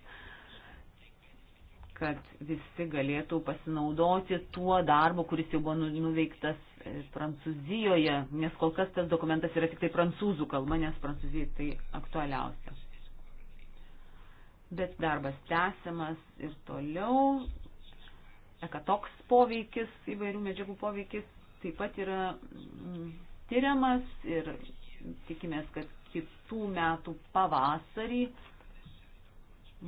kad visi galėtų pasinaudoti tuo darbu, kuris jau buvo nu, nuveiktas Prancūzijoje, nes kol kas tas dokumentas yra tik tai prancūzų kalba, nes Prancūzijai tai aktualiausia. Bet darbas tęsiamas ir toliau, ekatoks poveikis, įvairių medžiagų poveikis taip pat yra mm, tyriamas ir tikimės, kad kitų metų pavasarį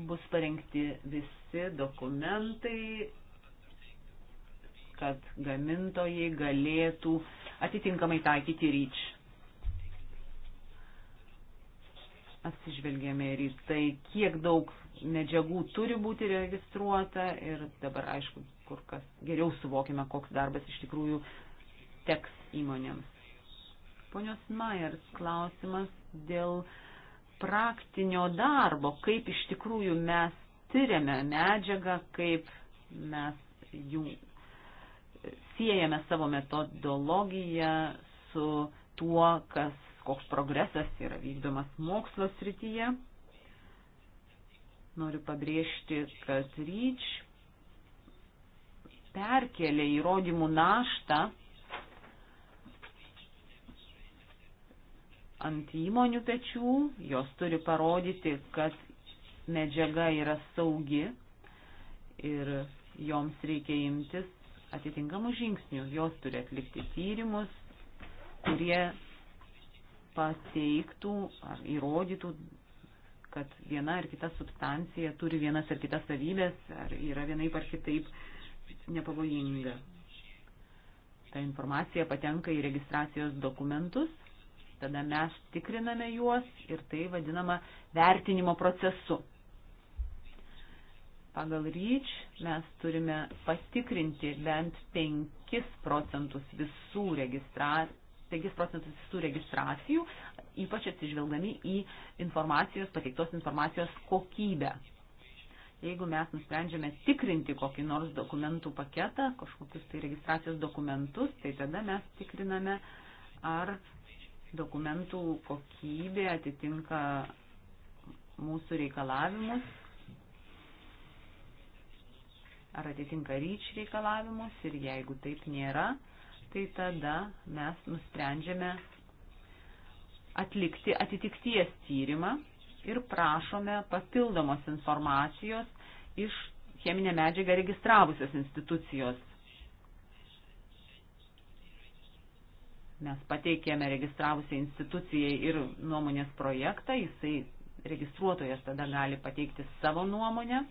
bus parengti visi dokumentai kad gamintojai galėtų atitinkamai taikyti ryč. Atsižvelgėme ir į tai, kiek daug medžiagų turi būti registruota ir dabar, aišku, kur kas geriau suvokime, koks darbas iš tikrųjų teks įmonėms. Ponios Majers klausimas dėl praktinio darbo, kaip iš tikrųjų mes tyriame medžiagą, kaip mes jų siejame savo metodologiją su tuo, kas, koks progresas yra vykdomas mokslo srityje. Noriu pabrėžti, kad ryč perkelia įrodymų naštą ant įmonių pečių, jos turi parodyti, kad medžiaga yra saugi ir joms reikia imtis atitinkamų žingsnių. Jos turi atlikti tyrimus, kurie pateiktų ar įrodytų, kad viena ar kita substancija turi vienas ar kitas savybės, ar yra vienaip ar kitaip nepavojinga. Ta informacija patenka į registracijos dokumentus, tada mes tikriname juos ir tai vadinama vertinimo procesu. Pagal REACH mes turime patikrinti bent 5 procentus visų, registra... 5 procentus visų registracijų, ypač atsižvelgdami į informacijos, pateiktos informacijos kokybę. Jeigu mes nusprendžiame tikrinti kokį nors dokumentų paketą, kažkokius tai registracijos dokumentus, tai tada mes tikriname, ar dokumentų kokybė atitinka mūsų reikalavimus ar atitinka ryč reikalavimus ir jeigu taip nėra, tai tada mes nusprendžiame atlikti atitikties tyrimą ir prašome papildomos informacijos iš cheminę medžiagą registravusios institucijos. Mes pateikėme registravusiai institucijai ir nuomonės projektą, jisai registruotojas tada gali pateikti savo nuomonę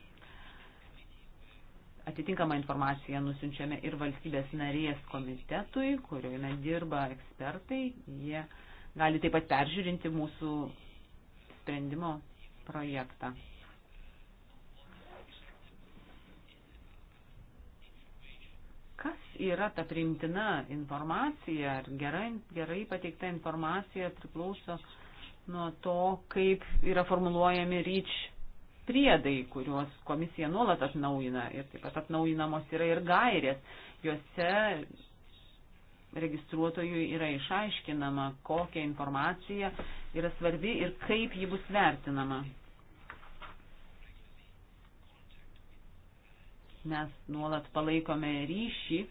Atitinkamą informaciją nusinčiame ir valstybės narės komitetui, kurioje dirba ekspertai. Jie gali taip pat peržiūrinti mūsų sprendimo projektą. kas yra ta priimtina informacija ar gerai, gerai pateikta informacija priklauso nuo to, kaip yra formuluojami ryč priedai, kuriuos komisija nuolat atnaujina ir taip pat atnaujinamos yra ir gairės. Juose registruotojui yra išaiškinama, kokia informacija yra svarbi ir kaip ji bus vertinama. Mes nuolat palaikome ryšį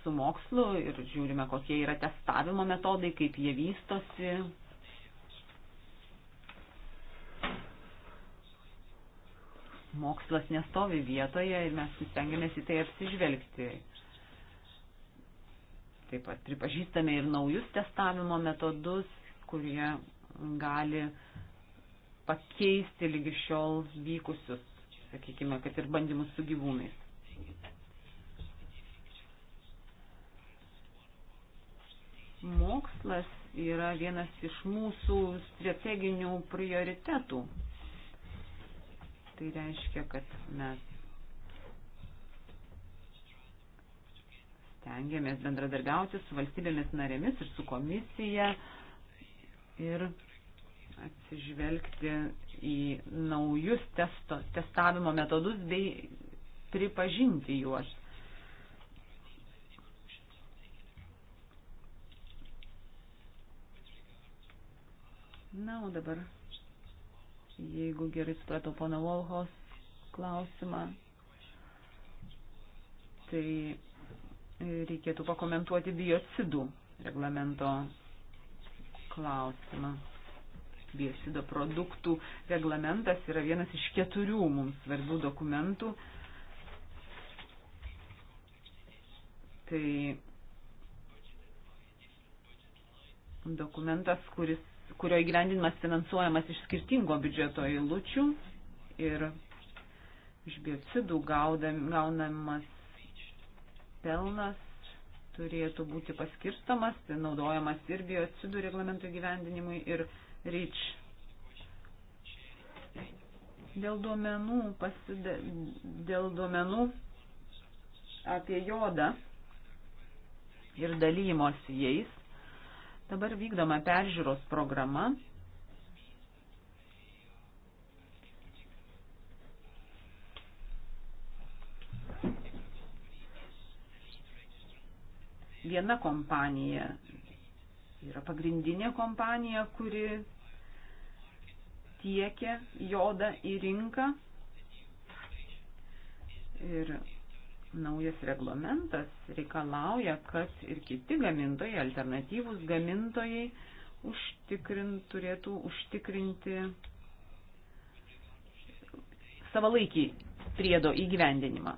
su mokslu ir žiūrime, kokie yra testavimo metodai, kaip jie vystosi, mokslas nestovi vietoje ir mes stengiamės į tai apsižvelgti. Taip pat pripažįstame ir naujus testavimo metodus, kurie gali pakeisti lygi šiol vykusius, sakykime, kad ir bandymus su gyvūnais. Mokslas yra vienas iš mūsų strateginių prioritetų Tai reiškia, kad mes stengiamės bendradarbiauti su valstybėmis narėmis ir su komisija ir atsižvelgti į naujus testo, testavimo metodus bei pripažinti juos. Na, o dabar jeigu gerai supratau pono Volhos klausimą, tai reikėtų pakomentuoti biocidų reglamento klausimą. Biocido produktų reglamentas yra vienas iš keturių mums svarbių dokumentų. Tai dokumentas, kuris kurio įgyvendinimas finansuojamas iš skirtingo biudžeto eilučių ir iš biocidų gaunamas pelnas turėtų būti paskirstamas, tai naudojamas ir biocidų reglamento gyvendinimui, ir REACH. Dėl duomenų, pasida, dėl duomenų apie jodą ir dalymosi jais, Dabar vykdoma peržiūros programa. Viena kompanija yra pagrindinė kompanija, kuri tiekia jodą į rinką ir Naujas reglamentas reikalauja, kad ir kiti gamintojai, alternatyvūs gamintojai užtikrint, turėtų užtikrinti savalaikį priedo įgyvendinimą.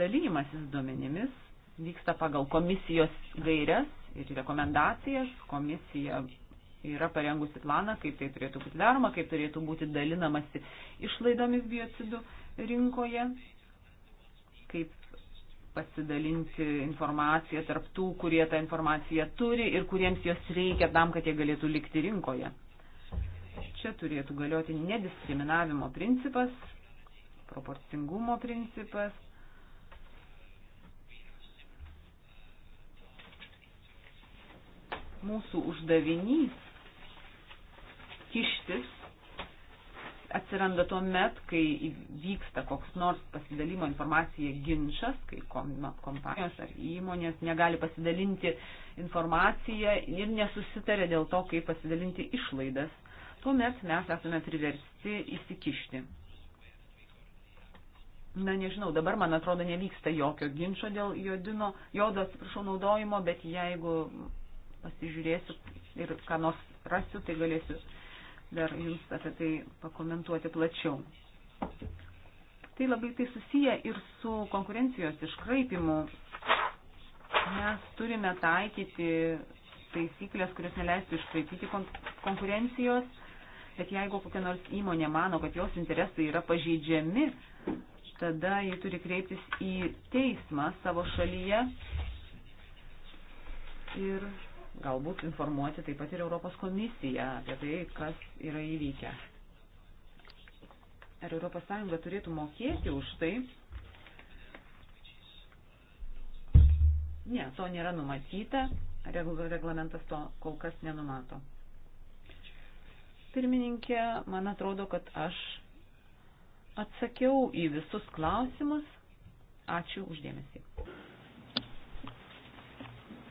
Dalinimasis duomenimis vyksta pagal komisijos gairias ir rekomendacijas. Komisija yra parengusi planą, kaip tai turėtų būti daroma, kaip turėtų būti dalinamasi išlaidomis biocidų rinkoje kaip pasidalinti informaciją tarp tų, kurie tą informaciją turi ir kuriems jos reikia tam, kad jie galėtų likti rinkoje. Čia turėtų galioti nediskriminavimo principas, proporcingumo principas. Mūsų uždavinys kištis atsiranda tuo met, kai vyksta koks nors pasidalimo informacija ginčas, kai kompanijos ar įmonės negali pasidalinti informaciją ir nesusitarė dėl to, kaip pasidalinti išlaidas, tuomet mes esame priversti įsikišti. Na nežinau, dabar man atrodo nevyksta jokio ginčio dėl jodino, jodo atsiprašau naudojimo, bet jeigu pasižiūrėsiu ir ką nors rasiu, tai galėsiu dar jums apie tai pakomentuoti plačiau. Tai labai tai susiję ir su konkurencijos iškraipimu. Mes turime taikyti taisyklės, kurios neleistų iškraipyti konkurencijos, bet jeigu kokia nors įmonė mano, kad jos interesai yra pažeidžiami, tada jie turi kreiptis į teismą savo šalyje ir galbūt informuoti taip pat ir Europos komisiją apie tai, kas yra įvykę. Ar ES turėtų mokėti už tai? Ne, to nėra numatyta, reglamentas to kol kas nenumato. Pirmininkė, man atrodo, kad aš atsakiau į visus klausimus. Ačiū uždėmesį.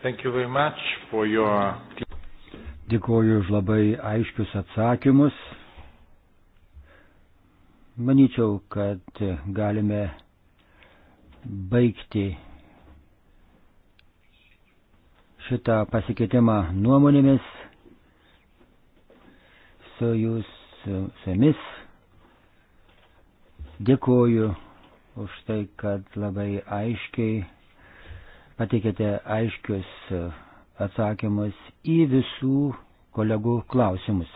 Your...
Dėkuoju už labai aiškius atsakymus. Manyčiau, kad galime baigti šitą pasikeitimą nuomonėmis su jūs, su jumis. Dėkuoju už tai, kad labai aiškiai pateikėte aiškius e, atsakymus į visų kolegų klausimus.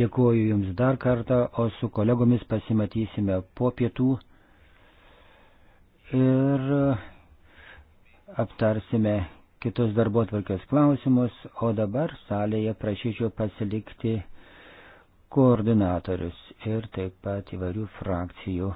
Dėkuoju Jums dar kartą, o su kolegomis pasimatysime po pietų ir e, aptarsime kitus darbo tvarkės klausimus, o dabar salėje prašyčiau pasilikti koordinatorius ir taip pat įvairių frakcijų